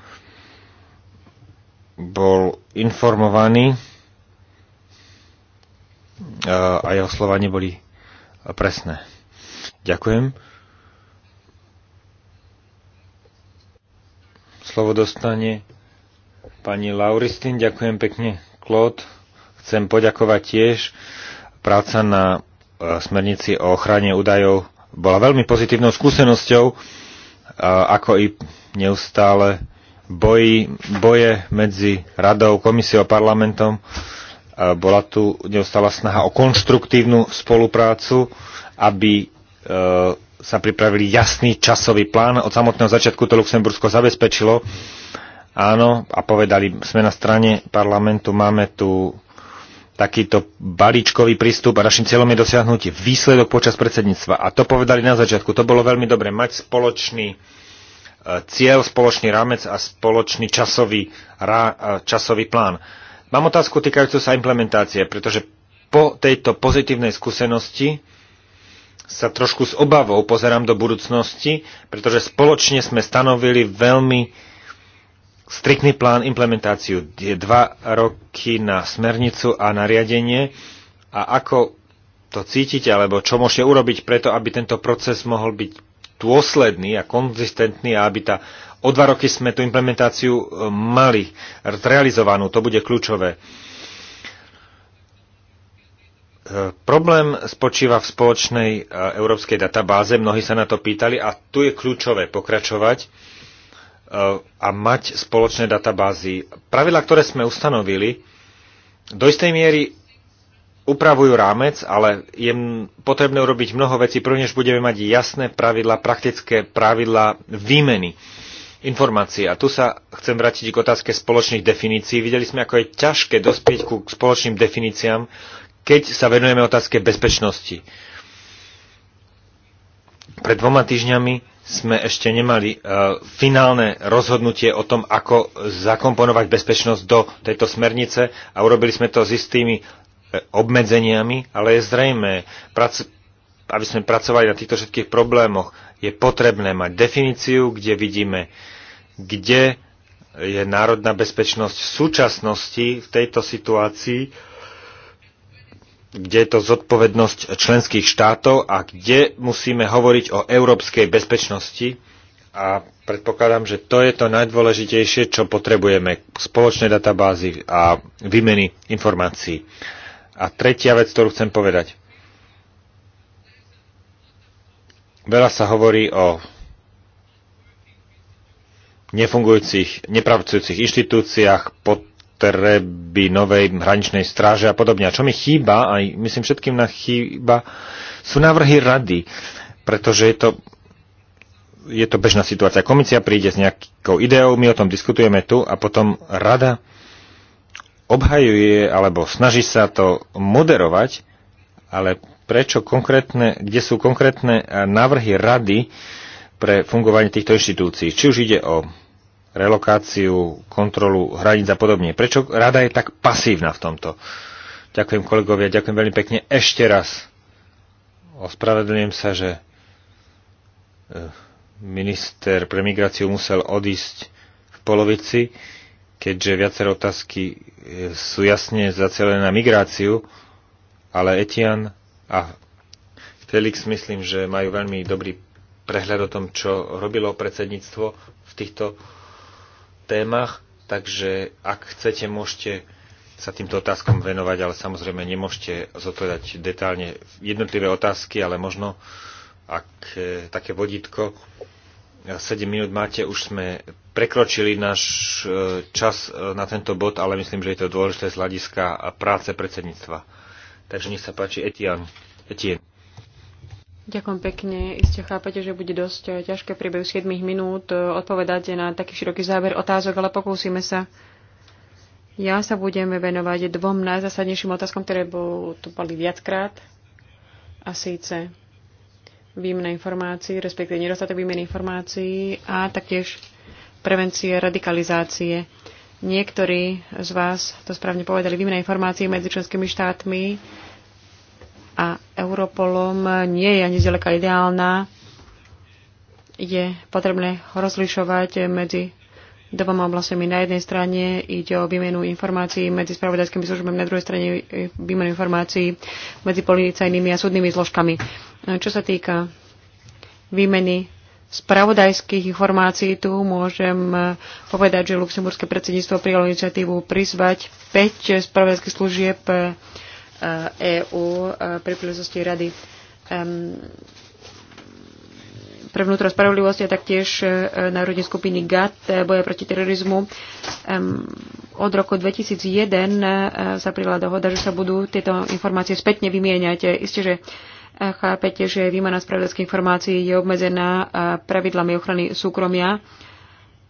bol informovaný a jeho slova neboli presné. Ďakujem. Slovo dostane pani Lauristin. Ďakujem pekne, Claude. Chcem poďakovať tiež. Práca na e, smernici o ochrane údajov bola veľmi pozitívnou skúsenosťou, e, ako i neustále boji, boje medzi radou, komisiou a parlamentom bola tu neustála snaha o konštruktívnu spoluprácu, aby e, sa pripravili jasný časový plán. Od samotného začiatku to Luxembursko zabezpečilo. Áno, a povedali, sme na strane parlamentu, máme tu takýto balíčkový prístup a našim cieľom je dosiahnuť výsledok počas predsedníctva. A to povedali na začiatku. To bolo veľmi dobre mať spoločný e, cieľ, spoločný rámec a spoločný časový, e, časový plán. Mám otázku týkajúcu sa implementácie, pretože po tejto pozitívnej skúsenosti sa trošku s obavou pozerám do budúcnosti, pretože spoločne sme stanovili veľmi striktný plán implementáciu. Je dva roky na smernicu a nariadenie. A ako to cítite, alebo čo môžete urobiť preto, aby tento proces mohol byť dôsledný a konzistentný a aby tá O dva roky sme tú implementáciu e, mali realizovanú, to bude kľúčové. E, problém spočíva v spoločnej e, európskej databáze, mnohí sa na to pýtali a tu je kľúčové pokračovať a mať spoločné databázy. Pravidla, ktoré sme ustanovili, do istej miery upravujú rámec, ale je potrebné urobiť mnoho vecí, prvnež budeme mať jasné pravidla, praktické pravidla výmeny informácií. A tu sa chcem vrátiť k otázke spoločných definícií. Videli sme, ako je ťažké dospieť ku spoločným definíciám, keď sa venujeme otázke bezpečnosti. Pred dvoma týždňami sme ešte nemali uh, finálne rozhodnutie o tom, ako zakomponovať bezpečnosť do tejto smernice a urobili sme to s istými e, obmedzeniami, ale je zrejme, aby sme pracovali na týchto všetkých problémoch, je potrebné mať definíciu, kde vidíme, kde je národná bezpečnosť v súčasnosti v tejto situácii, kde je to zodpovednosť členských štátov a kde musíme hovoriť o európskej bezpečnosti. A predpokladám, že to je to najdôležitejšie, čo potrebujeme. Spoločné databázy a výmeny informácií. A tretia vec, ktorú chcem povedať. Veľa sa hovorí o nefungujúcich, nepracujúcich inštitúciách, potreby novej hraničnej stráže a podobne. A čo mi chýba, a myslím všetkým na chýba, sú návrhy rady, pretože je to, je to bežná situácia. Komisia príde s nejakou ideou, my o tom diskutujeme tu a potom rada obhajuje alebo snaží sa to moderovať, ale prečo konkrétne, kde sú konkrétne eh, návrhy rady pre fungovanie týchto inštitúcií. Či už ide o relokáciu, kontrolu hraníc a podobne. Prečo rada je tak pasívna v tomto? Ďakujem kolegovia, ďakujem veľmi pekne ešte raz. Ospravedlňujem sa, že eh, minister pre migráciu musel odísť v polovici, keďže viaceré otázky eh, sú jasne zacelené na migráciu, ale Etian a Felix myslím, že majú veľmi dobrý prehľad o tom, čo robilo predsedníctvo v týchto témach, takže ak chcete, môžete sa týmto otázkom venovať, ale samozrejme nemôžete zodpovedať detálne jednotlivé otázky, ale možno ak e, také vodítko 7 minút máte, už sme prekročili náš e, čas e, na tento bod, ale myslím, že je to dôležité z hľadiska práce predsedníctva. Takže nech sa páči Etian. Etienne. Ďakujem pekne. Isto chápete, že bude dosť eh, ťažké priebehu 7 minút eh, odpovedať na taký široký záber otázok, ale pokúsime sa. Ja sa budem venovať dvom najzásadnejším otázkom, ktoré tu boli viackrát. A síce výmena informácií, respektíve nedostatok výmeny informácií a taktiež prevencie radikalizácie. Niektorí z vás to správne povedali, výmena informácií medzi členskými štátmi a Europolom nie je ani zďaleka ideálna. Je potrebné rozlišovať medzi dvoma oblastiami. Na jednej strane ide o výmenu informácií medzi spravodajskými službami, na druhej strane výmenu informácií medzi policajnými a súdnymi zložkami. Čo sa týka výmeny spravodajských informácií tu môžem povedať, že Luxemburské predsedníctvo prijalo iniciatívu prizvať 5 spravodajských služieb EÚ eh, e eh, pri príležitosti Rady pre vnútro spravodlivosti a taktiež eh, národnej skupiny GATT boja proti terorizmu. Od roku 2001 sa prila dohoda, že sa budú tieto informácie spätne vymieňať. Isté, že chápete, že výmena spravodajských informácií je obmedzená pravidlami ochrany súkromia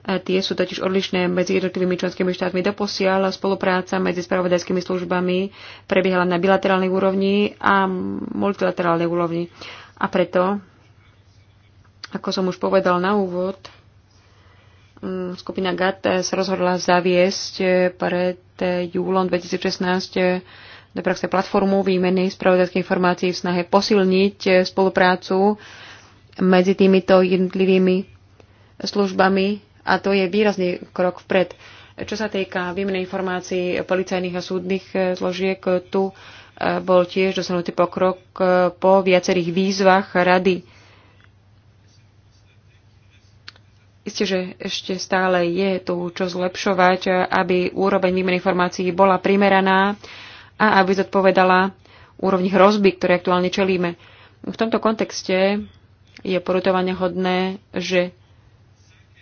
Tie sú totiž odlišné medzi jednotlivými členskými štátmi. Doposiaľ spolupráca medzi spravodajskými službami prebiehala na bilaterálnej úrovni a multilaterálnej úrovni. A preto, ako som už povedal na úvod, mm, skupina GATT sa rozhodla zaviesť eh, pred eh, júlom 2016 eh, do praxe platformu výmeny spravodajských informácií v snahe posilniť spoluprácu medzi týmito jednotlivými službami a to je výrazný krok vpred. Čo sa týka výmene informácií policajných a súdnych e, zložiek, tu e, bol tiež dosiahnutý pokrok e, po viacerých výzvach rady. Isté, že ešte stále je tu čo zlepšovať, aby úroveň výmeny informácií bola primeraná a aby zodpovedala úrovni hrozby, ktoré aktuálne čelíme. V tomto kontexte je porutovane hodné, že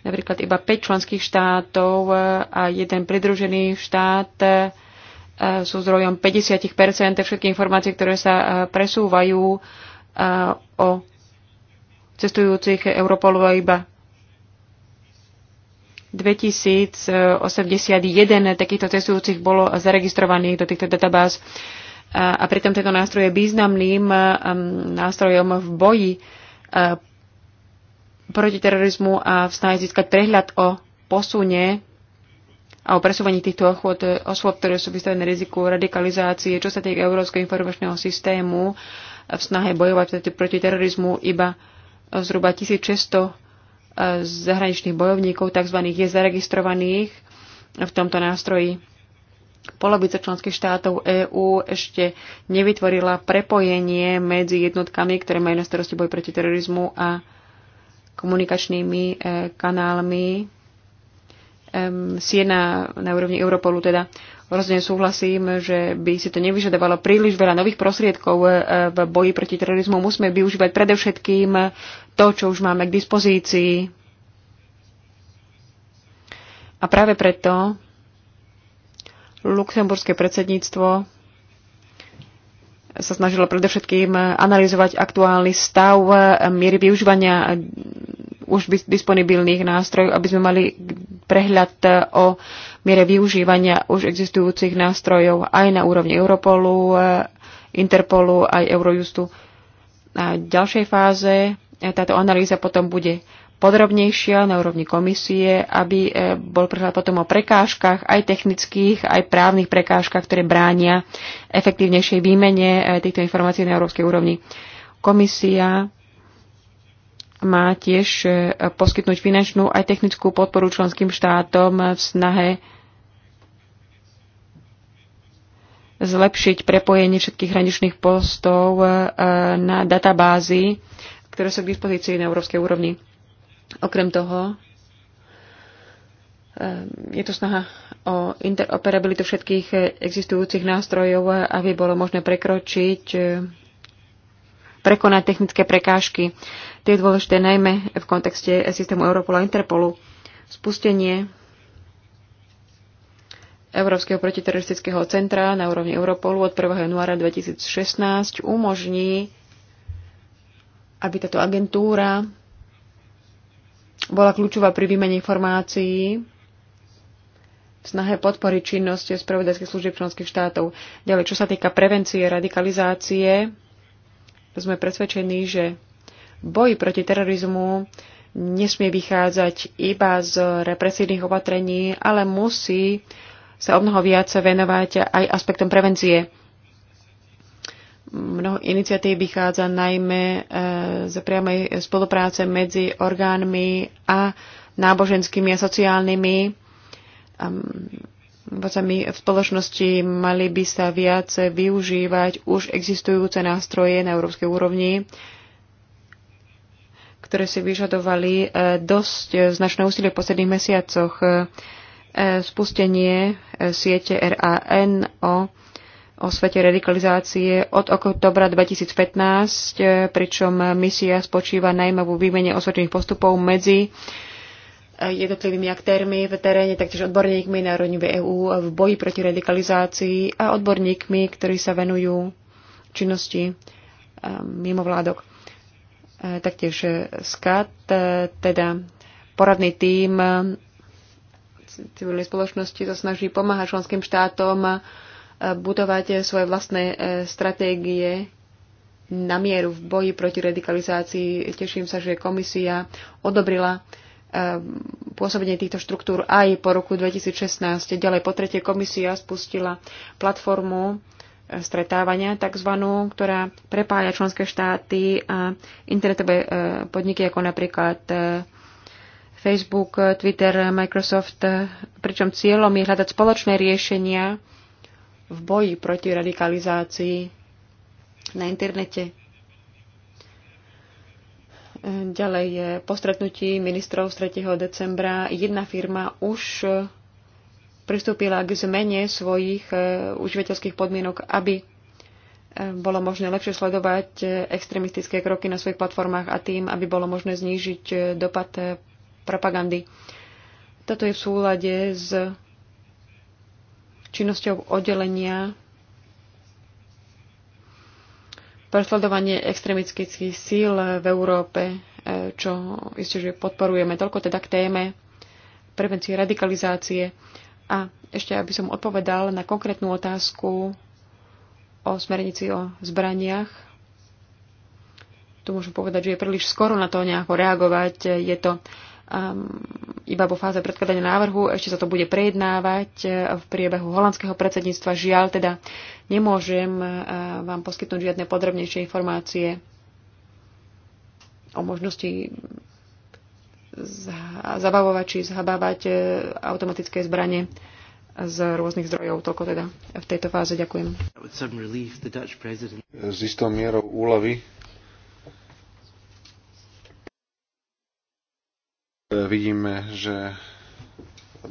napríklad iba 5 členských štátov e, a jeden pridružený štát e, sú zdrojom 50 všetkých informácií, ktoré sa e, presúvajú o cestujúcich Europolu iba 2081 takýchto cestujúcich bolo zaregistrovaných do týchto databáz a pritom tento nástroj je významným nástrojom v boji proti terorizmu a v snahe získať prehľad o posune a o presúvaní týchto ochôd, osôb, ktoré sú vystavené riziku radikalizácie, čo sa týka Európskeho informačného systému, v snahe bojovať proti terorizmu iba zhruba 1600 eh, zahraničných bojovníkov, tzv. je zaregistrovaných v tomto nástroji. Polovica členských štátov EÚ ešte nevytvorila prepojenie medzi jednotkami, ktoré majú na starosti boj proti terorizmu a komunikačnými eh, kanálmi. Siena na úrovni Europolu teda rozhodne súhlasím, že by si to nevyžadovalo príliš veľa nových prostriedkov eh, v boji proti terorizmu. Musíme využívať predovšetkým to, čo už máme k dispozícii. A práve preto luxemburské predsedníctvo sa snažilo predovšetkým analyzovať aktuálny stav miery využívania už disponibilných nástrojov, aby sme mali prehľad o miere využívania už existujúcich nástrojov aj na úrovni Europolu, Interpolu, aj Eurojustu. Na ďalšej fáze e, táto analýza potom bude podrobnejšia na úrovni komisie, aby e, bol prehľad potom o prekážkach, aj technických, aj právnych prekážkach, ktoré bránia efektívnejšej výmene e, týchto informácií na európskej úrovni. Komisia má tiež e, poskytnúť finančnú aj technickú podporu členským štátom v snahe zlepšiť prepojenie všetkých hraničných postov na databázy, ktoré sú k dispozícii na európskej úrovni. Okrem toho eh, je to snaha o interoperabilitu všetkých eh, existujúcich nástrojov, aby bolo možné prekročiť, eh, prekonať technické prekážky. Tie je dôležité najmä v kontexte systému Europolu a Interpolu. Spustenie Európskeho protiteroristického centra na úrovni Europolu od 1. januára 2016 umožní, aby táto agentúra bola kľúčová pri výmene informácií v snahe podporiť činnosti spravodajských služieb členských štátov. Ďalej, čo sa týka prevencie radikalizácie, sme presvedčení, že boj proti terorizmu nesmie vychádzať iba z represívnych opatrení, ale musí sa o mnoho viac venovať aj aspektom prevencie. Mnoho iniciatív vychádza najmä e, z priamej spolupráce medzi orgánmi a náboženskými a sociálnymi vocami v spoločnosti mali by sa viac využívať už existujúce nástroje na európskej úrovni, ktoré si vyžadovali e, dosť značné úsilie v posledných mesiacoch. E, spustenie siete RAN o o svete radikalizácie od oktobra 2015, eh, pričom misia spočíva najmä vo výmene osvedčených postupov medzi eh, jednotlivými aktérmi v teréne, taktiež odborníkmi Národní EÚ v boji proti radikalizácii a odborníkmi, ktorí sa venujú činnosti eh, mimo vládok. Taktiež SCAT, teda poradný tím civilnej spoločnosti sa snaží pomáhať členským štátom budovať svoje vlastné e, stratégie na mieru v boji proti radikalizácii. Teším sa, že komisia odobrila e, pôsobenie týchto štruktúr aj po roku 2016. Ďalej po tretie komisia spustila platformu e, stretávania tzv., ktorá prepája členské štáty a internetové podniky ako napríklad Facebook, Twitter, Microsoft, pričom cieľom je hľadať spoločné riešenia v boji proti radikalizácii na internete. Ďalej je po stretnutí ministrov z 3. decembra jedna firma už pristúpila k zmene svojich e, užívateľských podmienok, aby e, bolo možné lepšie sledovať e, extremistické kroky na svojich platformách a tým, aby bolo možné znížiť dopad propagandy. Toto je v súlade s činnosťou oddelenia presledovanie extremistických síl v Európe, e, čo isté, že podporujeme. Toľko teda k téme prevencie radikalizácie. A ešte, aby som odpovedal na konkrétnu otázku o smernici o zbraniach. Tu môžem povedať, že je príliš skoro na to nejako reagovať. Je to iba vo fáze predkladania návrhu. Ešte sa to bude prejednávať e, v priebehu holandského predsedníctva. Žiaľ, teda nemôžem e, vám poskytnúť žiadne podrobnejšie informácie o možnosti zabavovať či zhabávať e, automatické zbranie z rôznych zdrojov. Toľko teda v tejto fáze ďakujem. S istou mierou úlavy E, vidíme, že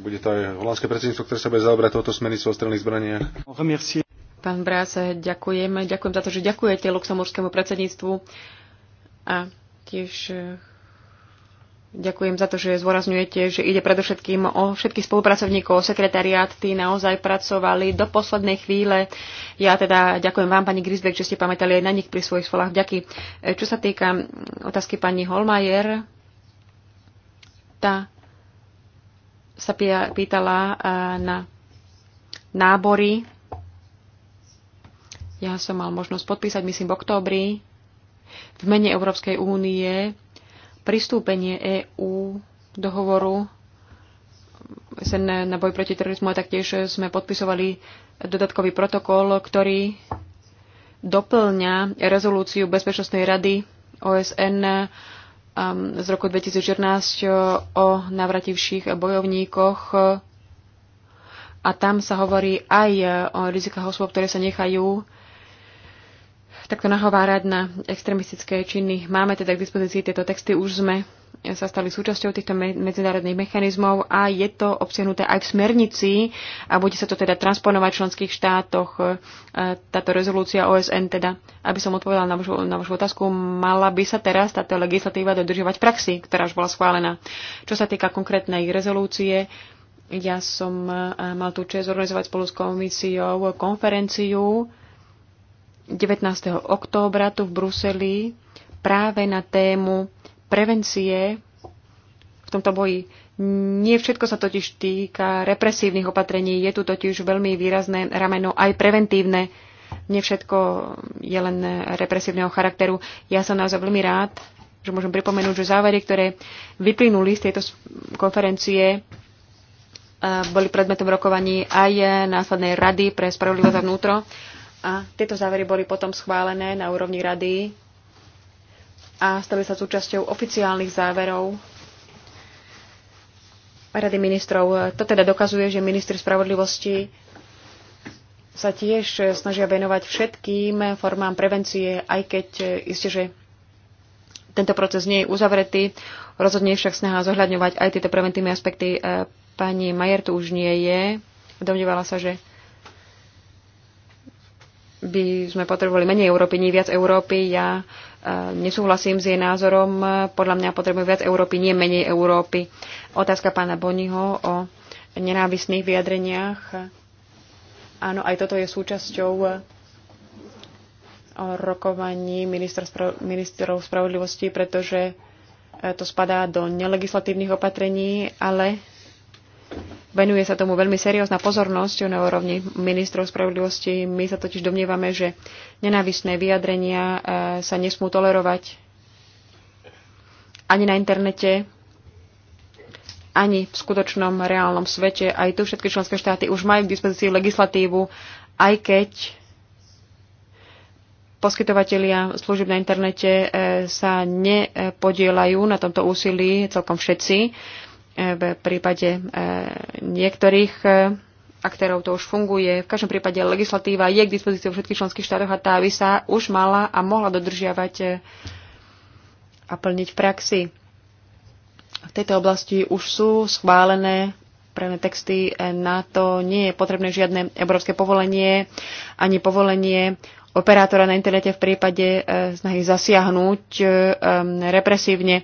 bude to aj holandské predsedníctvo, ktoré sa bude zaobrať touto smernicou o strelných zbraniach. Pán Bráse, ďakujeme. Ďakujem za to, že ďakujete luxemburskému predsedníctvu a tiež e, ďakujem za to, že zvorazňujete, že ide predovšetkým o všetkých spolupracovníkov, sekretariát, tí naozaj pracovali do poslednej chvíle. Ja teda ďakujem vám, pani Grisbeck, že ste pamätali aj na nich pri svojich svolách. Ďakujem. E, čo sa týka otázky pani Holmajer, tá sa pýtala eh, na nábory. Ja som mal možnosť podpísať, myslím, v októbri v mene Európskej únie pristúpenie EÚ dohovoru SN na boj proti terorizmu a taktiež sme podpisovali dodatkový protokol, ktorý doplňa rezolúciu Bezpečnostnej rady OSN z roku 2014 o navrativších bojovníkoch e, a tam sa hovorí aj e, o rizikách osôb, ktoré sa nechajú takto nahovárať na extremistické činy. Máme teda k dispozícii tieto texty, už sme sa stali súčasťou týchto medzinárodných mechanizmov a je to obsiahnuté aj v smernici a bude sa to teda transponovať v členských štátoch. E, táto rezolúcia OSN teda, aby som odpovedala na vašu, na vašu otázku, mala by sa teraz táto legislatíva dodržovať v praxi, ktorá už bola schválená. Čo sa týka konkrétnej rezolúcie, ja som e, mal tú čest organizovať spolu s komisiou konferenciu, 19. októbra tu v Bruseli práve na tému prevencie v tomto boji. Nie všetko sa totiž týka represívnych opatrení, je tu totiž veľmi výrazné rameno aj preventívne. Nie všetko je len represívneho charakteru. Ja som naozaj veľmi rád, že môžem pripomenúť, že závery, ktoré vyplynuli z tejto konferencie, e, boli predmetom rokovaní aj následnej rady pre spravodlivosť a vnútro. A tieto závery boli potom schválené na úrovni rady a stali sa súčasťou oficiálnych záverov Rady ministrov. To teda dokazuje, že ministri spravodlivosti sa tiež snažia venovať všetkým formám prevencie, aj keď isté, že tento proces nie je uzavretý. Rozhodne však snaha zohľadňovať aj tieto preventívne aspekty. E, pani Majer tu už nie je. Domnievala sa, že by sme potrebovali menej Európy, nie viac Európy. Ja e, nesúhlasím s jej názorom. Podľa mňa potrebujeme viac Európy, nie menej Európy. Otázka pána Boniho o nenávisných vyjadreniach. Áno, aj toto je súčasťou e, rokovaní ministrov spravodlivosti, pretože e, to spadá do nelegislatívnych opatrení, ale Venuje sa tomu veľmi seriózna pozornosť na úrovni ministrov spravodlivosti. My sa totiž domnievame, že nenávisné vyjadrenia e, sa nesmú tolerovať ani na internete, ani v skutočnom reálnom svete. Aj tu všetky členské štáty už majú k dispozícii legislatívu, aj keď poskytovatelia služieb na internete e, sa nepodielajú na tomto úsilí celkom všetci v prípade e, niektorých e, aktérov to už funguje. V každom prípade legislatíva je k dispozícii vo všetkých členských štátoch a tá by sa už mala a mohla dodržiavať e, a plniť v praxi. V tejto oblasti už sú schválené právne texty. Na to nie je potrebné žiadne európske povolenie ani povolenie operátora na internete v prípade snahy zasiahnuť represívne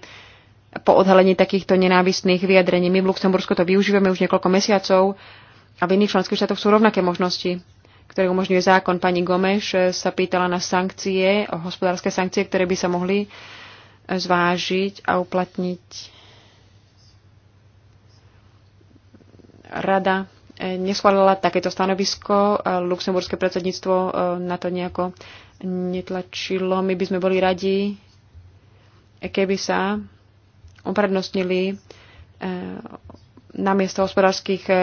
po odhalení takýchto nenávistných vyjadrení. My v Luxembursku to využívame už niekoľko mesiacov a v iných členských štátoch sú rovnaké možnosti, ktoré umožňuje zákon. Pani Gomeš sa pýtala na sankcie, hospodárske sankcie, ktoré by sa mohli zvážiť a uplatniť. Rada neschválila takéto stanovisko, luxemburské predsedníctvo eh, na to nejako netlačilo. My by sme boli radi, keby sa uprednostnili e, namiesto hospodárskych e,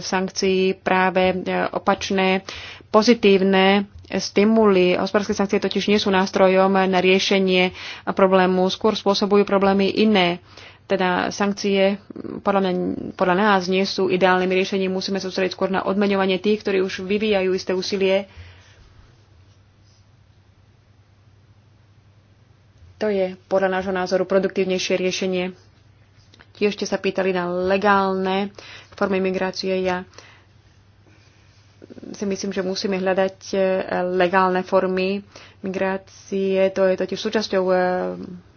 sankcií práve e, opačné pozitívne stimuly. Hospodárske sankcie totiž nie sú nástrojom na riešenie problému, skôr spôsobujú problémy iné. Teda sankcie podľa, mňa, podľa nás nie sú ideálnym riešením, musíme sústrediť skôr na odmeňovanie tých, ktorí už vyvíjajú isté úsilie To je podľa nášho názoru produktívnejšie riešenie. Tiež ste sa pýtali na legálne formy migrácie. Ja si myslím, že musíme hľadať eh, legálne formy migrácie. To je totiž súčasťou eh,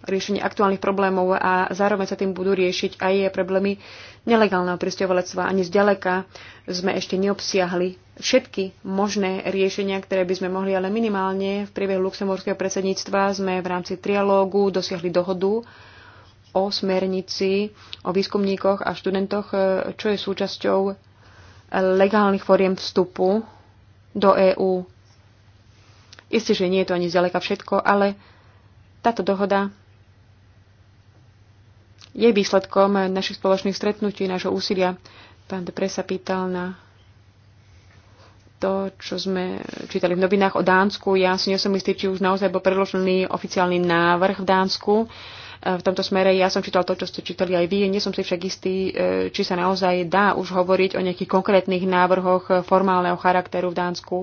riešenia aktuálnych problémov a zároveň sa tým budú riešiť aj problémy nelegálneho pristovalectva. Ani zďaleka sme ešte neobsiahli všetky možné riešenia, ktoré by sme mohli, ale minimálne v priebehu luxemburského predsedníctva sme v rámci trialógu dosiahli dohodu o smernici o výskumníkoch a študentoch, eh, čo je súčasťou legálnych foriem vstupu do EÚ Isté, že nie je to ani zďaleka všetko, ale táto dohoda je výsledkom našich spoločných stretnutí, nášho úsilia. Pán Depre sa pýtal na to, čo sme čítali v novinách o Dánsku. Ja si som istý, či už naozaj bol predložený oficiálny návrh v Dánsku e, v tomto smere. Ja som čítal to, čo ste čítali aj vy. Nie som si však istý, e, či sa naozaj dá už hovoriť o nejakých konkrétnych návrhoch formálneho charakteru v Dánsku.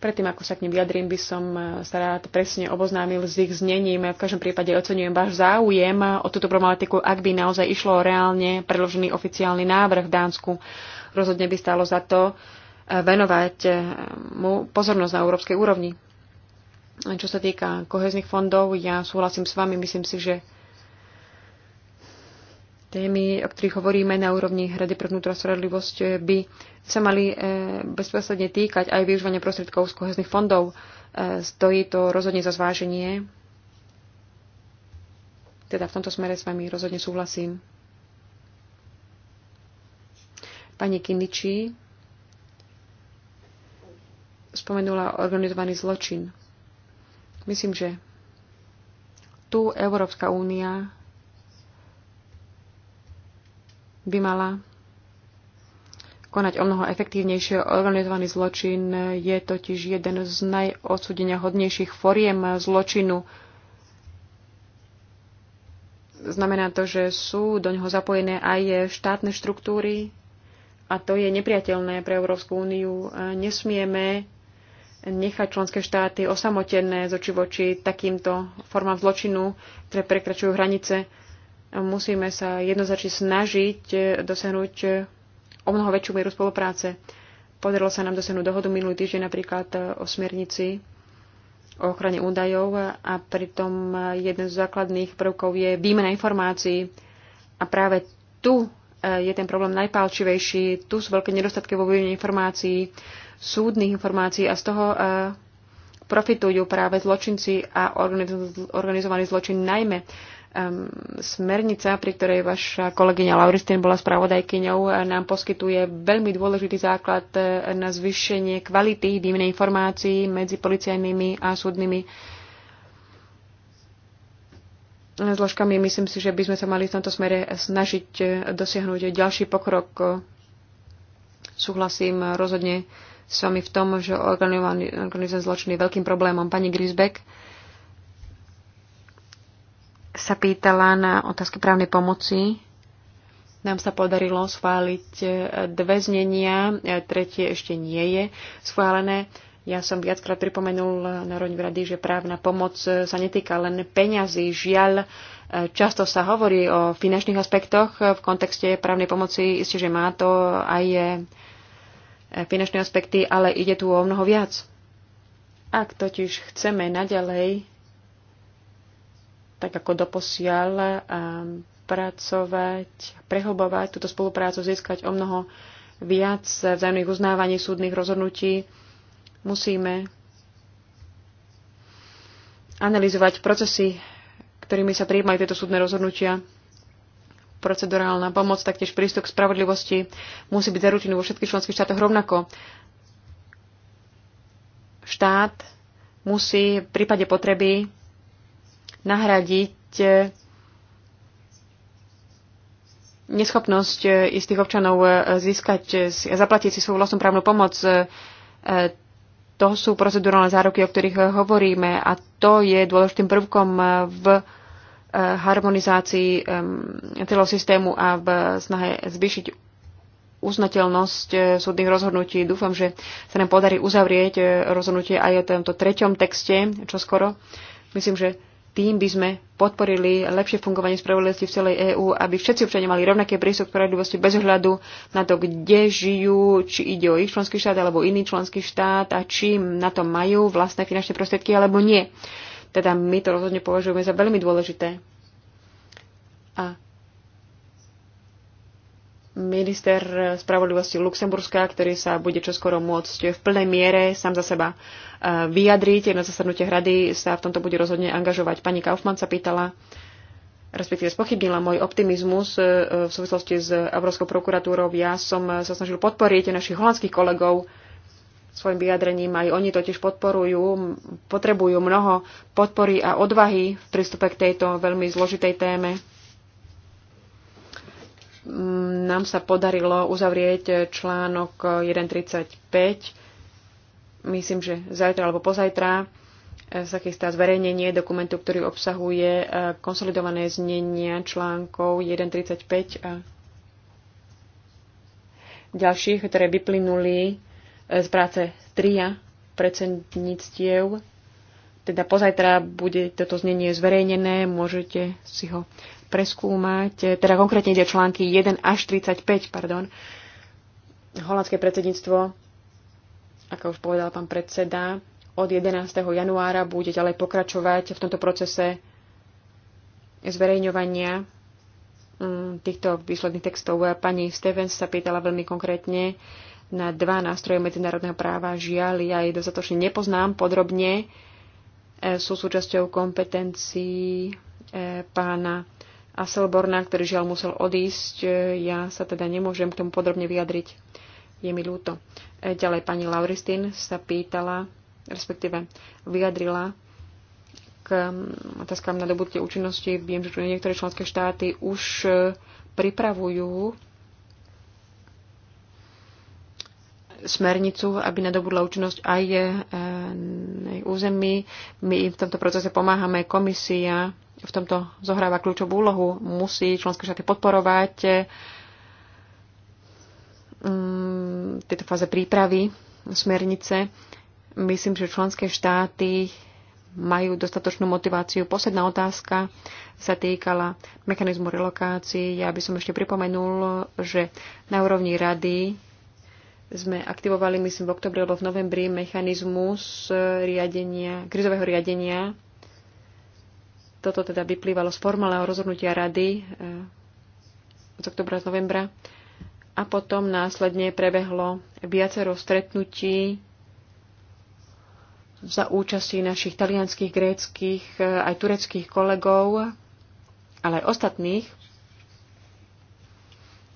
Predtým, ako sa k nim vyjadrím, by som e, sa rád presne oboznámil s ich znením. V každom prípade ocenujem váš záujem o túto problematiku, ak by naozaj išlo reálne predložený oficiálny návrh v Dánsku. Rozhodne by stálo za to e, venovať e, mu pozornosť na európskej úrovni. Čo sa týka kohezných fondov, ja súhlasím s vami, myslím si, že témy, o ktorých hovoríme na úrovni Rady pre vnútro spravodlivosť, by sa mali e, bezprostredne týkať aj využívania prostriedkov z kohezných fondov. E, stojí to rozhodne za zváženie. Teda v tomto smere s vami rozhodne súhlasím. Pani Kiniči spomenula organizovaný zločin. Myslím, že tu Európska únia by mala konať o mnoho efektívnejšie. Organizovaný zločin je totiž jeden z najodsudenia hodnejších foriem zločinu. Znamená to, že sú do ňoho zapojené aj štátne štruktúry a to je nepriateľné pre Európsku úniu. Nesmieme nechať členské štáty osamotené zočivoči voči takýmto formám zločinu, ktoré prekračujú hranice musíme sa jednoznačne snažiť e, dosiahnuť e, o mnoho väčšiu mieru spolupráce. Podarilo sa nám dosiahnuť dohodu minulý týždeň napríklad e, o smernici o ochrane údajov a pritom jeden z základných prvkov je výmena informácií. A práve tu je ten problém najpálčivejší. Tu sú veľké nedostatky vo výmene informácií, súdnych informácií a z toho profitujú práve zločinci a organizovaný zločin najmä smernica, pri ktorej vaša kolegyňa Lauristin bola spravodajkyňou, nám poskytuje veľmi dôležitý základ eh, na zvýšenie kvality výmene informácií medzi policajnými a súdnymi zložkami. Myslím si, že by sme sa mali v tomto smere snažiť eh, dosiahnuť ďalší pokrok. Súhlasím rozhodne s vami v tom, že organizovaný zločin je veľkým problémom. Pani Grisbeck, sa pýtala na otázky právnej pomoci. Nám sa podarilo schváliť e, dve znenia, e, tretie ešte nie je schválené. Ja som viackrát pripomenul Národní rady, že právna pomoc e, sa netýka len peňazí. Žiaľ, často sa hovorí o finančných aspektoch v kontexte právnej pomoci. Isté, že má to aj finančné aspekty, ale ide tu o mnoho viac. Ak totiž chceme naďalej tak ako doposiaľ, pracovať, prehlbovať túto spoluprácu, získať o mnoho viac vzájomných uznávaní súdnych rozhodnutí. Musíme analyzovať procesy, ktorými sa prijímajú tieto súdne rozhodnutia. Procedurálna pomoc, taktiež prístup k spravodlivosti musí byť zaručený vo všetkých členských štátoch rovnako. Štát musí v prípade potreby nahradiť e, neschopnosť e, istých občanov e, získať zaplatiť si svoju vlastnú právnu pomoc. To sú procedurálne záruky, o ktorých hovoríme a to je dôležitým prvkom v harmonizácii celého systému a v snahe zvýšiť uznateľnosť súdnych rozhodnutí. Dúfam, že sa nám podarí uzavrieť rozhodnutie aj o tomto treťom texte, čo skoro. Myslím, že tým by sme podporili lepšie fungovanie spravodlivosti v celej EÚ, aby všetci občania mali rovnaké prístup k spravodlivosti bez ohľadu na to, kde žijú, či ide o ich členský štát alebo iný členský štát a či na to majú vlastné finančné prostriedky alebo nie. Teda my to rozhodne považujeme za veľmi dôležité. A minister spravodlivosti Luxemburska, ktorý sa bude čoskoro môcť v plnej miere sám za seba eh, vyjadriť. Na zasadnutie hrady sa v tomto bude rozhodne angažovať. Pani Kaufmann sa pýtala, respektíve spochybnila môj optimizmus eh, v súvislosti s Európskou prokuratúrou. Ja som eh, sa snažil podporiť našich holandských kolegov svojim vyjadrením. Aj oni totiž podporujú, potrebujú mnoho podpory a odvahy v prístupe k tejto veľmi zložitej téme Mm, nám sa podarilo uzavrieť článok 1.35. Myslím, že zajtra alebo pozajtra e, sa chystá zverejnenie dokumentu, ktorý obsahuje e, konsolidované znenia článkov 1.35 a ďalších, ktoré vyplynuli e, z práce tria predsedníctiev. Teda pozajtra bude toto znenie zverejnené, môžete si ho preskúmať, e, teda konkrétne ide články 1 až 35, pardon. Holandské predsedníctvo, ako už povedal pán predseda, od 11. januára bude ďalej pokračovať v tomto procese zverejňovania mm, týchto výsledných textov. Pani Stevens sa pýtala veľmi konkrétne na dva nástroje medzinárodného práva. Žiaľ, ja ich dostatočne nepoznám podrobne. E, sú súčasťou kompetencií e, pána Aselborna, ktorý žiaľ musel odísť. E, ja sa teda nemôžem k tomu podrobne vyjadriť. Je mi ľúto. E, Ďalej pani Lauristin sa pýtala, respektíve vyjadrila k otázkam na dobudte účinnosti. Viem, že tu niektoré členské štáty už e, pripravujú smernicu, aby nadobudla účinnosť aj na území. My im v tomto procese pomáhame. Komisia v tomto zohráva kľúčovú úlohu. Musí členské štáty podporovať mm, tieto fáze prípravy smernice. Myslím, že členské štáty majú dostatočnú motiváciu. Posledná otázka sa týkala mechanizmu relokácií. Ja by som ešte pripomenul, že na úrovni rady sme aktivovali, myslím, v oktobri alebo v novembri mechanizmus riadenia, krizového riadenia toto teda vyplývalo z formálneho rozhodnutia rady eh, z oktobra z novembra. A potom následne prebehlo viacero stretnutí za účasti našich talianských, gréckých, eh, aj tureckých kolegov, ale aj ostatných.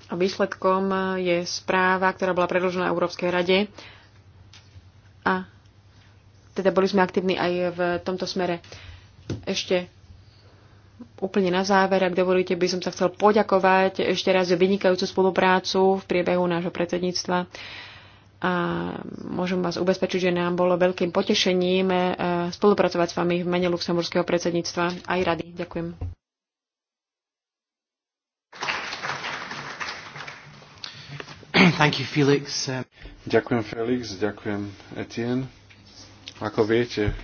A výsledkom eh, je správa, ktorá bola predložená Európskej rade. A teda boli sme aktívni aj v tomto smere. Ešte úplne na záver, ak dovolíte, by som sa chcel poďakovať ešte raz za vynikajúcu spoluprácu v priebehu nášho predsedníctva. A môžem vás ubezpečiť, že nám bolo veľkým potešením e, spolupracovať s vami v mene luxemburského predsedníctva aj rady. Ďakujem. Thank you, Felix. Ďakujem, Felix. Ďakujem, Etienne. Ako viete,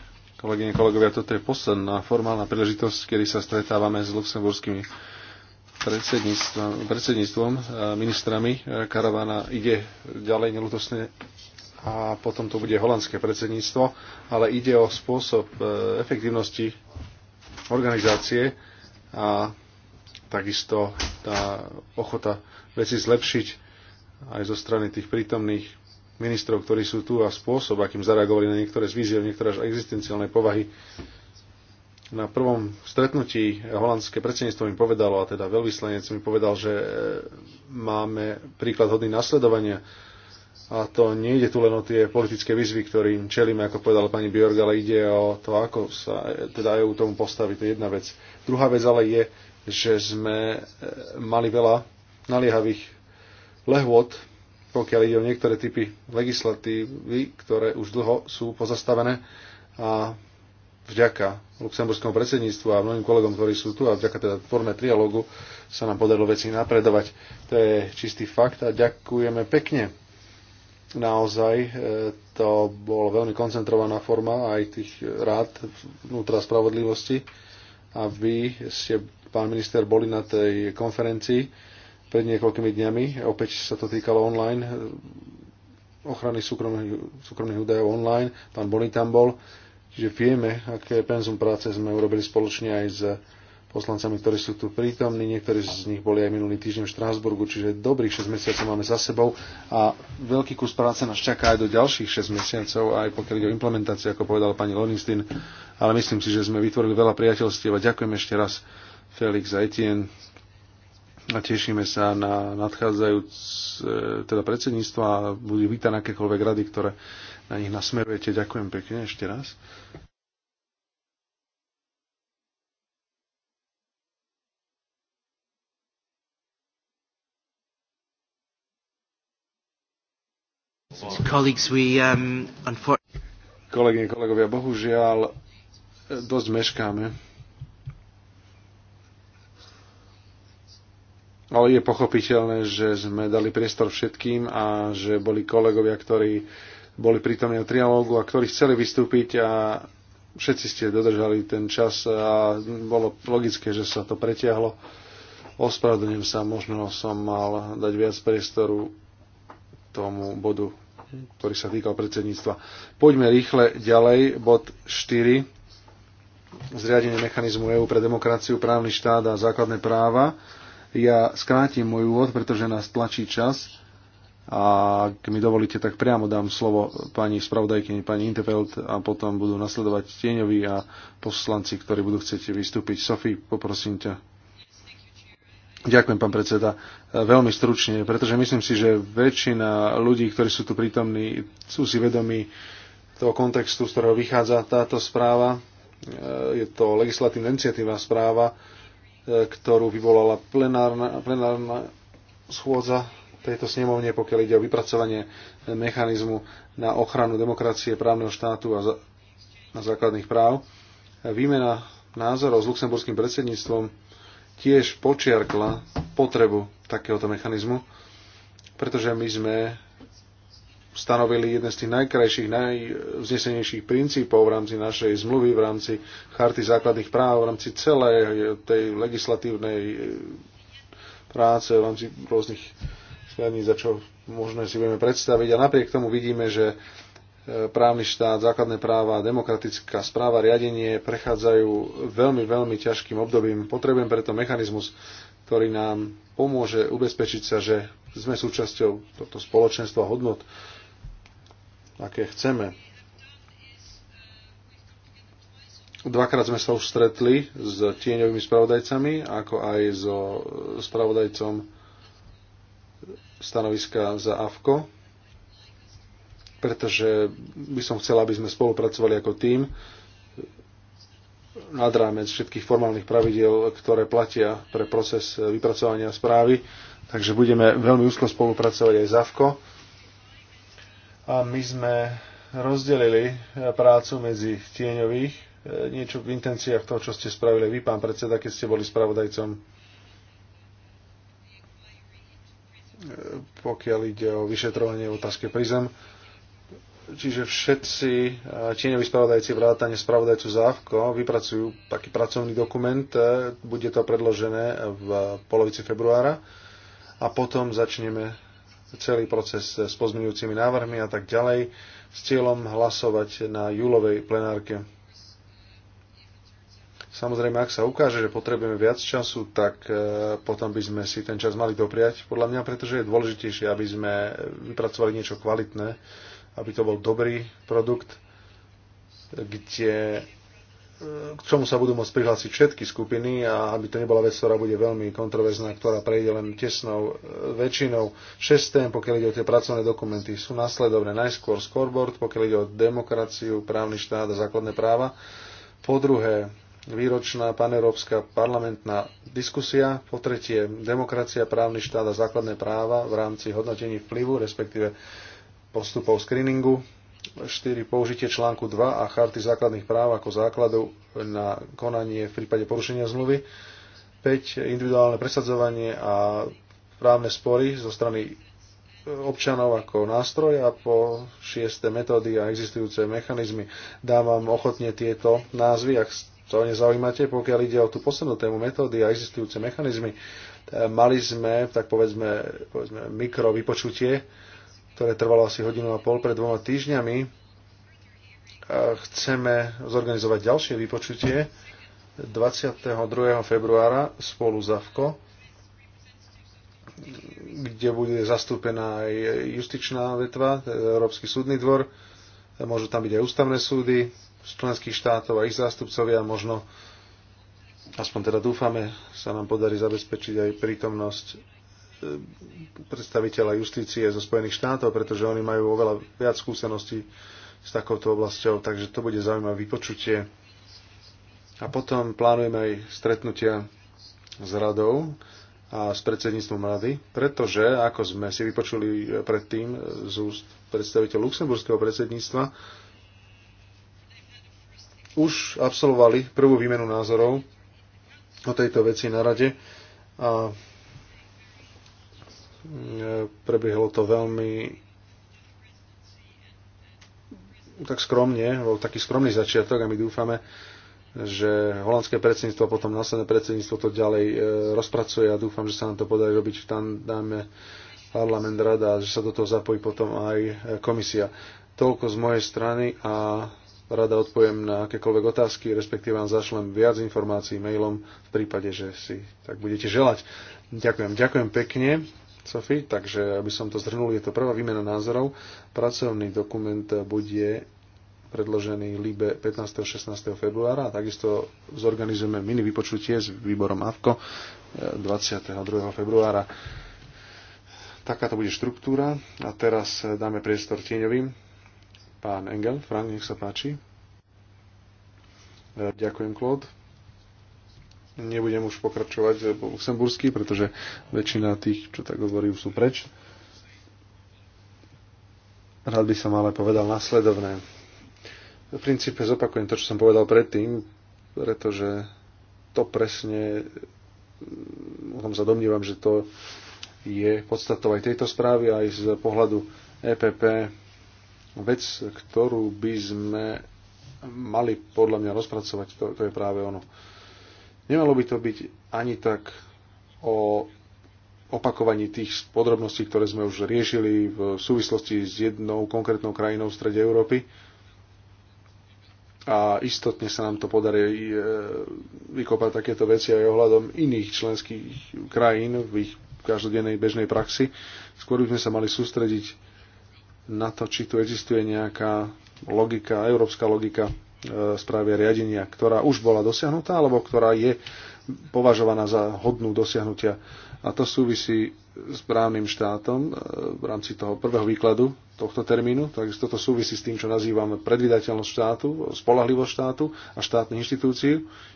Kolegyne, kolegovia, toto je posledná formálna príležitosť, kedy sa stretávame s luxemburskými predsedníctvom, predsedníctvom e, ministrami. E, karavana ide ďalej nelutosne a potom to bude holandské predsedníctvo, ale ide o spôsob e, efektívnosti organizácie a takisto tá ochota veci zlepšiť aj zo strany tých prítomných ministrov, ktorí sú tu a spôsob, akým zareagovali na niektoré z výziev, niektoré až existenciálnej povahy. Na prvom stretnutí holandské predsedníctvo mi povedalo, a teda veľvyslanec mi povedal, že e, máme príklad hodný nasledovania. A to nie ide tu len o tie politické výzvy, ktorým čelíme, ako povedala pani Björg, ale ide o to, ako sa e, teda EU tomu postaviť. To je jedna vec. Druhá vec ale je, že sme e, mali veľa naliehavých lehôd pokiaľ ide o niektoré typy legislatívy, ktoré už dlho sú pozastavené a vďaka luxemburskému predsedníctvu a mnohým kolegom, ktorí sú tu a vďaka teda forme trialógu sa nám podarilo veci napredovať. To je čistý fakt a ďakujeme pekne. Naozaj e, to bol veľmi koncentrovaná forma aj tých rád vnútra spravodlivosti a vy ste, pán minister, boli na tej konferencii pred niekoľkými dňami. Opäť sa to týkalo online eh, ochrany súkromných, súkromných údajov online. Pán Boli tam bol. Čiže vieme, aké penzum práce sme urobili spoločne aj s poslancami, ktorí sú tu prítomní. Niektorí z nich boli aj minulý týždeň v Štrásburgu, čiže dobrých 6 mesiacov máme za sebou a veľký kus práce nás čaká aj do ďalších 6 mesiacov, aj pokiaľ ide o implementáciu, ako povedala pani Lonistin. Ale myslím si, že sme vytvorili veľa priateľstiev a ďakujem ešte raz Felix a Etienne a tešíme sa na nadchádzajúc teda predsedníctvo a budú vítané akékoľvek rady, ktoré na nich nasmerujete. Ďakujem pekne ešte raz. Um, Kolegyne, kolegovia, bohužiaľ dosť meškáme. ale je pochopiteľné, že sme dali priestor všetkým a že boli kolegovia, ktorí boli prítomní o trialógu a ktorí chceli vystúpiť a všetci ste dodržali ten čas a bolo logické, že sa to pretiahlo. Ospravedlňujem sa, možno som mal dať viac priestoru tomu bodu, ktorý sa týkal predsedníctva. Poďme rýchle ďalej, bod 4. Zriadenie mechanizmu EÚ pre demokraciu, právny štát a základné práva ja skrátim môj úvod, pretože nás tlačí čas a ak mi dovolíte, tak priamo dám slovo pani spravodajkyni, pani Intefeld a potom budú nasledovať tieňoví a poslanci, ktorí budú chcieť vystúpiť. Sofie, poprosím ťa. Ďakujem, pán predseda. Veľmi stručne, pretože myslím si, že väčšina ľudí, ktorí sú tu prítomní, sú si vedomí toho kontextu, z ktorého vychádza táto správa. E, je to legislatívna iniciatíva správa, ktorú vyvolala plenárna, plenárna schôdza tejto snemovne, pokiaľ ide o vypracovanie e, mechanizmu na ochranu demokracie, právneho štátu a, na základných práv. Výmena názorov s luxemburským predsedníctvom tiež počiarkla potrebu takéhoto mechanizmu, pretože my sme stanovili jeden z tých najkrajších, najvznesenejších princípov v rámci našej zmluvy, v rámci charty základných práv, v rámci celej tej legislatívnej eh, práce, v rámci rôznych smerníc, za čo možné si vieme predstaviť. A napriek tomu vidíme, že eh, právny štát, základné práva, demokratická správa, riadenie prechádzajú veľmi, veľmi ťažkým obdobím. Potrebujem preto mechanizmus, ktorý nám pomôže ubezpečiť sa, že sme súčasťou tohto spoločenstva hodnot, aké chceme. Dvakrát sme sa už stretli s tieňovými spravodajcami, ako aj so spravodajcom stanoviska za AFKO, pretože by som chcela, aby sme spolupracovali ako tým nad rámec všetkých formálnych pravidel, ktoré platia pre proces vypracovania správy. Takže budeme veľmi úzko spolupracovať aj s AFKO a my sme rozdelili e, prácu medzi tieňových, e, niečo v intenciách toho, čo ste spravili vy, pán predseda, keď ste boli spravodajcom. E, pokiaľ ide o vyšetrovanie v otázke prizem. Čiže všetci tieňoví spravodajci vrátane spravodajcu Závko vypracujú taký pracovný dokument, bude to predložené v polovici februára a potom začneme celý proces s pozmeňujúcimi návrhmi a tak ďalej s cieľom hlasovať na júlovej plenárke. Samozrejme, ak sa ukáže, že potrebujeme viac času, tak e, potom by sme si ten čas mali dopriať, podľa mňa, pretože je dôležitejšie, aby sme vypracovali niečo kvalitné, aby to bol dobrý produkt, kde k čomu sa budú môcť prihlásiť všetky skupiny a aby to nebola vec, ktorá bude veľmi kontroverzná, ktorá prejde len tesnou e, väčšinou. 6 tém, pokiaľ ide o tie pracovné dokumenty, sú následovné. Najskôr scoreboard, pokiaľ ide o demokraciu, právny štát a základné práva. Po druhé, výročná paneurópska parlamentná diskusia. Po tretie, demokracia, právny štát a základné práva v rámci hodnotení vplyvu, respektíve postupov screeningu. 4. Použitie článku 2 a charty základných práv ako základov na konanie v prípade porušenia zmluvy. 5. Individuálne presadzovanie a právne spory zo strany e, občanov ako nástroj a po šieste metódy a existujúce mechanizmy. Dávam ochotne tieto názvy, ak ne nezaujímate. Pokiaľ ide o tú poslednú tému metódy a existujúce mechanizmy, e, mali sme, tak povedzme, povedzme mikrovypočutie, ktoré trvalo asi hodinu a pol pred dvoma týždňami. Chceme zorganizovať ďalšie vypočutie 22. februára spolu Zavko, kde bude zastúpená aj justičná vetva, teda Európsky súdny dvor, môžu tam byť aj ústavné súdy z členských štátov a ich zástupcovia, možno aspoň teda dúfame, sa nám podarí zabezpečiť aj prítomnosť E, predstaviteľa justície zo Spojených štátov, pretože oni majú oveľa viac skúseností s takouto oblasťou, takže to bude zaujímavé vypočutie. A potom plánujeme aj stretnutia s radou a s predsedníctvom rady, pretože, ako sme si vypočuli predtým z úst predstaviteľ luxemburského predsedníctva, už absolvovali prvú výmenu názorov o tejto veci na rade a E, Prebiehlo to veľmi tak skromne, bol taký skromný začiatok a my dúfame, že holandské predsedníctvo, potom následné predsedníctvo to ďalej e, rozpracuje a dúfam, že sa nám to podarí robiť v tandáme parlament rada, a že sa do toho zapojí potom aj e, komisia. Toľko z mojej strany a rada odpoviem na akékoľvek otázky, respektíve vám zašlem viac informácií mailom v prípade, že si tak budete želať. Ďakujem, ďakujem pekne. Sofi, takže aby som to zhrnul, je to prvá výmena názorov. Pracovný dokument bude predložený Libe 15. a 16. februára a takisto zorganizujeme mini vypočutie s výborom AVKO 22. E, februára. Taká to bude štruktúra a teraz e, dáme priestor tieňovým. Pán Engel, Frank, nech sa páči. E, ďakujem, Claude. Nebudem už pokračovať po luxembursky, pretože väčšina tých, čo tak hovorí, sú preč. Rád by som ale povedal následovné. V princípe zopakujem to, čo som povedal predtým, pretože to presne, mm, o tom sa domnívam, že to je podstatou aj tejto správy, aj z pohľadu EPP vec, ktorú by sme mali podľa mňa rozpracovať, to, to je práve ono. Nemalo by to byť ani tak o opakovaní tých podrobností, ktoré sme už riešili v súvislosti s jednou konkrétnou krajinou v strede Európy. A istotne sa nám to podarí e, vykopať takéto veci aj ohľadom iných členských krajín v ich každodennej bežnej praxi. Skôr by sme sa mali sústrediť na to, či tu existuje nejaká logika, európska logika správe riadenia, ktorá už bola dosiahnutá alebo ktorá je považovaná za hodnú dosiahnutia. A to súvisí s právnym štátom e, v rámci toho prvého výkladu tohto termínu. Takisto to súvisí s tým, čo nazývame predvydateľnosť štátu, spolahlivosť štátu a štátnych inštitúcií,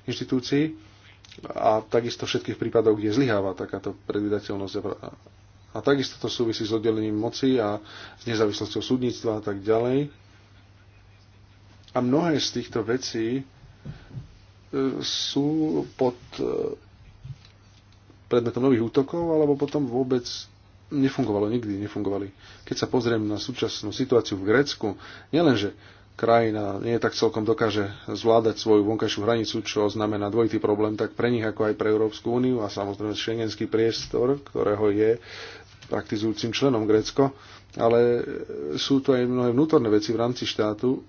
inštitúcií a takisto všetkých prípadov, kde zlyháva takáto predvydateľnosť. A takisto to súvisí s oddelením moci a s nezávislosťou súdnictva a tak ďalej a mnohé z týchto vecí e, sú pod e, predmetom nových útokov, alebo potom vôbec nefungovalo, nikdy nefungovali. Keď sa pozriem na súčasnú situáciu v Grécku, nielenže krajina nie je tak celkom dokáže zvládať svoju vonkajšiu hranicu, čo znamená dvojitý problém, tak pre nich ako aj pre Európsku úniu a samozrejme šengenský priestor, ktorého je praktizujúcim členom Grécko, ale sú to aj mnohé vnútorné veci v rámci štátu,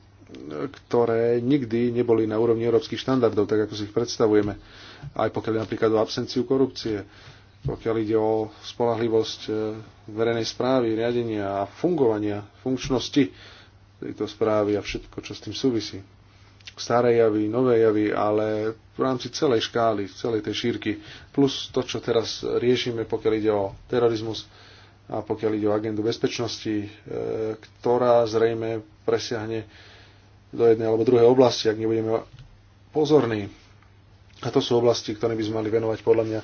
ktoré nikdy neboli na úrovni európskych štandardov, tak ako si ich predstavujeme. Aj pokiaľ napríklad o absenciu korupcie, pokiaľ ide o spolahlivosť e, verejnej správy, riadenia a fungovania, funkčnosti tejto správy a všetko, čo s tým súvisí. Staré javy, nové javy, ale v rámci celej škály, celej tej šírky, plus to, čo teraz riešime, pokiaľ ide o terorizmus, a pokiaľ ide o agendu bezpečnosti, e, ktorá zrejme presiahne do jednej alebo druhej oblasti, ak nebudeme pozorní. A to sú oblasti, ktoré by sme mali venovať podľa mňa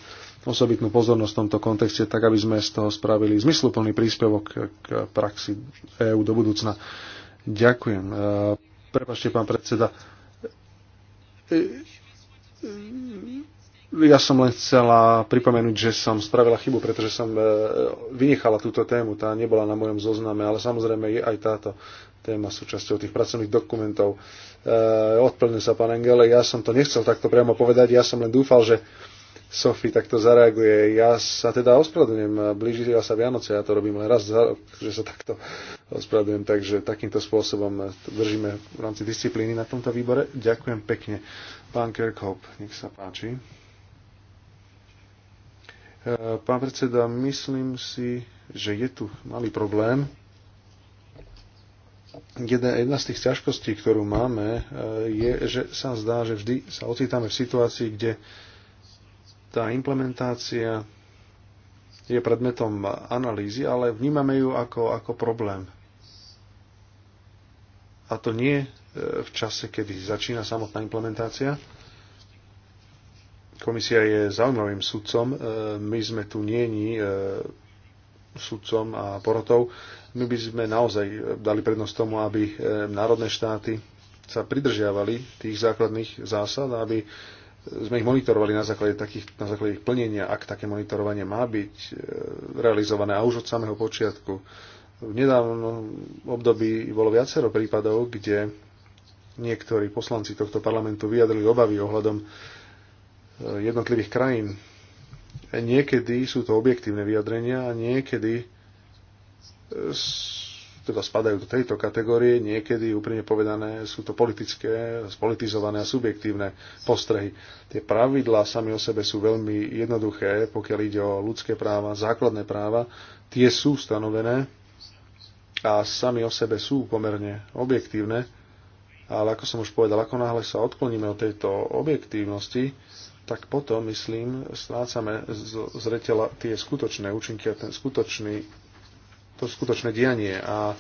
osobitnú pozornosť v tomto kontexte, tak aby sme z toho spravili zmysluplný príspevok k praxi EÚ do budúcna. Ďakujem. E, Prepašte, pán predseda. E, e, ja som len chcela pripomenúť, že som spravila chybu, pretože som vynechala túto tému. Tá nebola na mojom zozname, ale samozrejme je aj táto téma súčasťou tých pracovných dokumentov. E, odplnil sa pán Engele, ja som to nechcel takto priamo povedať, ja som len dúfal, že Sofi takto zareaguje. Ja sa teda ospravedlňujem, blíži sa Vianoce, ja to robím len raz za rok, že sa takto ospravedlňujem, takže takýmto spôsobom držíme v rámci disciplíny na tomto výbore. Ďakujem pekne. Pán Kirkhope, nech sa páči. E, pán predseda, myslím si, že je tu malý problém jedna, jedna z tých ťažkostí, ktorú máme, e, je, že sa zdá, že vždy sa ocitáme v situácii, kde tá implementácia je predmetom analýzy, ale vnímame ju ako, ako problém. A to nie e, v čase, kedy začína samotná implementácia. Komisia je zaujímavým sudcom. E, my sme tu nieni sudcom a porotou. My by sme naozaj dali prednosť tomu, aby eh, národné štáty sa pridržiavali tých základných zásad, aby eh, sme ich monitorovali na základe, takých, na základe ich plnenia, ak také monitorovanie má byť eh, realizované a už od samého počiatku. V nedávnom období bolo viacero prípadov, kde niektorí poslanci tohto parlamentu vyjadrili obavy ohľadom jednotlivých krajín. Niekedy sú to objektívne vyjadrenia a niekedy teda spadajú do tejto kategórie, niekedy úprimne povedané sú to politické, spolitizované a subjektívne postrehy. Tie pravidlá sami o sebe sú veľmi jednoduché, pokiaľ ide o ľudské práva, základné práva, tie sú stanovené a sami o sebe sú pomerne objektívne, ale ako som už povedal, ako náhle sa odkloníme od tejto objektívnosti, tak potom, myslím, strácame zretela tie skutočné účinky a ten skutočný to skutočné dianie a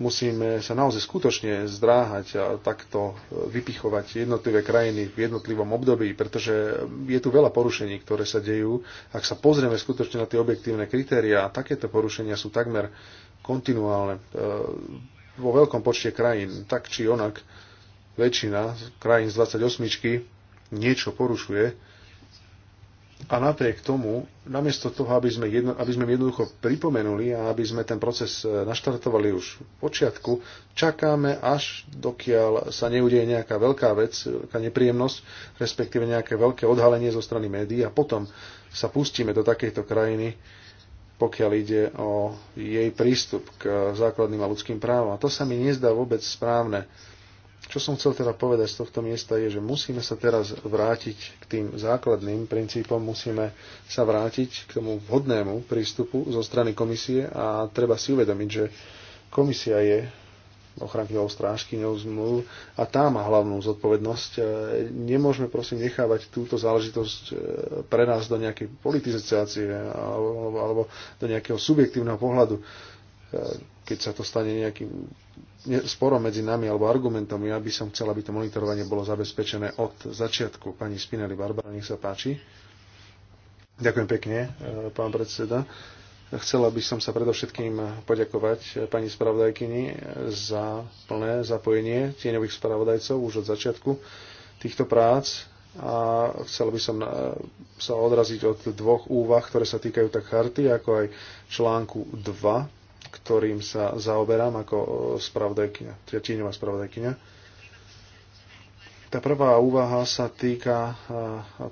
musíme sa naozaj skutočne zdráhať a takto vypichovať jednotlivé krajiny v jednotlivom období, pretože je tu veľa porušení, ktoré sa dejú. Ak sa pozrieme skutočne na tie objektívne kritériá, takéto porušenia sú takmer kontinuálne e, vo veľkom počte krajín, tak či onak väčšina krajín z 28 niečo porušuje a napriek tomu, namiesto toho, aby sme, jedno, aby sme jednoducho pripomenuli a aby sme ten proces e, naštartovali už v počiatku, čakáme až dokiaľ sa neudeje nejaká veľká vec, nejaká nepríjemnosť, respektíve nejaké veľké odhalenie zo strany médií a potom sa pustíme do takejto krajiny, pokiaľ ide o jej prístup k základným a ľudským právom. A to sa mi nezdá vôbec správne. Čo som chcel teda povedať z tohto miesta je, že musíme sa teraz vrátiť k tým základným princípom, musíme sa vrátiť k tomu vhodnému prístupu zo strany komisie a treba si uvedomiť, že komisia je ochrankyňou strážkyňou zmluv a tá má hlavnú zodpovednosť. E, nemôžeme prosím nechávať túto záležitosť e, pre nás do nejakej politizácie alebo, alebo do nejakého subjektívneho pohľadu, e, keď sa to stane nejakým sporom medzi nami alebo argumentom. Ja by som chcel, aby to monitorovanie bolo zabezpečené od začiatku. Pani Spinelli Barbara, nech sa páči. Ďakujem pekne, e, pán predseda. Chcela by som sa predovšetkým poďakovať pani spravodajkyni za plné zapojenie tieňových spravodajcov už od začiatku týchto prác a chcel by som e, sa odraziť od dvoch úvah, ktoré sa týkajú tak charty, ako aj článku 2 ktorým sa zaoberám ako e, spravodajkyňa, teda tieňová spravodajkyňa. Tá prvá úvaha sa týka e,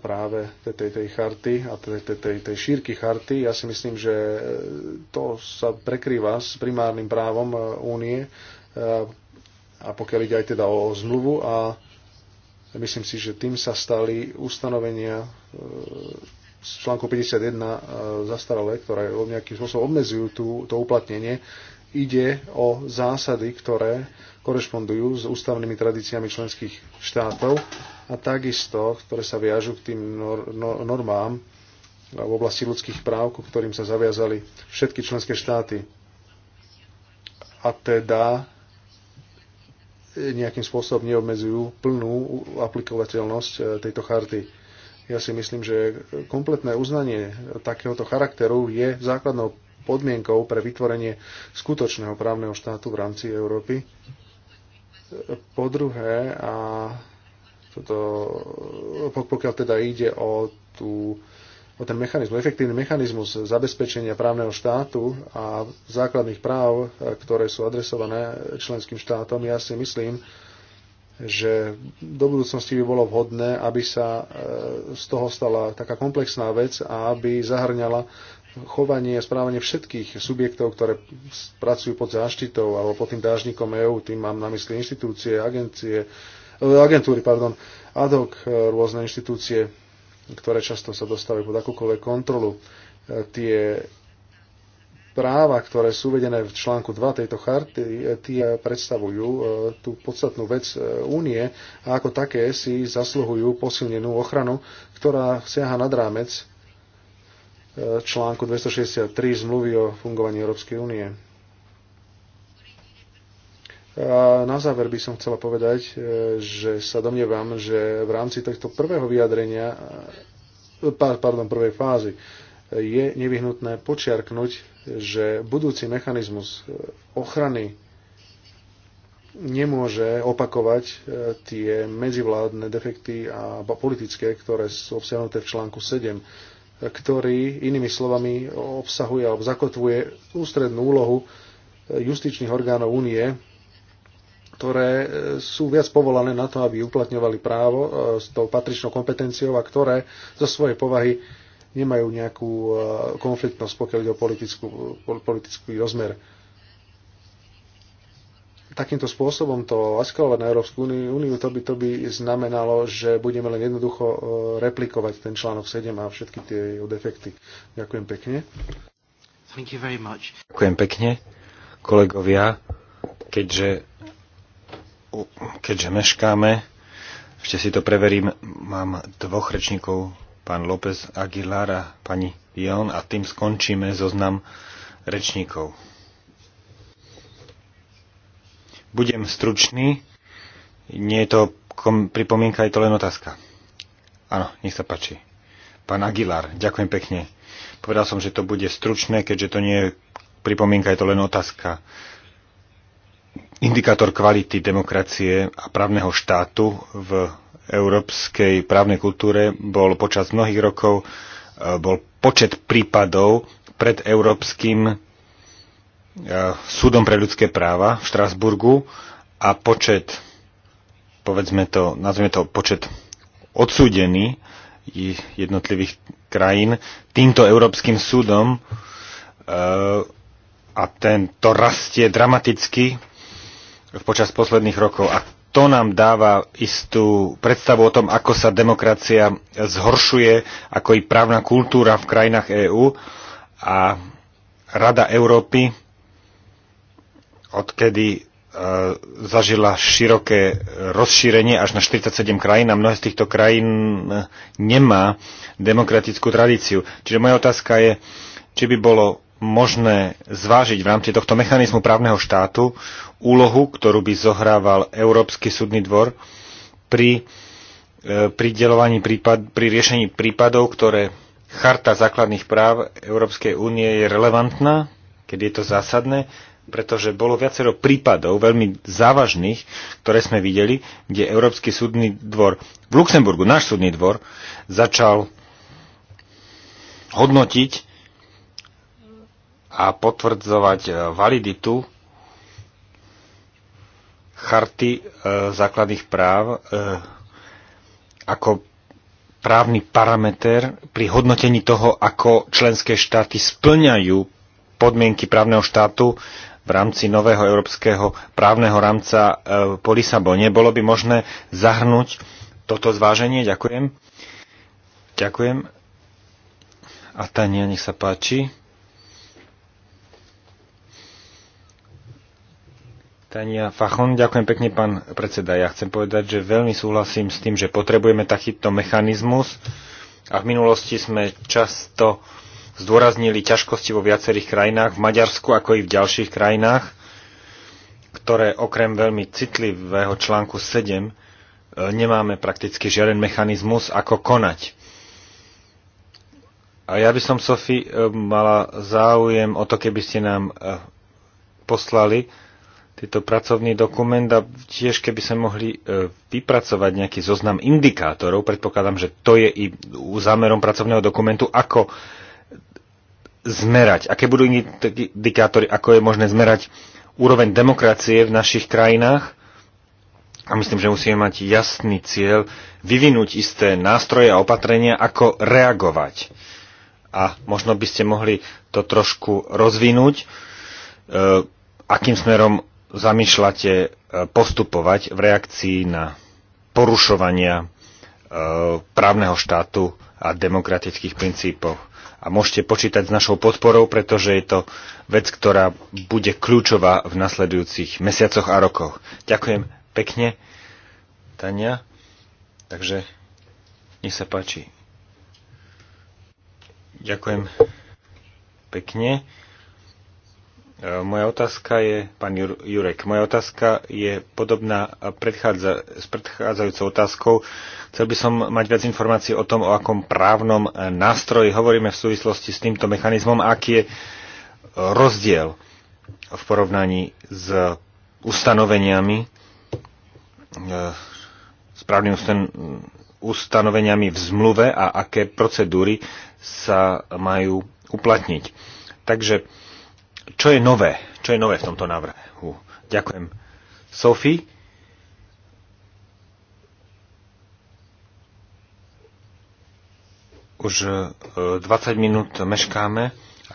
práve tej, tej charty a tej, tej, tej šírky charty. Ja si myslím, že e, to sa prekrýva s primárnym právom únie a pokiaľ ide aj teda o zmluvu a myslím si, že tým sa stali ustanovenia z článku 51 zastaralé, ktoré nejakým spôsobom obmedzujú tú, to uplatnenie, ide o zásady, ktoré korešpondujú s ústavnými tradíciami členských štátov a takisto, ktoré sa viažu k tým normám v oblasti ľudských práv, ku ktorým sa zaviazali všetky členské štáty. A teda e, nejakým spôsobom neobmedzujú plnú aplikovateľnosť e, tejto charty ja si myslím, že kompletné uznanie takéhoto charakteru je základnou podmienkou pre vytvorenie skutočného právneho štátu v rámci Európy. Po druhé, a toto, pokiaľ teda ide o, tú, o ten mechanizmus, efektívny mechanizmus zabezpečenia právneho štátu a základných práv, ktoré sú adresované členským štátom, ja si myslím, že do budúcnosti by bolo vhodné, aby sa e, z toho stala taká komplexná vec a aby zahrňala chovanie a správanie všetkých subjektov, ktoré pracujú pod záštitou alebo pod tým dážnikom EÚ, tým mám na mysli inštitúcie, agencie, e, agentúry, pardon, ad hoc e, rôzne inštitúcie, ktoré často sa dostávajú pod akúkoľvek kontrolu. Tie práva, ktoré sú vedené v článku 2 tejto charty, e, tie predstavujú e, tú podstatnú vec e, únie a ako také si zasluhujú posilnenú ochranu, ktorá siaha nad rámec článku 263 zmluvy o fungovaní Európskej únie. A na záver by som chcela povedať, že sa domnievam, že v rámci tohto prvého vyjadrenia, pardon, prvej fázy je nevyhnutné počiarknúť, že budúci mechanizmus e, ochrany nemôže opakovať e, tie medzivládne defekty a politické, ktoré sú obsiahnuté v článku 7, ktorý inými slovami obsahuje alebo zakotvuje ústrednú úlohu e, justičných orgánov únie, ktoré sú viac povolané na to, aby uplatňovali právo s tou patričnou kompetenciou a ktoré zo svojej povahy nemajú nejakú eh, konfliktnosť, pokiaľ ide o politickú, politický rozmer. Takýmto spôsobom to askalovať na Európsku úniu, to by, to by znamenalo, že budeme len jednoducho eh, replikovať ten článok 7 a všetky tie jeho defekty. Ďakujem pekne. Thank you very much. Ďakujem pekne. Kolegovia, keďže, keďže meškáme, ešte si to preverím, mám dvoch rečníkov pán López Aguilar a pani Dion a tým skončíme zoznam rečníkov. Budem stručný, nie je to kom- pripomienka, je to len otázka. Áno, nech sa páči. Pán Aguilar, ďakujem pekne. Povedal som, že to bude stručné, keďže to nie je pripomienka, je to len otázka. Indikátor kvality demokracie a právneho štátu v európskej právnej kultúre bol počas mnohých rokov e, bol počet prípadov pred Európskym e, súdom pre ľudské práva v Štrasburgu a počet, povedzme to, nazvime to počet odsúdený jednotlivých krajín týmto Európskym súdom e, a tento rastie dramaticky počas posledných rokov. A to nám dáva istú predstavu o tom, ako sa demokracia zhoršuje, ako i právna kultúra v krajinách EÚ a Rada Európy, odkedy e, zažila široké rozšírenie až na 47 krajín a mnohé z týchto krajín e, nemá demokratickú tradíciu. Čiže moja otázka je, či by bolo možné zvážiť v rámci tohto mechanizmu právneho štátu úlohu, ktorú by zohrával Európsky súdny dvor pri e, pri, prípad, pri riešení prípadov, ktoré Charta základných práv Európskej únie je relevantná, keď je to zásadné, pretože bolo viacero prípadov veľmi závažných, ktoré sme videli, kde Európsky súdny dvor v Luxemburgu, náš súdny dvor, začal hodnotiť a potvrdzovať e, validitu charty e, základných práv e, ako právny parameter pri hodnotení toho, ako členské štáty splňajú podmienky právneho štátu v rámci nového európskeho právneho rámca po Lisabone. Bolo by možné zahrnúť toto zváženie? Ďakujem. Ďakujem. A Tania, nech sa páči. Tania Fachon, ďakujem pekne, pán predseda. Ja chcem povedať, že veľmi súhlasím s tým, že potrebujeme takýto mechanizmus a v minulosti sme často zdôraznili ťažkosti vo viacerých krajinách, v Maďarsku ako i v ďalších krajinách, ktoré okrem veľmi citlivého článku 7 e, nemáme prakticky žiaden mechanizmus, ako konať. A ja by som, Sofi, e, mala záujem o to, keby ste nám e, poslali tieto pracovný dokument a tiež keby sme mohli e, vypracovať nejaký zoznam indikátorov, predpokladám, že to je i zámerom pracovného dokumentu, ako zmerať, aké budú indikátory, ako je možné zmerať úroveň demokracie v našich krajinách. A myslím, že musíme mať jasný cieľ vyvinúť isté nástroje a opatrenia, ako reagovať. A možno by ste mohli to trošku rozvinúť, e, akým smerom zamýšľate e, postupovať v reakcii na porušovania e, právneho štátu a demokratických princípov. A môžete počítať s našou podporou, pretože je to vec, ktorá bude kľúčová v nasledujúcich mesiacoch a rokoch. Ďakujem pekne, Tania. Takže nech sa páči. Ďakujem pekne. E, moja otázka je, pán Jurek, moja otázka je podobná predchádza, s predchádzajúcou otázkou. Chcel by som mať viac informácií o tom, o akom právnom e, nástroji hovoríme v súvislosti s týmto mechanizmom, aký je rozdiel v porovnaní s ustanoveniami, e, s právnym ustanoveniami v zmluve a aké procedúry sa majú uplatniť. Takže čo je nové? Čo je nové v tomto návrhu? Ďakujem. Sofi? Už 20 e, minút meškáme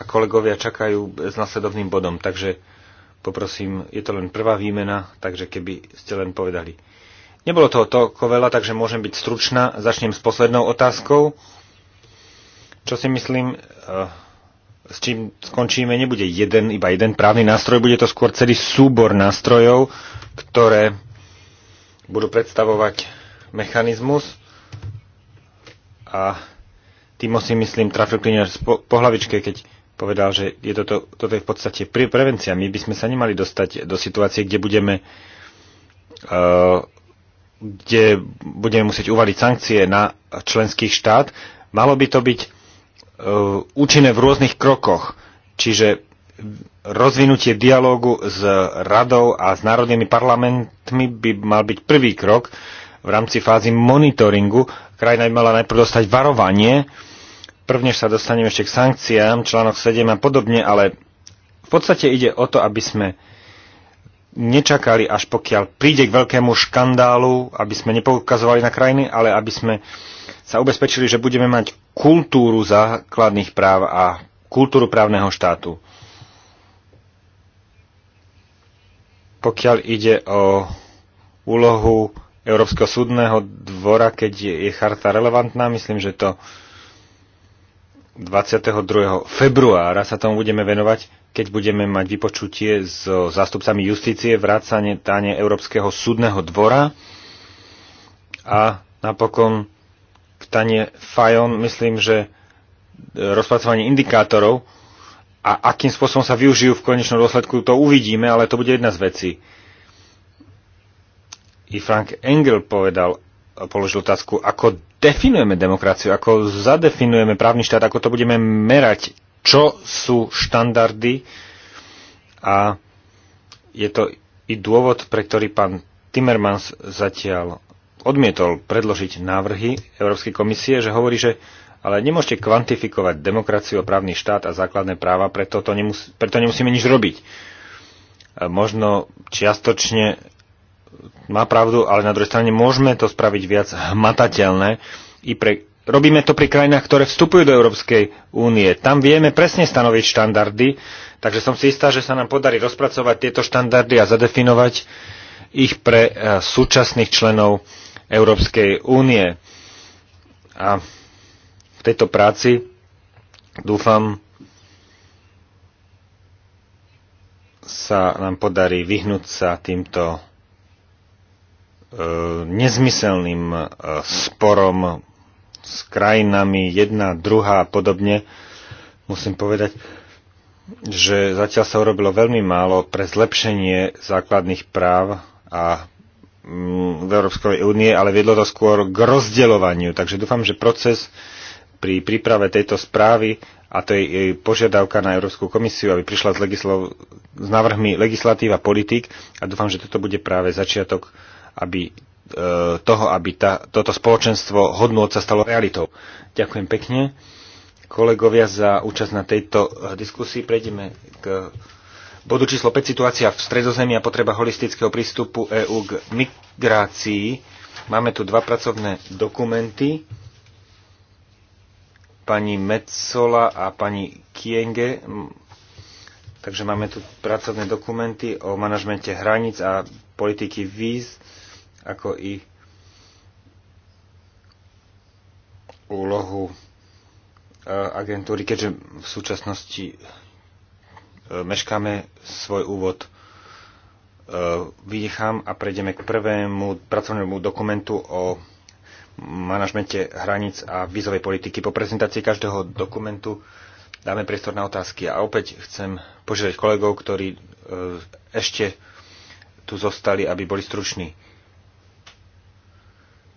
a kolegovia čakajú s nasledovným bodom, takže poprosím, je to len prvá výmena, takže keby ste len povedali. Nebolo toho toľko veľa, takže môžem byť stručná. Začnem s poslednou otázkou. Čo si myslím, e, s čím skončíme, nebude jeden, iba jeden právny nástroj, bude to skôr celý súbor nástrojov, ktoré budú predstavovať mechanizmus a tým si myslím trafil kliniač po, po hlavičke, keď povedal, že je toto, toto je v podstate pre, prevencia. My by sme sa nemali dostať do situácie, kde budeme uh, kde budeme musieť uvaliť sankcie na členských štát. Malo by to byť Eh, účinné v rôznych krokoch. Čiže rozvinutie dialógu s radou a s národnými parlamentmi by mal byť prvý krok v rámci fázy monitoringu. Krajina by mala najprv dostať varovanie, prvne sa dostaneme ešte k sankciám, článok 7 a podobne, ale v podstate ide o to, aby sme nečakali, až pokiaľ príde k veľkému škandálu, aby sme nepoukazovali na krajiny, ale aby sme uh, sa ubezpečili, že budeme mať kultúru základných práv a kultúru právneho štátu. Pokiaľ ide o úlohu Európskeho súdneho dvora, keď je charta relevantná, myslím, že to 22. februára sa tomu budeme venovať, keď budeme mať vypočutie s zástupcami justície, vrácanie táne Európskeho súdneho dvora a napokon Tanie Fajon, myslím, že e, rozpracovanie indikátorov a akým spôsobom sa využijú v konečnom dôsledku, to uvidíme, ale to bude jedna z vecí. I Frank Engel povedal, položil otázku, ako definujeme demokraciu, ako zadefinujeme právny štát, ako to budeme merať, čo sú štandardy a je to i dôvod, pre ktorý pán Timmermans zatiaľ odmietol predložiť návrhy Európskej komisie, že hovorí, že ale nemôžete kvantifikovať demokraciu, právny štát a základné práva, preto, to nemus- preto nemusíme nič robiť. Možno čiastočne má pravdu, ale na druhej strane môžeme to spraviť viac hmatateľné. I pre, robíme to pri krajinách, ktoré vstupujú do Európskej únie. Tam vieme presne stanoviť štandardy, takže som si istá, že sa nám podarí rozpracovať tieto štandardy a zadefinovať ich pre e, súčasných členov Európskej únie. A v tejto práci dúfam, sa nám podarí vyhnúť sa týmto e, nezmyselným e, sporom s krajinami jedna, druhá a podobne, musím povedať, že zatiaľ sa urobilo veľmi málo pre zlepšenie základných práv a v Európskej únie, ale viedlo to skôr k rozdeľovaniu. Takže dúfam, že proces pri príprave tejto správy a to je požiadavka na Európsku komisiu, aby prišla s, legislov, s návrhmi legislatíva politik a dúfam, že toto bude práve začiatok aby, e, toho, aby tá, toto spoločenstvo hodnúť sa stalo realitou. Ďakujem pekne kolegovia za účasť na tejto e, diskusii. Prejdeme k bodu číslo 5 situácia v stredozemí a potreba holistického prístupu EÚ k migrácii. Máme tu dva pracovné dokumenty. Pani Metzola a pani Kienge. Takže máme tu pracovné dokumenty o manažmente hraníc a politiky víz, ako i úlohu e, agentúry, keďže v súčasnosti meškáme svoj úvod. E, vynechám a prejdeme k prvému pracovnému dokumentu o manažmente hraníc a vízovej politiky. Po prezentácii každého dokumentu dáme priestor na otázky. A opäť chcem požiadať kolegov, ktorí e, ešte tu zostali, aby boli struční.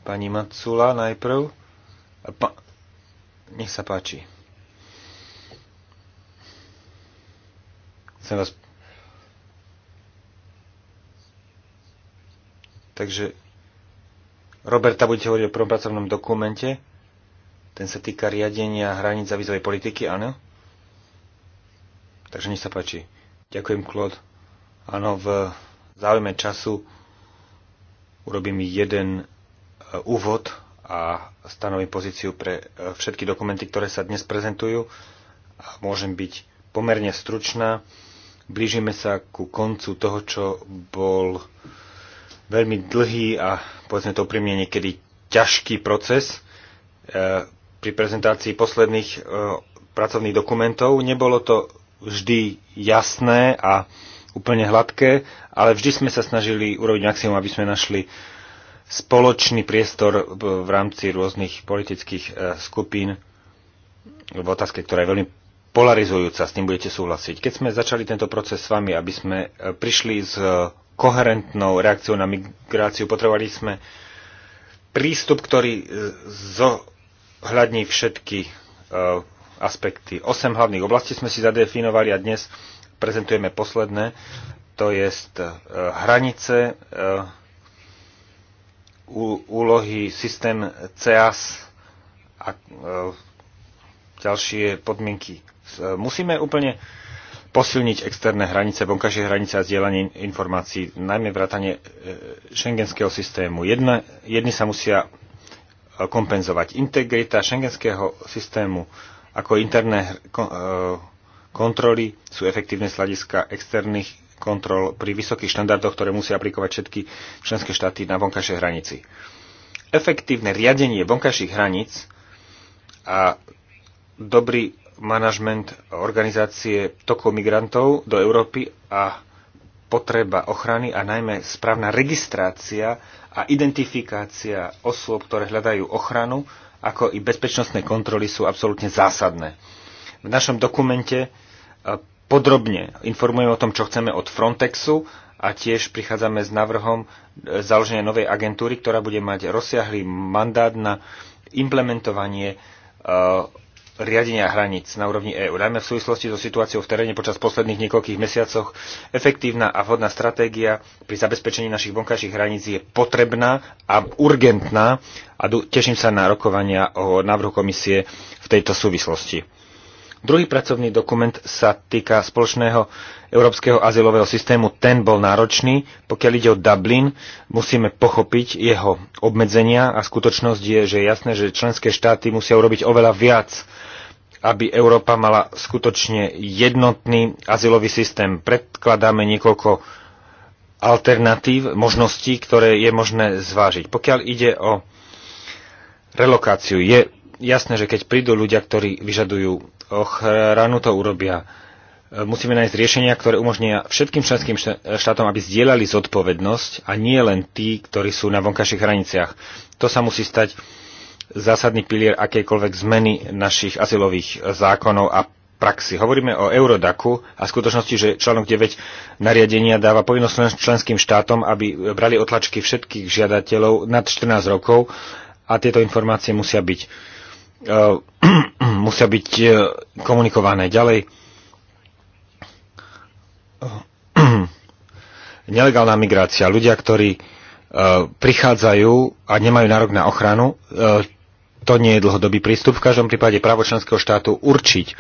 Pani Macula najprv. Pa... Nech sa páči. Chcem vás... Takže Roberta budete hovoriť o prvom pracovnom dokumente. Ten sa týka riadenia hraníc a vízovej politiky, áno? Takže nech sa páči. Ďakujem, Klod. Áno, v záujme času urobím jeden e, úvod a stanovím pozíciu pre e, všetky dokumenty, ktoré sa dnes prezentujú a môžem byť pomerne stručná blížime sa ku koncu toho, čo bol veľmi dlhý a povedzme to pri mne niekedy ťažký proces. E, pri prezentácii posledných e, pracovných dokumentov nebolo to vždy jasné a úplne hladké, ale vždy sme sa snažili urobiť maximum, aby sme našli spoločný priestor v rámci rôznych politických e, skupín v otázke, ktorá je veľmi polarizujúca, s tým budete súhlasiť. Keď sme začali tento proces s vami, aby sme e, prišli s e, koherentnou reakciou na migráciu, potrebovali sme prístup, ktorý e, zohľadní všetky aspekty. Osem hlavných oblastí sme si zadefinovali a dnes prezentujeme posledné, to je hranice, úlohy systém CEAS a ďalšie podmienky E, musíme úplne posilniť externé hranice, vonkajšie hranice a zdieľanie informácií, najmä vrátanie e, šengenského systému. Jedna, jedni sa musia e, kompenzovať. Integrita šengenského systému ako interné kontroly sú efektívne sladiska externých kontrol pri vysokých štandardoch, ktoré musia aplikovať všetky členské štáty na vonkajšej hranici. Efektívne riadenie vonkajších hraníc a dobrý manažment organizácie tokov migrantov do Európy a potreba ochrany a najmä správna registrácia a identifikácia osôb, ktoré hľadajú ochranu, ako i bezpečnostné kontroly sú absolútne zásadné. V našom dokumente e, podrobne informujeme o tom, čo chceme od Frontexu a tiež prichádzame s návrhom e, založenia novej agentúry, ktorá bude mať rozsiahlý mandát na implementovanie e, riadenia hraníc na úrovni EÚ, najmä v súvislosti so situáciou v teréne počas posledných niekoľkých mesiacoch. Efektívna a vhodná stratégia pri zabezpečení našich vonkajších hraníc je potrebná a urgentná a teším sa na rokovania o návrhu komisie v tejto súvislosti. Druhý pracovný dokument sa týka spoločného európskeho azylového systému. Ten bol náročný. Pokiaľ ide o Dublin, musíme pochopiť jeho obmedzenia a skutočnosť je, že je jasné, že členské štáty musia urobiť oveľa viac aby Európa mala skutočne jednotný azylový systém. Predkladáme niekoľko alternatív, možností, ktoré je možné zvážiť. Pokiaľ ide o relokáciu, je jasné, že keď prídu ľudia, ktorí vyžadujú ochranu, to urobia. E, musíme nájsť riešenia, ktoré umožnia všetkým členským e, štátom, aby zdieľali zodpovednosť a nie len tí, ktorí sú na vonkajších hraniciach. To sa musí stať zásadný pilier akejkoľvek zmeny našich asilových e, zákonov a praxi. Hovoríme o Eurodaku a skutočnosti, že článok 9 nariadenia dáva povinnosť členským štátom, aby brali otlačky všetkých žiadateľov nad 14 rokov a tieto informácie musia byť Eh, musia byť eh, komunikované ďalej. Eh, nelegálna migrácia. Ľudia, ktorí prichádzajú a nemajú nárok na ochranu, to nie je dlhodobý prístup. V každom prípade právo členského štátu určiť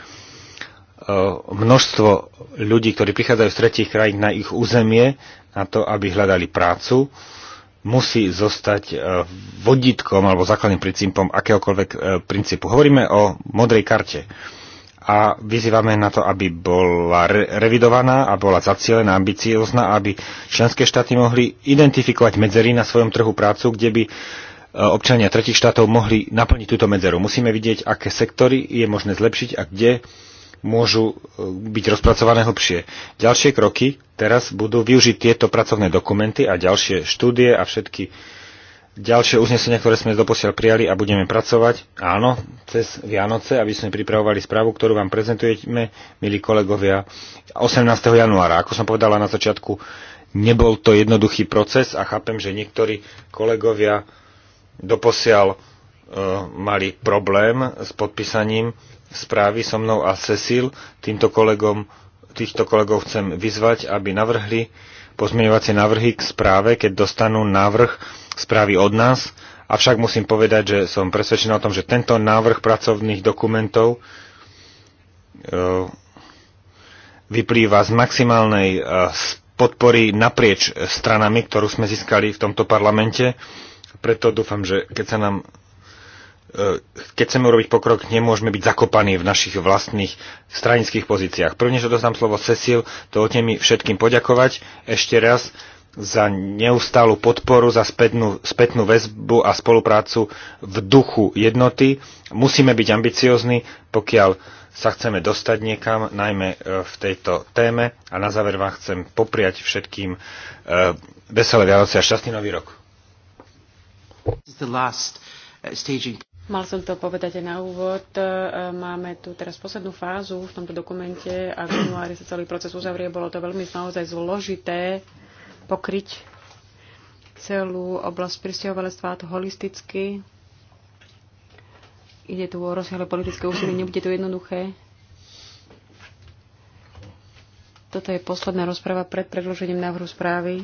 množstvo ľudí, ktorí prichádzajú z tretich krajín na ich územie, na to, aby hľadali prácu, musí zostať e, vodítkom alebo základným princípom akéhokoľvek e, princípu. Hovoríme o modrej karte a vyzývame na to, aby bola re- revidovaná a bola zacielená, ambiciozná, aby členské štáty mohli identifikovať medzery na svojom trhu prácu, kde by e, občania tretich štátov mohli naplniť túto medzeru. Musíme vidieť, aké sektory je možné zlepšiť a kde môžu e, byť rozpracované hlbšie. Ďalšie kroky teraz budú využiť tieto pracovné dokumenty a ďalšie štúdie a všetky ďalšie uznesenia, ktoré sme doposiaľ prijali a budeme pracovať, áno, cez Vianoce, aby sme pripravovali správu, ktorú vám prezentujeme, milí kolegovia, 18. januára. Ako som povedala na začiatku, nebol to jednoduchý proces a chápem, že niektorí kolegovia doposiaľ e, mali problém s podpísaním správy so mnou a Cecil. Týmto kolegom, týchto kolegov chcem vyzvať, aby navrhli pozmeňovacie návrhy k správe, keď dostanú návrh správy od nás. Avšak musím povedať, že som presvedčený o tom, že tento návrh pracovných dokumentov e, vyplýva z maximálnej e, podpory naprieč stranami, ktorú sme získali v tomto parlamente. Preto dúfam, že keď sa nám keď chceme urobiť pokrok, nemôžeme byť zakopaní v našich vlastných stranických pozíciách. Prvne, že dostám slovo Cecil, dovolte mi všetkým poďakovať ešte raz za neustálu podporu, za spätnú, spätnú väzbu a spoluprácu v duchu jednoty. Musíme byť ambiciozni, pokiaľ sa chceme dostať niekam, najmä e, v tejto téme. A na záver vám chcem popriať všetkým e, veselé Vianoce a šťastný nový rok. This is the last uh, staging. Mal som to povedať aj na úvod. E, máme tu teraz poslednú fázu v tomto dokumente a v januári sa celý proces uzavrie. Bolo to veľmi naozaj zložité pokryť celú oblasť pristahovalectva a to holisticky. Ide tu o rozsiahle politické úsilie, nebude to jednoduché. Toto je posledná rozpráva pred predložením návrhu správy.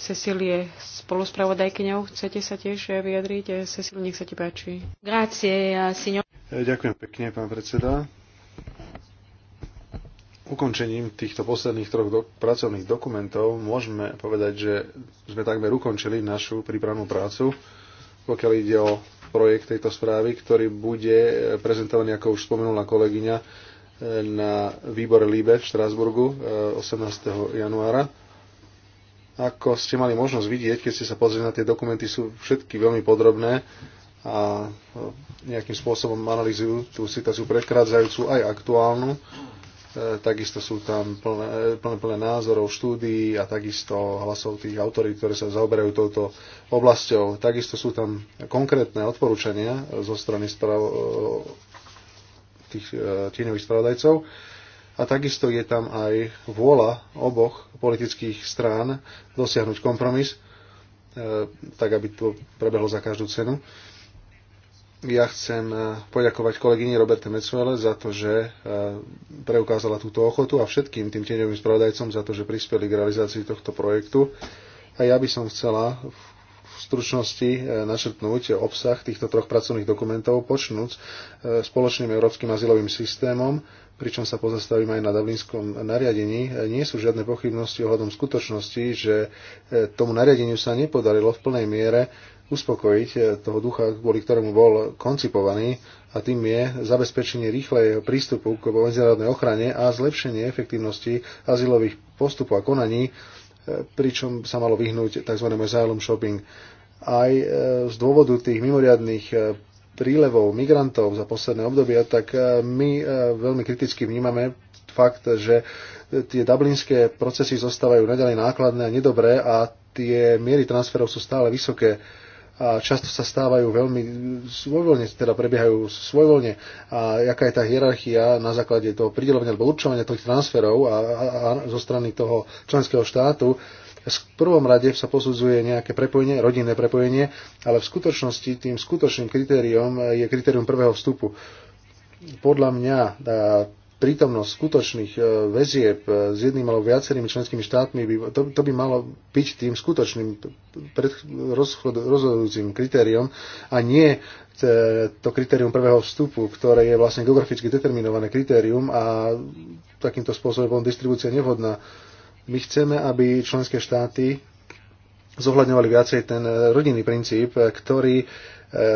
Cecilie spoluspravodajkyňou. Chcete sa tiež vyjadriť? Cecilie, nech sa ti páči. Grazie, signor. Ďakujem pekne, pán predseda. Ukončením týchto posledných troch do- pracovných dokumentov môžeme povedať, že sme takmer ukončili našu prípravnú prácu, pokiaľ ide o projekt tejto správy, ktorý bude prezentovaný, ako už spomenula kolegyňa, na výbore Líbe v Štrásburgu 18. Eh, januára ako ste mali možnosť vidieť, keď ste sa pozreli na tie dokumenty, sú všetky veľmi podrobné a e, nejakým spôsobom analýzujú tú situáciu predkrádzajúcu aj aktuálnu. E, takisto sú tam plné, plné, plné názorov, štúdií a takisto hlasov tých autorí, ktoré sa zaoberajú touto oblasťou. Takisto sú tam konkrétne odporúčania zo strany sprav, e, tých tieňových spravodajcov a takisto je tam aj vôľa oboch politických strán dosiahnuť kompromis, e, tak aby to prebehlo za každú cenu. Ja chcem e, poďakovať kolegyni Roberte Mecuele za to, že e, preukázala túto ochotu a všetkým tým tieňovým spravodajcom za to, že prispeli k realizácii tohto projektu. A ja by som chcela v stručnosti načrtnúť obsah týchto troch pracovných dokumentov, počnúť spoločným európskym azylovým systémom, pričom sa pozastavím aj na Dublinskom nariadení, nie sú žiadne pochybnosti ohľadom skutočnosti, že e, tomu nariadeniu sa nepodarilo v plnej miere uspokojiť e, toho ducha, kvôli ktorému bol koncipovaný a tým je zabezpečenie rýchleho prístupu k medzinárodnej ochrane a zlepšenie efektívnosti azylových postupov a konaní, e, pričom sa malo vyhnúť tzv. asylum shopping aj z dôvodu tých mimoriadných prílevov migrantov za posledné obdobia, tak e, my e, veľmi kriticky vnímame fakt, že tie dublinské procesy zostávajú naďalej nákladné a nedobré a tie miery transferov sú stále vysoké a často sa stávajú veľmi svojvoľne, teda prebiehajú svojvoľne. A jaká je tá hierarchia na základe toho pridelovania alebo určovania tých transferov a, a, a zo strany toho členského štátu, v prvom rade sa posudzuje nejaké prepojenie, rodinné prepojenie, ale v skutočnosti tým skutočným kritériom je kritérium prvého vstupu. Podľa mňa e, prítomnosť skutočných e, väzieb e, s jedným alebo viacerými členskými štátmi, by, to, to by malo byť tým skutočným rozchod, rozhodujúcim kritériom a nie to kritérium prvého vstupu, ktoré je vlastne geograficky determinované kritérium a takýmto spôsobom distribúcia nevhodná. Uh, my chceme, aby členské štáty zohľadňovali viacej ten e, rodinný princíp, e, ktorý e,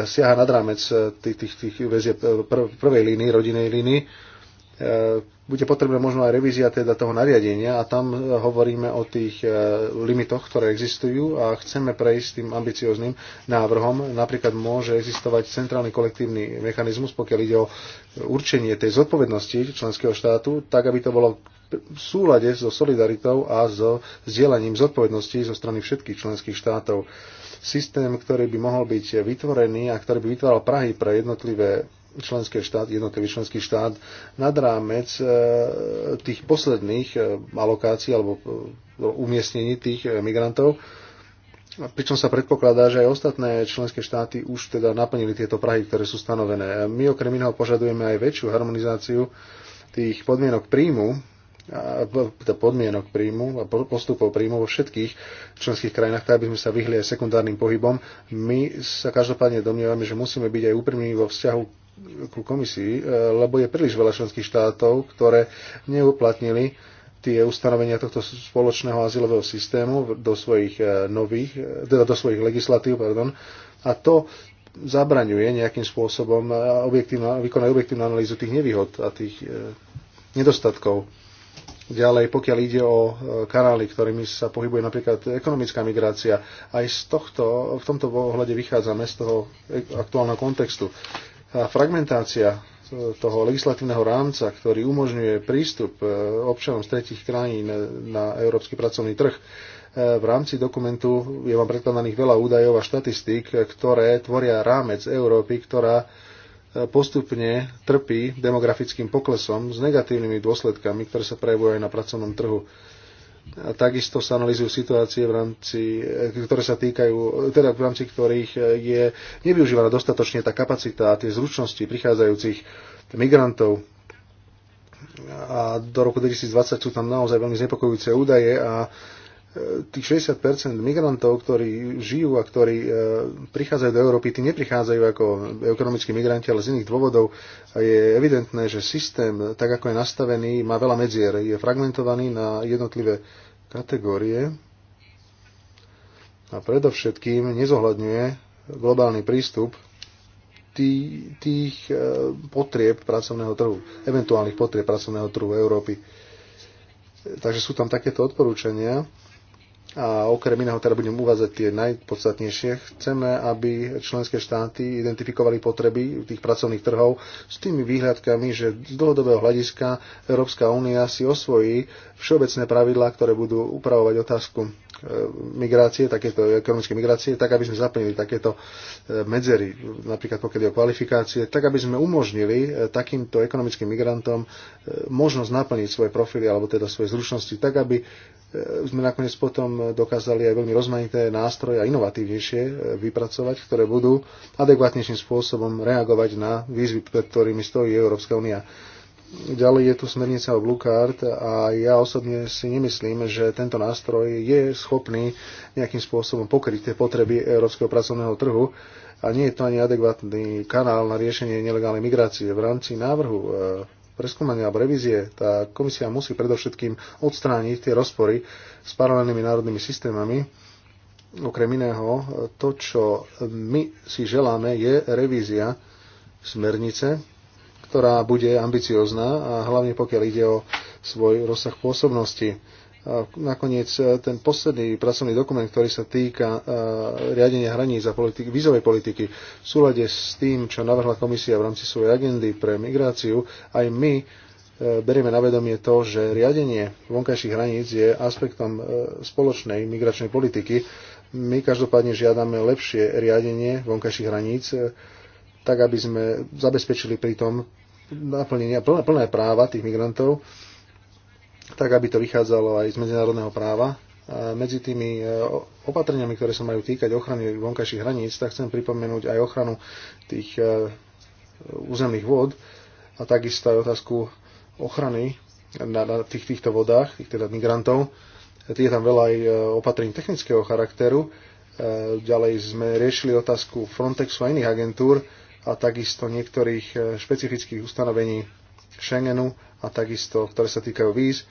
siaha nad rámec tých, tých, tých väzieb prvej línii, rodinej línii. Bude potrebná možno aj revízia teda toho nariadenia a tam hovoríme o tých limitoch, ktoré existujú a chceme prejsť tým ambiciozným návrhom. Napríklad môže existovať centrálny kolektívny mechanizmus, pokiaľ ide o určenie tej zodpovednosti členského štátu, tak aby to bolo v súlade so solidaritou a so zdieľaním zodpovedností zo strany všetkých členských štátov. Systém, ktorý by mohol byť vytvorený a ktorý by vytváral Prahy pre jednotlivé členské štát, jednotlivý členský štát nad rámec e, tých posledných e, alokácií alebo e, umiestnení tých migrantov, pričom sa predpokladá, že aj ostatné členské štáty už teda naplnili tieto prahy, ktoré sú stanovené. My okrem iného požadujeme aj väčšiu harmonizáciu tých podmienok príjmu podmienok príjmu a postupov príjmu vo všetkých členských krajinách, tak aby sme sa vyhli aj sekundárnym pohybom. My sa každopádne domnievame, že musíme byť aj úprimní vo vzťahu ku komisii, e, lebo je príliš veľa členských štátov, ktoré neuplatnili tie ustanovenia tohto spoločného azylového systému do svojich e, nových, e, teda do svojich legislatív, pardon, a to zabraňuje nejakým spôsobom objektívna, vykonať objektívnu analýzu tých nevýhod a tých nedostatkov Ďalej, pokiaľ ide o e, kanály, ktorými sa pohybuje napríklad ekonomická migrácia, aj z tohto, v tomto ohľade vychádzame z toho aktuálneho kontextu. A fragmentácia e, toho legislatívneho rámca, ktorý umožňuje prístup e, občanom z tretich krajín na európsky pracovný trh, v rámci dokumentu je vám predkladaných veľa údajov a štatistík, ktoré tvoria rámec Európy, ktorá postupne trpí demografickým poklesom s negatívnymi dôsledkami, ktoré sa prejavujú aj na pracovnom trhu. A takisto sa analýzujú situácie, v rámci, ktoré sa týkajú, teda v rámci ktorých je nevyužívaná dostatočne tá kapacita a tie zručnosti prichádzajúcich migrantov. A do roku 2020 sú tam naozaj veľmi znepokojujúce údaje a tých 60% migrantov, ktorí žijú a ktorí e, prichádzajú do Európy, tí neprichádzajú ako ekonomickí migranti, ale z iných dôvodov. A je evidentné, že systém, tak ako je nastavený, má veľa medzier. Je fragmentovaný na jednotlivé kategórie a predovšetkým nezohľadňuje globálny prístup tých, tých e, potrieb pracovného trhu, eventuálnych potrieb pracovného trhu Európy. Takže sú tam takéto odporúčania a okrem iného teda budem uvádzať tie najpodstatnejšie. Chceme, aby členské štáty identifikovali potreby tých pracovných trhov s tými výhľadkami, že z dlhodobého hľadiska Európska únia si osvojí všeobecné pravidlá, ktoré budú upravovať otázku e, migrácie, takéto ekonomické migrácie, tak aby sme zaplnili takéto e, medzery, napríklad pokiaľ je o kvalifikácie, tak aby sme umožnili e, takýmto ekonomickým migrantom možnosť naplniť svoje profily alebo teda svoje zručnosti, tak aby sme nakoniec potom dokázali aj veľmi rozmanité nástroje a inovatívnejšie e, vypracovať, ktoré budú adekvátnejším spôsobom reagovať na výzvy, pred ktorými stojí Európska únia. Ďalej je tu smernica o Blue Card a ja osobne si nemyslím, že tento nástroj je schopný nejakým spôsobom pokryť tie potreby európskeho pracovného trhu a nie je to ani adekvátny kanál na riešenie nelegálnej migrácie. V rámci návrhu e, preskúmania alebo revízie, tá komisia musí predovšetkým odstrániť tie rozpory s paralelnými národnými systémami. Okrem iného, to, čo my si želáme, je revízia smernice, ktorá bude ambiciozná a hlavne pokiaľ ide o svoj rozsah pôsobnosti nakoniec e, ten posledný pracovný dokument, ktorý sa týka e, riadenia hraníc a politik, vízovej politiky v súlade s tým, čo navrhla komisia v rámci svojej agendy pre migráciu, aj my e, berieme na vedomie to, že riadenie vonkajších hraníc je aspektom spoločnej migračnej politiky. My každopádne žiadame lepšie riadenie vonkajších hraníc, tak aby sme zabezpečili pritom naplnenie plné, plné práva tých migrantov tak aby to vychádzalo aj z medzinárodného práva. medzi tými e, opatreniami, ktoré sa majú týkať ochrany vonkajších hraníc, tak chcem pripomenúť aj ochranu tých e, územných vôd a takisto aj otázku ochrany na, tých, týchto vodách, tých teda migrantov. Tých Je tam veľa aj e, opatrení technického charakteru. Ďalej sme riešili otázku Frontexu a iných agentúr a takisto niektorých špecifických ustanovení Schengenu a takisto, ktoré sa týkajú víz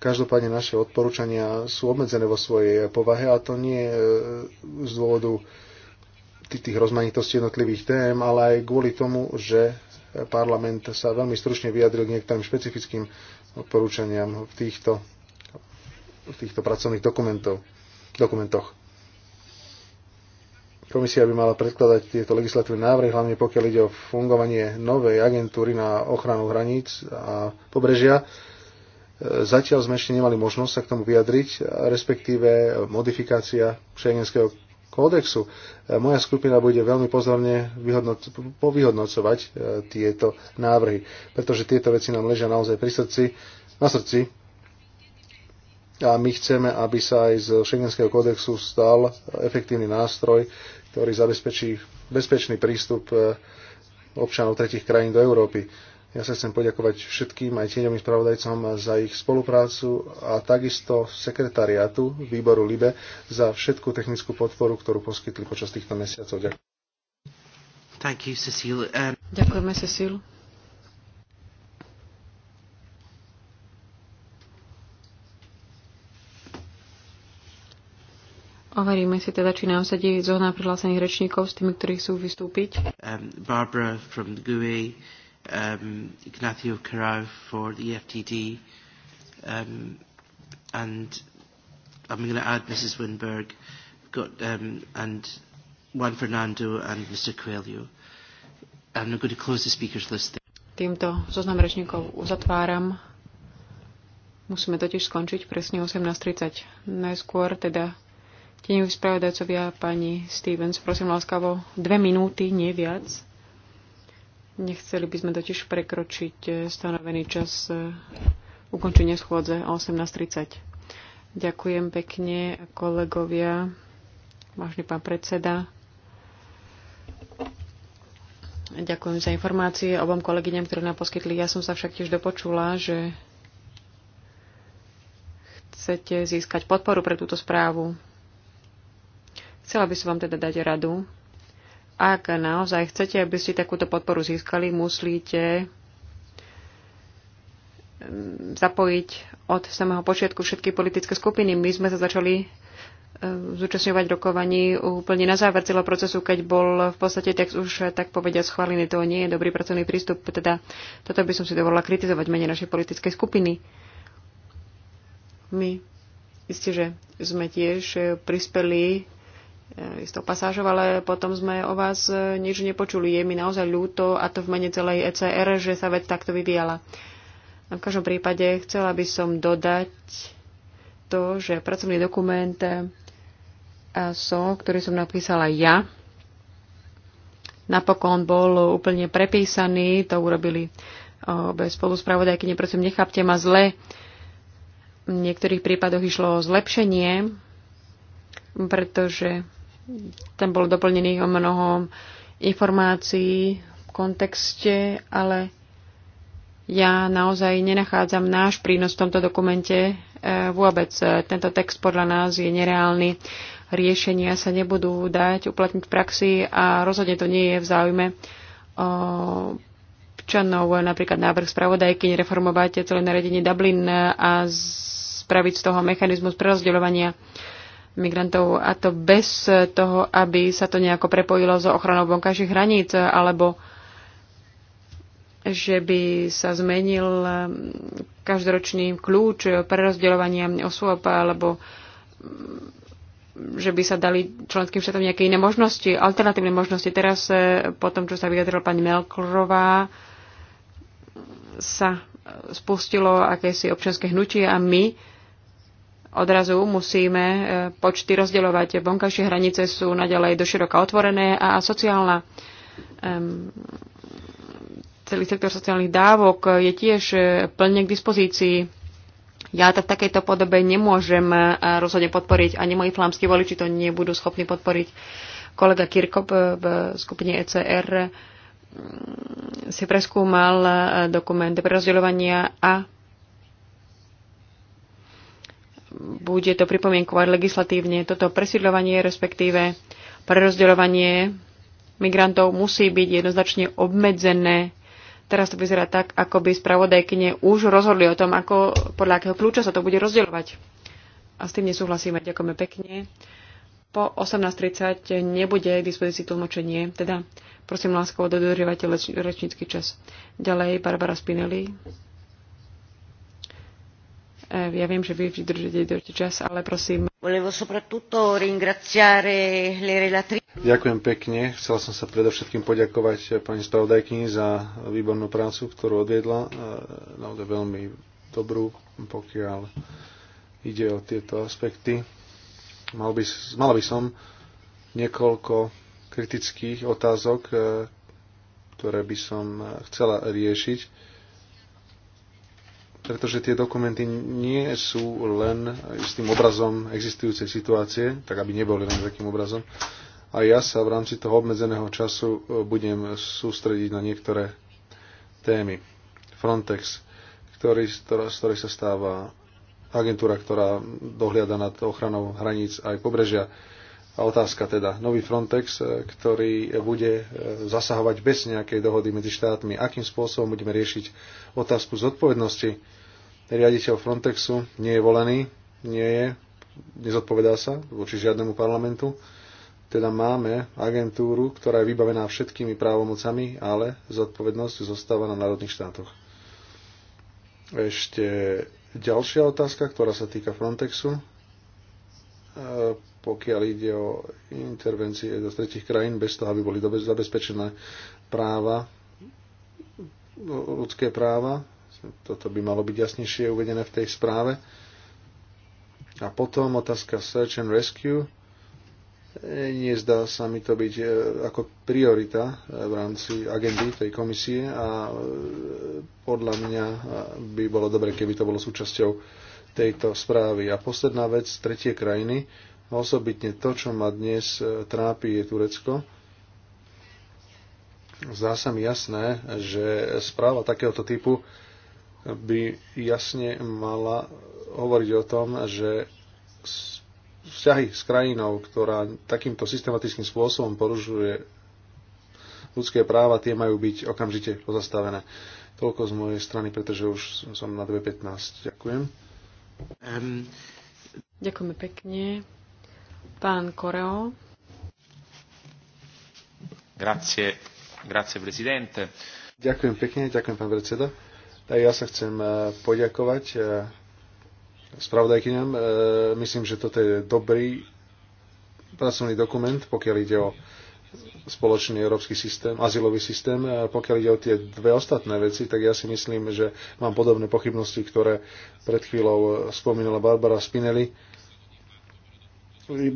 Každopádne naše odporúčania sú obmedzené vo svojej povahe a to nie e, z dôvodu tých rozmanitostí jednotlivých tém, ale aj kvôli tomu, že parlament sa veľmi stručne vyjadril k niektorým špecifickým odporúčaniam v týchto, v týchto pracovných dokumentoch. Komisia by mala predkladať tieto legislatívne návrhy, hlavne pokiaľ ide o fungovanie novej agentúry na ochranu hraníc a pobrežia Zatiaľ sme ešte nemali možnosť sa k tomu vyjadriť, respektíve modifikácia šengenského kódexu. Moja skupina bude veľmi pozorne vyhodnoc- povyhodnocovať e, tieto návrhy, pretože tieto veci nám ležia naozaj pri srdci, na srdci a my chceme, aby sa aj z šengenského kódexu stal efektívny nástroj, ktorý zabezpečí bezpečný prístup e, občanov tretich krajín do Európy ja sa chcem poďakovať všetkým aj tieňovým spravodajcom za ich spoluprácu a takisto sekretariátu výboru LIBE za všetkú technickú podporu, ktorú poskytli počas týchto mesiacov. Ďakujem. Thank you, Cecile. Um... Ďakujeme, Cecile. Overíme si teda, či nám sedí zohná prihlásených rečníkov s tými, ktorí chcú vystúpiť. Um, Barbara from the GUI, e, um, Ignacio Carao for the EFTD, um, and I'm going to add Mrs. Winberg, got, um, and Juan Fernando and Mr. Coelho. I'm going to close the speakers list. Týmto zoznam rečníkov uzatváram. Musíme totiž skončiť presne 18.30. Najskôr teda tieňu spravodajcovia pani Stevens, prosím láskavo, dve minúty, nie viac. Nechceli by sme totiž prekročiť e, stanovený čas e, ukončenia schôdze o 18.30. Ďakujem pekne kolegovia, vážny pán predseda. Ďakujem za informácie obom kolegyňam, ktoré nám poskytli. Ja som sa však tiež dopočula, že chcete získať podporu pre túto správu. Chcela by som vám teda dať radu, ak naozaj chcete, aby ste takúto podporu získali, musíte mm, zapojiť od samého počiatku všetky politické skupiny. My sme sa začali e, zúčastňovať rokovaní úplne na záver celého procesu, keď bol v podstate text už e, tak povedia schválený. To nie je dobrý pracovný prístup. Teda toto by som si dovolila kritizovať mene našej politickej skupiny. My isté, že sme tiež e, prispeli E, istou pasážou, ale potom sme o vás e, nič nepočuli. Je mi naozaj ľúto, a to v mene celej ECR, že sa vec takto vyvíjala. A v každom prípade chcela by som dodať to, že pracovný dokument e, SO, ktorý som napísala ja, napokon bol úplne prepísaný, to urobili obe spoluspravodajky, neprosím, nechápte ma zle. V niektorých prípadoch išlo o zlepšenie, pretože tam bol doplnený o mnoho informácií v kontexte, ale ja naozaj nenachádzam náš prínos v tomto dokumente e, vôbec. Tento text podľa nás je nereálny. Riešenia sa nebudú dať uplatniť v praxi a rozhodne to nie je v záujme e, občanov, napríklad návrh spravodajky, reformovať celé naredenie Dublin a spraviť z toho mechanizmus prerozdeľovania migrantov a to bez toho, aby sa to nejako prepojilo so ochranou vonkajších hraníc alebo že by sa zmenil um, každoročný kľúč prerozdeľovania osôb alebo um, že by sa dali členským štátom nejaké iné možnosti, alternatívne možnosti. Teraz uh, po tom, čo sa vyjadrila pani Melkrová, sa spustilo akési občianske hnutie a my odrazu musíme e, počty rozdeľovať. Vonkajšie hranice sú naďalej doširoka otvorené a sociálna celý sektor sociálnych dávok je tiež e, plne k dispozícii. Ja to v takejto podobe nemôžem e, rozhodne podporiť, ani moji flámsky voliči to nebudú schopní podporiť. Kolega Kirkop v skupine ECR si preskúmal dokument prerozdeľovania a bude to pripomienkovať legislatívne. Toto presídľovanie, respektíve prerozdeľovanie migrantov musí byť jednoznačne obmedzené. Teraz to vyzerá tak, ako by spravodajkyne už rozhodli o tom, ako, podľa akého kľúča sa to bude rozdeľovať. A s tým nesúhlasíme. Ďakujeme pekne. Po 18.30 nebude k dispozícii tlmočenie, teda prosím láskovo dodržiavate rečnícky čas. Ďalej Barbara Spinelli. Eh, ja viem, že vy vždy dojte čas, ale prosím. Ďakujem pekne. Chcel som sa predovšetkým poďakovať eh, pani spravodajkyni za výbornú prácu, ktorú odviedla. Eh, naozaj veľmi dobrú, pokiaľ ide o tieto aspekty. Mal by, mala by som niekoľko kritických otázok, ktoré by som chcela riešiť pretože tie dokumenty nie sú len istým obrazom existujúcej situácie, tak aby neboli len takým obrazom. A ja sa v rámci toho obmedzeného času e, budem sústrediť na niektoré témy. Frontex, ktorý, z ktorej sa stáva agentúra, ktorá dohliada nad ochranou hraníc aj pobrežia. A otázka teda, nový Frontex, e, ktorý bude e, zasahovať bez nejakej dohody medzi štátmi, akým spôsobom budeme riešiť otázku zodpovednosti riaditeľ Frontexu nie je volený, nie je, nezodpovedá sa voči žiadnemu parlamentu. Teda máme agentúru, ktorá je vybavená všetkými právomocami, ale zodpovednosť zostáva na národných štátoch. Ešte ďalšia otázka, ktorá sa týka Frontexu. E, pokiaľ ide o intervencie do tretich krajín, bez toho, aby boli zabezpečené práva, ľudské práva toto by malo byť jasnejšie uvedené v tej správe. A potom otázka Search and Rescue. E, Nezdá sa mi to byť e, ako priorita e, v rámci agendy tej komisie a podľa mňa by bolo dobre, keby to bolo súčasťou tejto správy. A posledná vec, tretie krajiny, osobitne to, čo ma dnes trápi, je Turecko. Zdá sa mi jasné, že správa takéhoto typu by jasne mala hovoriť o tom, že vzťahy s krajinou, ktorá takýmto systematickým spôsobom porušuje ľudské práva, tie majú byť okamžite pozastavené. Toľko z mojej strany, pretože už som na 2.15. Ďakujem. Um, Ďakujeme pekne. Pán Koreo. Grazie, grazie presidente. Ďakujem pekne, ďakujem pán predseda. Tak ja sa chcem e, poďakovať e, spravodajkyňam. E, myslím, že toto je dobrý pracovný dokument, pokiaľ ide o spoločný európsky systém, azylový systém. Pokiaľ ide o tie dve ostatné veci, tak ja si myslím, že mám podobné pochybnosti, ktoré pred chvíľou spomínala Barbara Spinelli.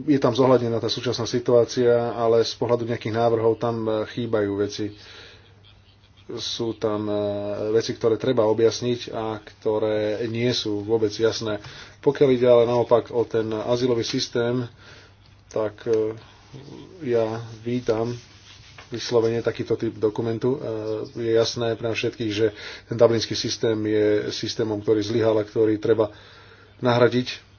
Je tam zohľadnená tá súčasná situácia, ale z pohľadu nejakých návrhov tam chýbajú veci sú tam e, veci, ktoré treba objasniť a ktoré nie sú vôbec jasné. Pokiaľ ide ale naopak o ten azylový systém, tak e, ja vítam vyslovene takýto typ dokumentu. E, je jasné pre všetkých, že ten dublinský systém je systémom, ktorý zlyhal a ktorý treba nahradiť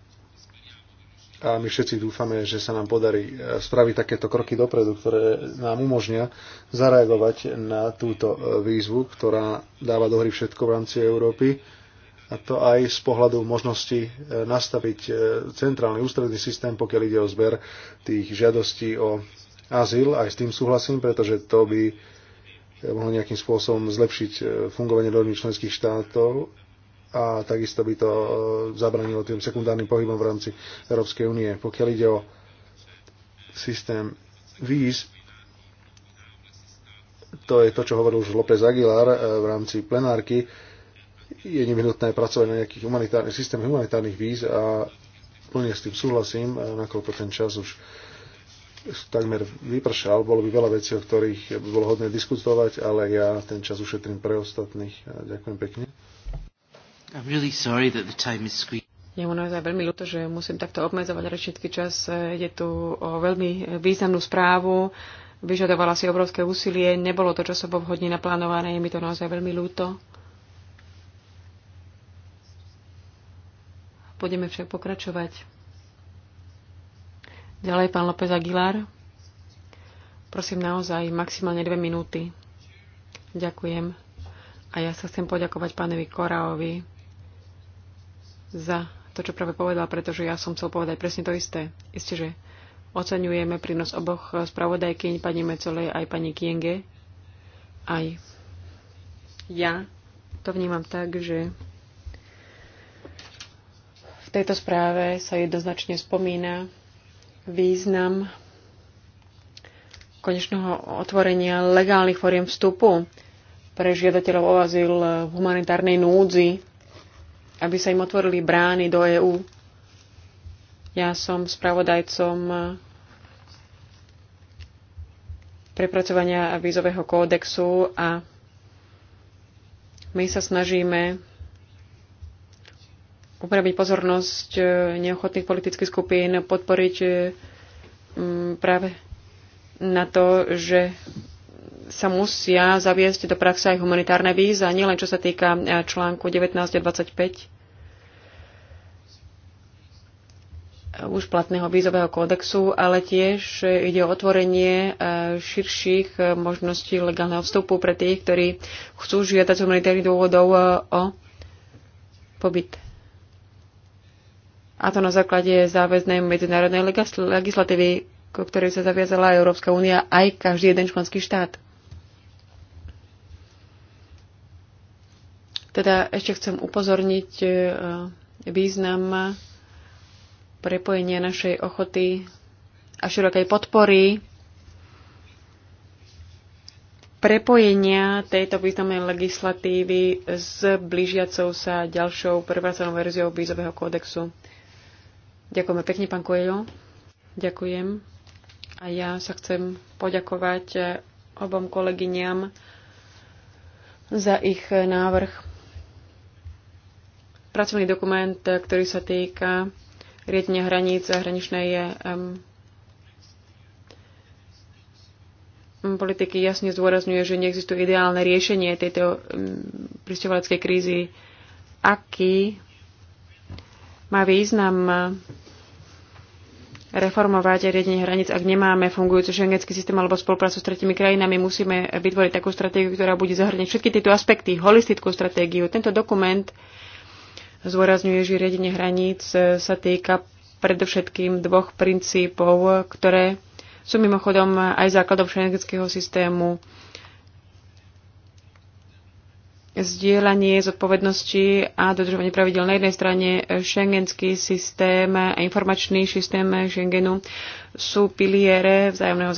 a my všetci dúfame, že sa nám podarí e, spraviť takéto kroky dopredu, ktoré nám umožnia zareagovať na túto e, výzvu, ktorá dáva do hry všetko v rámci Európy a to aj z pohľadu možnosti e, nastaviť centrálny ústredný systém, pokiaľ ide o zber tých žiadostí o azyl. Aj s tým súhlasím, pretože to by mohlo nejakým spôsobom zlepšiť fungovanie normy členských štátov a takisto by to e, zabranilo tým sekundárnym pohybom v rámci Európskej únie. Pokiaľ ide o systém víz, to je to, čo hovoril už López Aguilar e, v rámci plenárky, je nevyhnutné pracovať na nejakých humanitárnych, systém humanitárnych víz a plne s tým súhlasím, e, nakoľko ten čas už takmer vypršal. Bolo by veľa vecí, o ktorých by bolo hodné diskutovať, ale ja ten čas ušetrím pre ostatných. Ďakujem pekne. I'm really sorry that the time is squeezed. Je mu naozaj veľmi ľúto, že musím takto obmedzovať rečnícky čas. Je tu o veľmi významnú správu. Vyžadovala si obrovské úsilie. Nebolo to časovo vhodne naplánované. Je mi to naozaj veľmi ľúto. Budeme však pokračovať. Ďalej pán López Aguilar. Prosím naozaj maximálne dve minúty. Ďakujem. A ja sa chcem poďakovať pánovi Koraovi za to, čo práve povedal, pretože ja som chcel povedať presne to isté. Isté, že oceňujeme prínos oboch spravodajkyň, pani Mecolej aj pani Kienge. Aj ja to vnímam tak, že v tejto správe sa jednoznačne spomína význam konečného otvorenia legálnych foriem vstupu pre žiadateľov o azyl v humanitárnej núdzi aby sa im otvorili brány do EÚ. Ja som spravodajcom prepracovania vízového kódexu a my sa snažíme upraviť pozornosť neochotných politických skupín, podporiť mm, práve na to, že sa musia zaviesť do praxe aj humanitárne víza, nielen čo sa týka e, článku 19 a 25 e, už platného vízového kódexu, ale tiež ide o otvorenie e, širších možností legálneho vstupu pre tých, ktorí chcú žiadať z humanitárnych dôvodov o pobyt. A to na základe záväznej medzinárodnej legislatívy, ktorej sa zaviazala Európska únia aj každý jeden členský štát. Teda ešte chcem upozorniť e, význam prepojenia našej ochoty a širokej podpory prepojenia tejto významnej legislatívy s blížiacou sa ďalšou prevracanou verziou vízového kódexu. Ďakujeme pekne, pán Kojo. Ďakujem. A ja sa chcem poďakovať obom kolegyňam za ich návrh pracovný dokument, e, ktorý sa týka riadenia hraníc a hraničnej um, politiky jasne zdôrazňuje, že neexistuje ideálne riešenie tejto um, pristovaleckej krízy. Aký má význam e, reformovať riadenie hraníc, ak nemáme fungujúci šengenský systém alebo spoluprácu s tretimi krajinami, musíme vytvoriť takú stratégiu, ktorá bude zahrňať všetky tieto aspekty, holistickú stratégiu. Tento dokument zdôrazňuje, že riadenie hraníc e, sa týka predovšetkým dvoch princípov, ktoré sú mimochodom aj základom šengenského systému. Zdieľanie zodpovednosti a dodržovanie pravidel na jednej strane šengenský systém a informačný systém Schengenu sú piliere vzájomného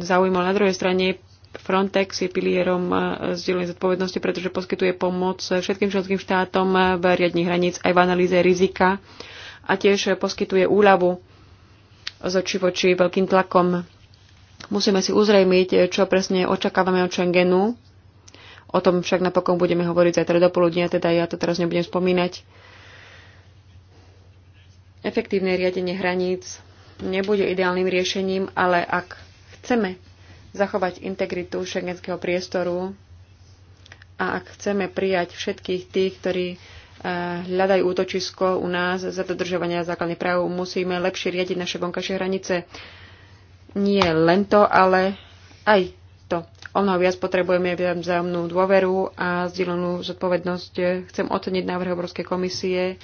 záujmu na druhej strane Frontex je pilierom e, zdieľanej zodpovednosti, pretože poskytuje pomoc všetkým členským štátom v riadni hraníc aj v analýze rizika a tiež poskytuje úľavu z oči voči veľkým tlakom. Musíme si uzrejmiť, čo presne očakávame od Schengenu. O tom však napokon budeme hovoriť zajtra do poludnia, teda ja to teraz nebudem spomínať. Efektívne riadenie hraníc nebude ideálnym riešením, ale ak chceme zachovať integritu šengenského priestoru a ak chceme prijať všetkých tých, ktorí eh, hľadajú útočisko u nás za dodržovania základných práv, musíme lepšie riadiť naše vonkajšie hranice. Nie len to, ale aj to. Ono viac potrebujeme vzájomnú dôveru a zdieľanú zodpovednosť. Chcem oceniť návrh Európskej komisie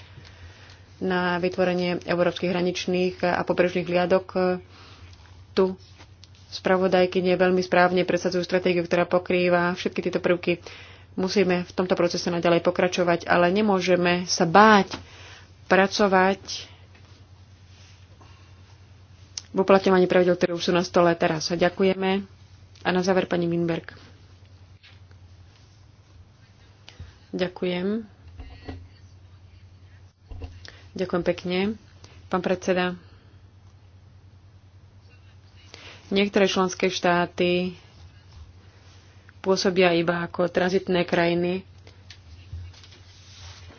na vytvorenie európskych hraničných a pobrežných hliadok. Tu spravodajky nie veľmi správne presadzujú stratégiu, ktorá pokrýva všetky tieto prvky. Musíme v tomto procese naďalej pokračovať, ale nemôžeme sa báť pracovať v uplatňovaní pravidel, ktoré už sú na stole teraz. A ďakujeme. A na záver pani Minberg. Ďakujem. Ďakujem pekne. Pán predseda, Niektoré členské štáty pôsobia iba ako tranzitné krajiny.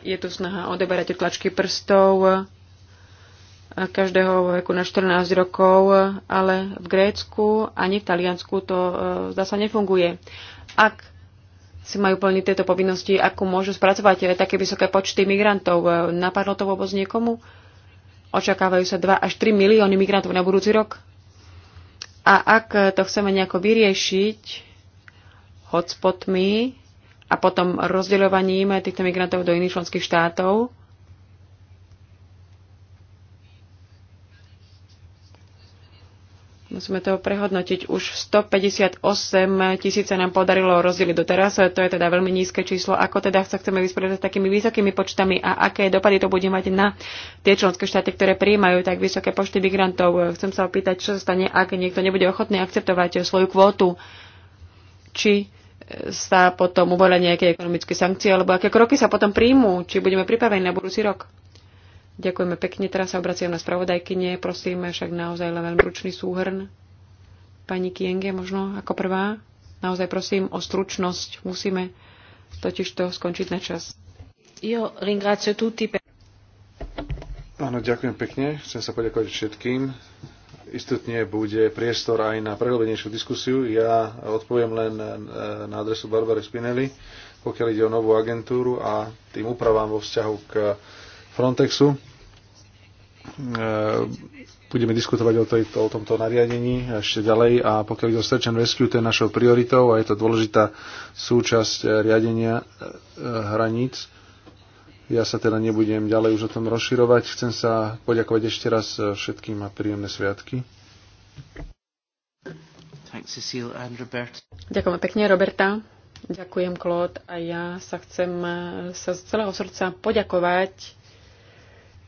Je tu snaha odeberať tlačky prstov každého veku na 14 rokov, ale v Grécku ani v Taliansku to e, zdá sa nefunguje. Ak si majú plniť tieto povinnosti, ako môžu spracovať také vysoké počty migrantov. Napadlo to vôbec niekomu? Očakávajú sa 2 až 3 milióny migrantov na budúci rok. A ak to chceme nejako vyriešiť hotspotmi a potom rozdeľovaním týchto migrantov do iných členských štátov, Musíme to prehodnotiť. Už 158 tisíc sa nám podarilo rozdeliť doteraz, to je teda veľmi nízke číslo. Ako teda sa chceme vysporiadať s takými vysokými počtami a aké dopady to bude mať na tie členské štáty, ktoré prijímajú tak vysoké počty migrantov? Chcem sa opýtať, čo sa stane, ak niekto nebude ochotný akceptovať svoju kvótu. Či sa potom uvolia nejaké ekonomické sankcie, alebo aké kroky sa potom príjmú, či budeme pripravení na budúci rok. Ďakujeme pekne. Teraz sa obraciam na spravodajkyne. Prosím, však naozaj len veľmi ručný súhrn. Pani Kienge možno ako prvá. Naozaj prosím o stručnosť. Musíme totiž to skončiť na čas. Jo, ringrácio tutti Áno, ďakujem pekne. Chcem sa poďakovať všetkým. Istotne bude priestor aj na prehlbenejšiu diskusiu. Ja odpoviem len e, na adresu Barbary Spinelli, pokiaľ ide o novú agentúru a tým úpravám vo vzťahu k Frontexu. E, budeme diskutovať o, tejto, o tomto nariadení ešte ďalej a pokiaľ ide o Search and Rescue, to je našou prioritou a je to dôležitá súčasť riadenia e, hraníc. Ja sa teda nebudem ďalej už o tom rozširovať. Chcem sa poďakovať ešte raz všetkým a príjemné sviatky. Ďakujem pekne, Roberta. Ďakujem, Claude. A ja sa chcem e, sa z celého srdca poďakovať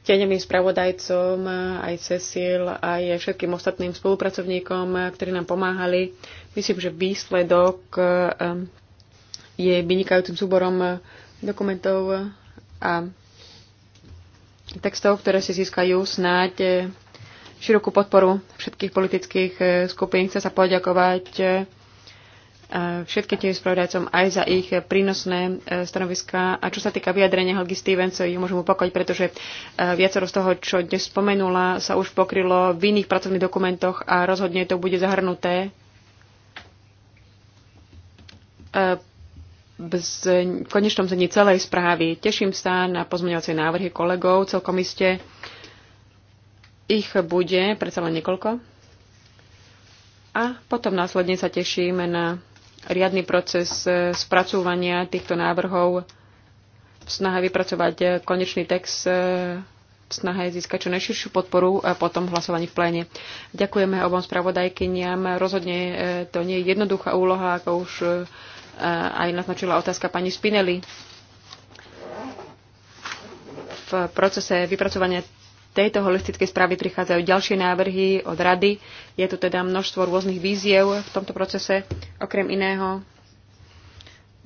tieňovým spravodajcom, aj Cecil, aj všetkým ostatným spolupracovníkom, ktorí nám pomáhali. Myslím, že výsledok um, je vynikajúcim súborom dokumentov a textov, ktoré si získajú snáď eh, širokú podporu všetkých politických eh, skupín. Chcem sa poďakovať eh, všetkým tým spravodajcom aj za ich prínosné e, stanoviská. A čo sa týka vyjadrenia Helgi Stevens, ju môžem upokojiť, pretože e, viacero z toho, čo dnes spomenula, sa už pokrylo v iných pracovných dokumentoch a rozhodne to bude zahrnuté e, v konečnom zení celej správy. Teším sa na pozmeňovacie návrhy kolegov, celkom iste ich bude predsa len niekoľko. A potom následne sa tešíme na riadny proces e, spracúvania týchto návrhov v snahe vypracovať e, konečný text e, v snahe získať čo najširšiu podporu a potom hlasovaní v pléne. Ďakujeme obom spravodajkyniam. Rozhodne to nie je jednoduchá úloha, ako už aj naznačila otázka pani Spinelli. V procese vypracovania tejto holistickej správy prichádzajú ďalšie návrhy od rady. Je tu teda množstvo rôznych víziev v tomto procese, okrem iného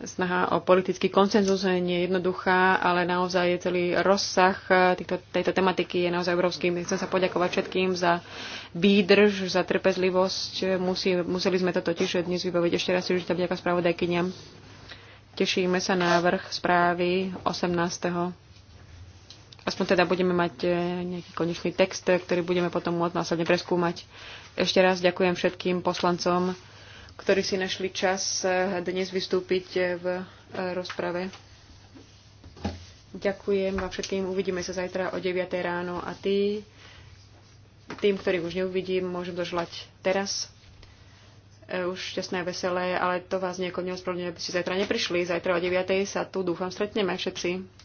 snaha o politický koncenzus nie je jednoduchá, ale naozaj je celý rozsah e, týchto, tejto tematiky je naozaj obrovský. Chcem sa poďakovať všetkým za výdrž, za trpezlivosť. Musí, museli sme to totiž dnes vybaviť ešte raz, že to vďaka spravodajkyniam. Tešíme sa na vrch správy 18 aspoň teda budeme mať e, nejaký konečný text, ktorý budeme potom môcť následne preskúmať. Ešte raz ďakujem všetkým poslancom, ktorí si našli čas e, dnes vystúpiť e, v rozprave. Ďakujem vám všetkým. Uvidíme sa zajtra o 9. ráno a tý, tým, ktorých už neuvidím, môžem dožľať teraz. Už šťastné a veselé, ale to vás nejako neospravedlňuje, aby ste zajtra neprišli. Zajtra o 9. sa tu, dúfam, stretneme všetci.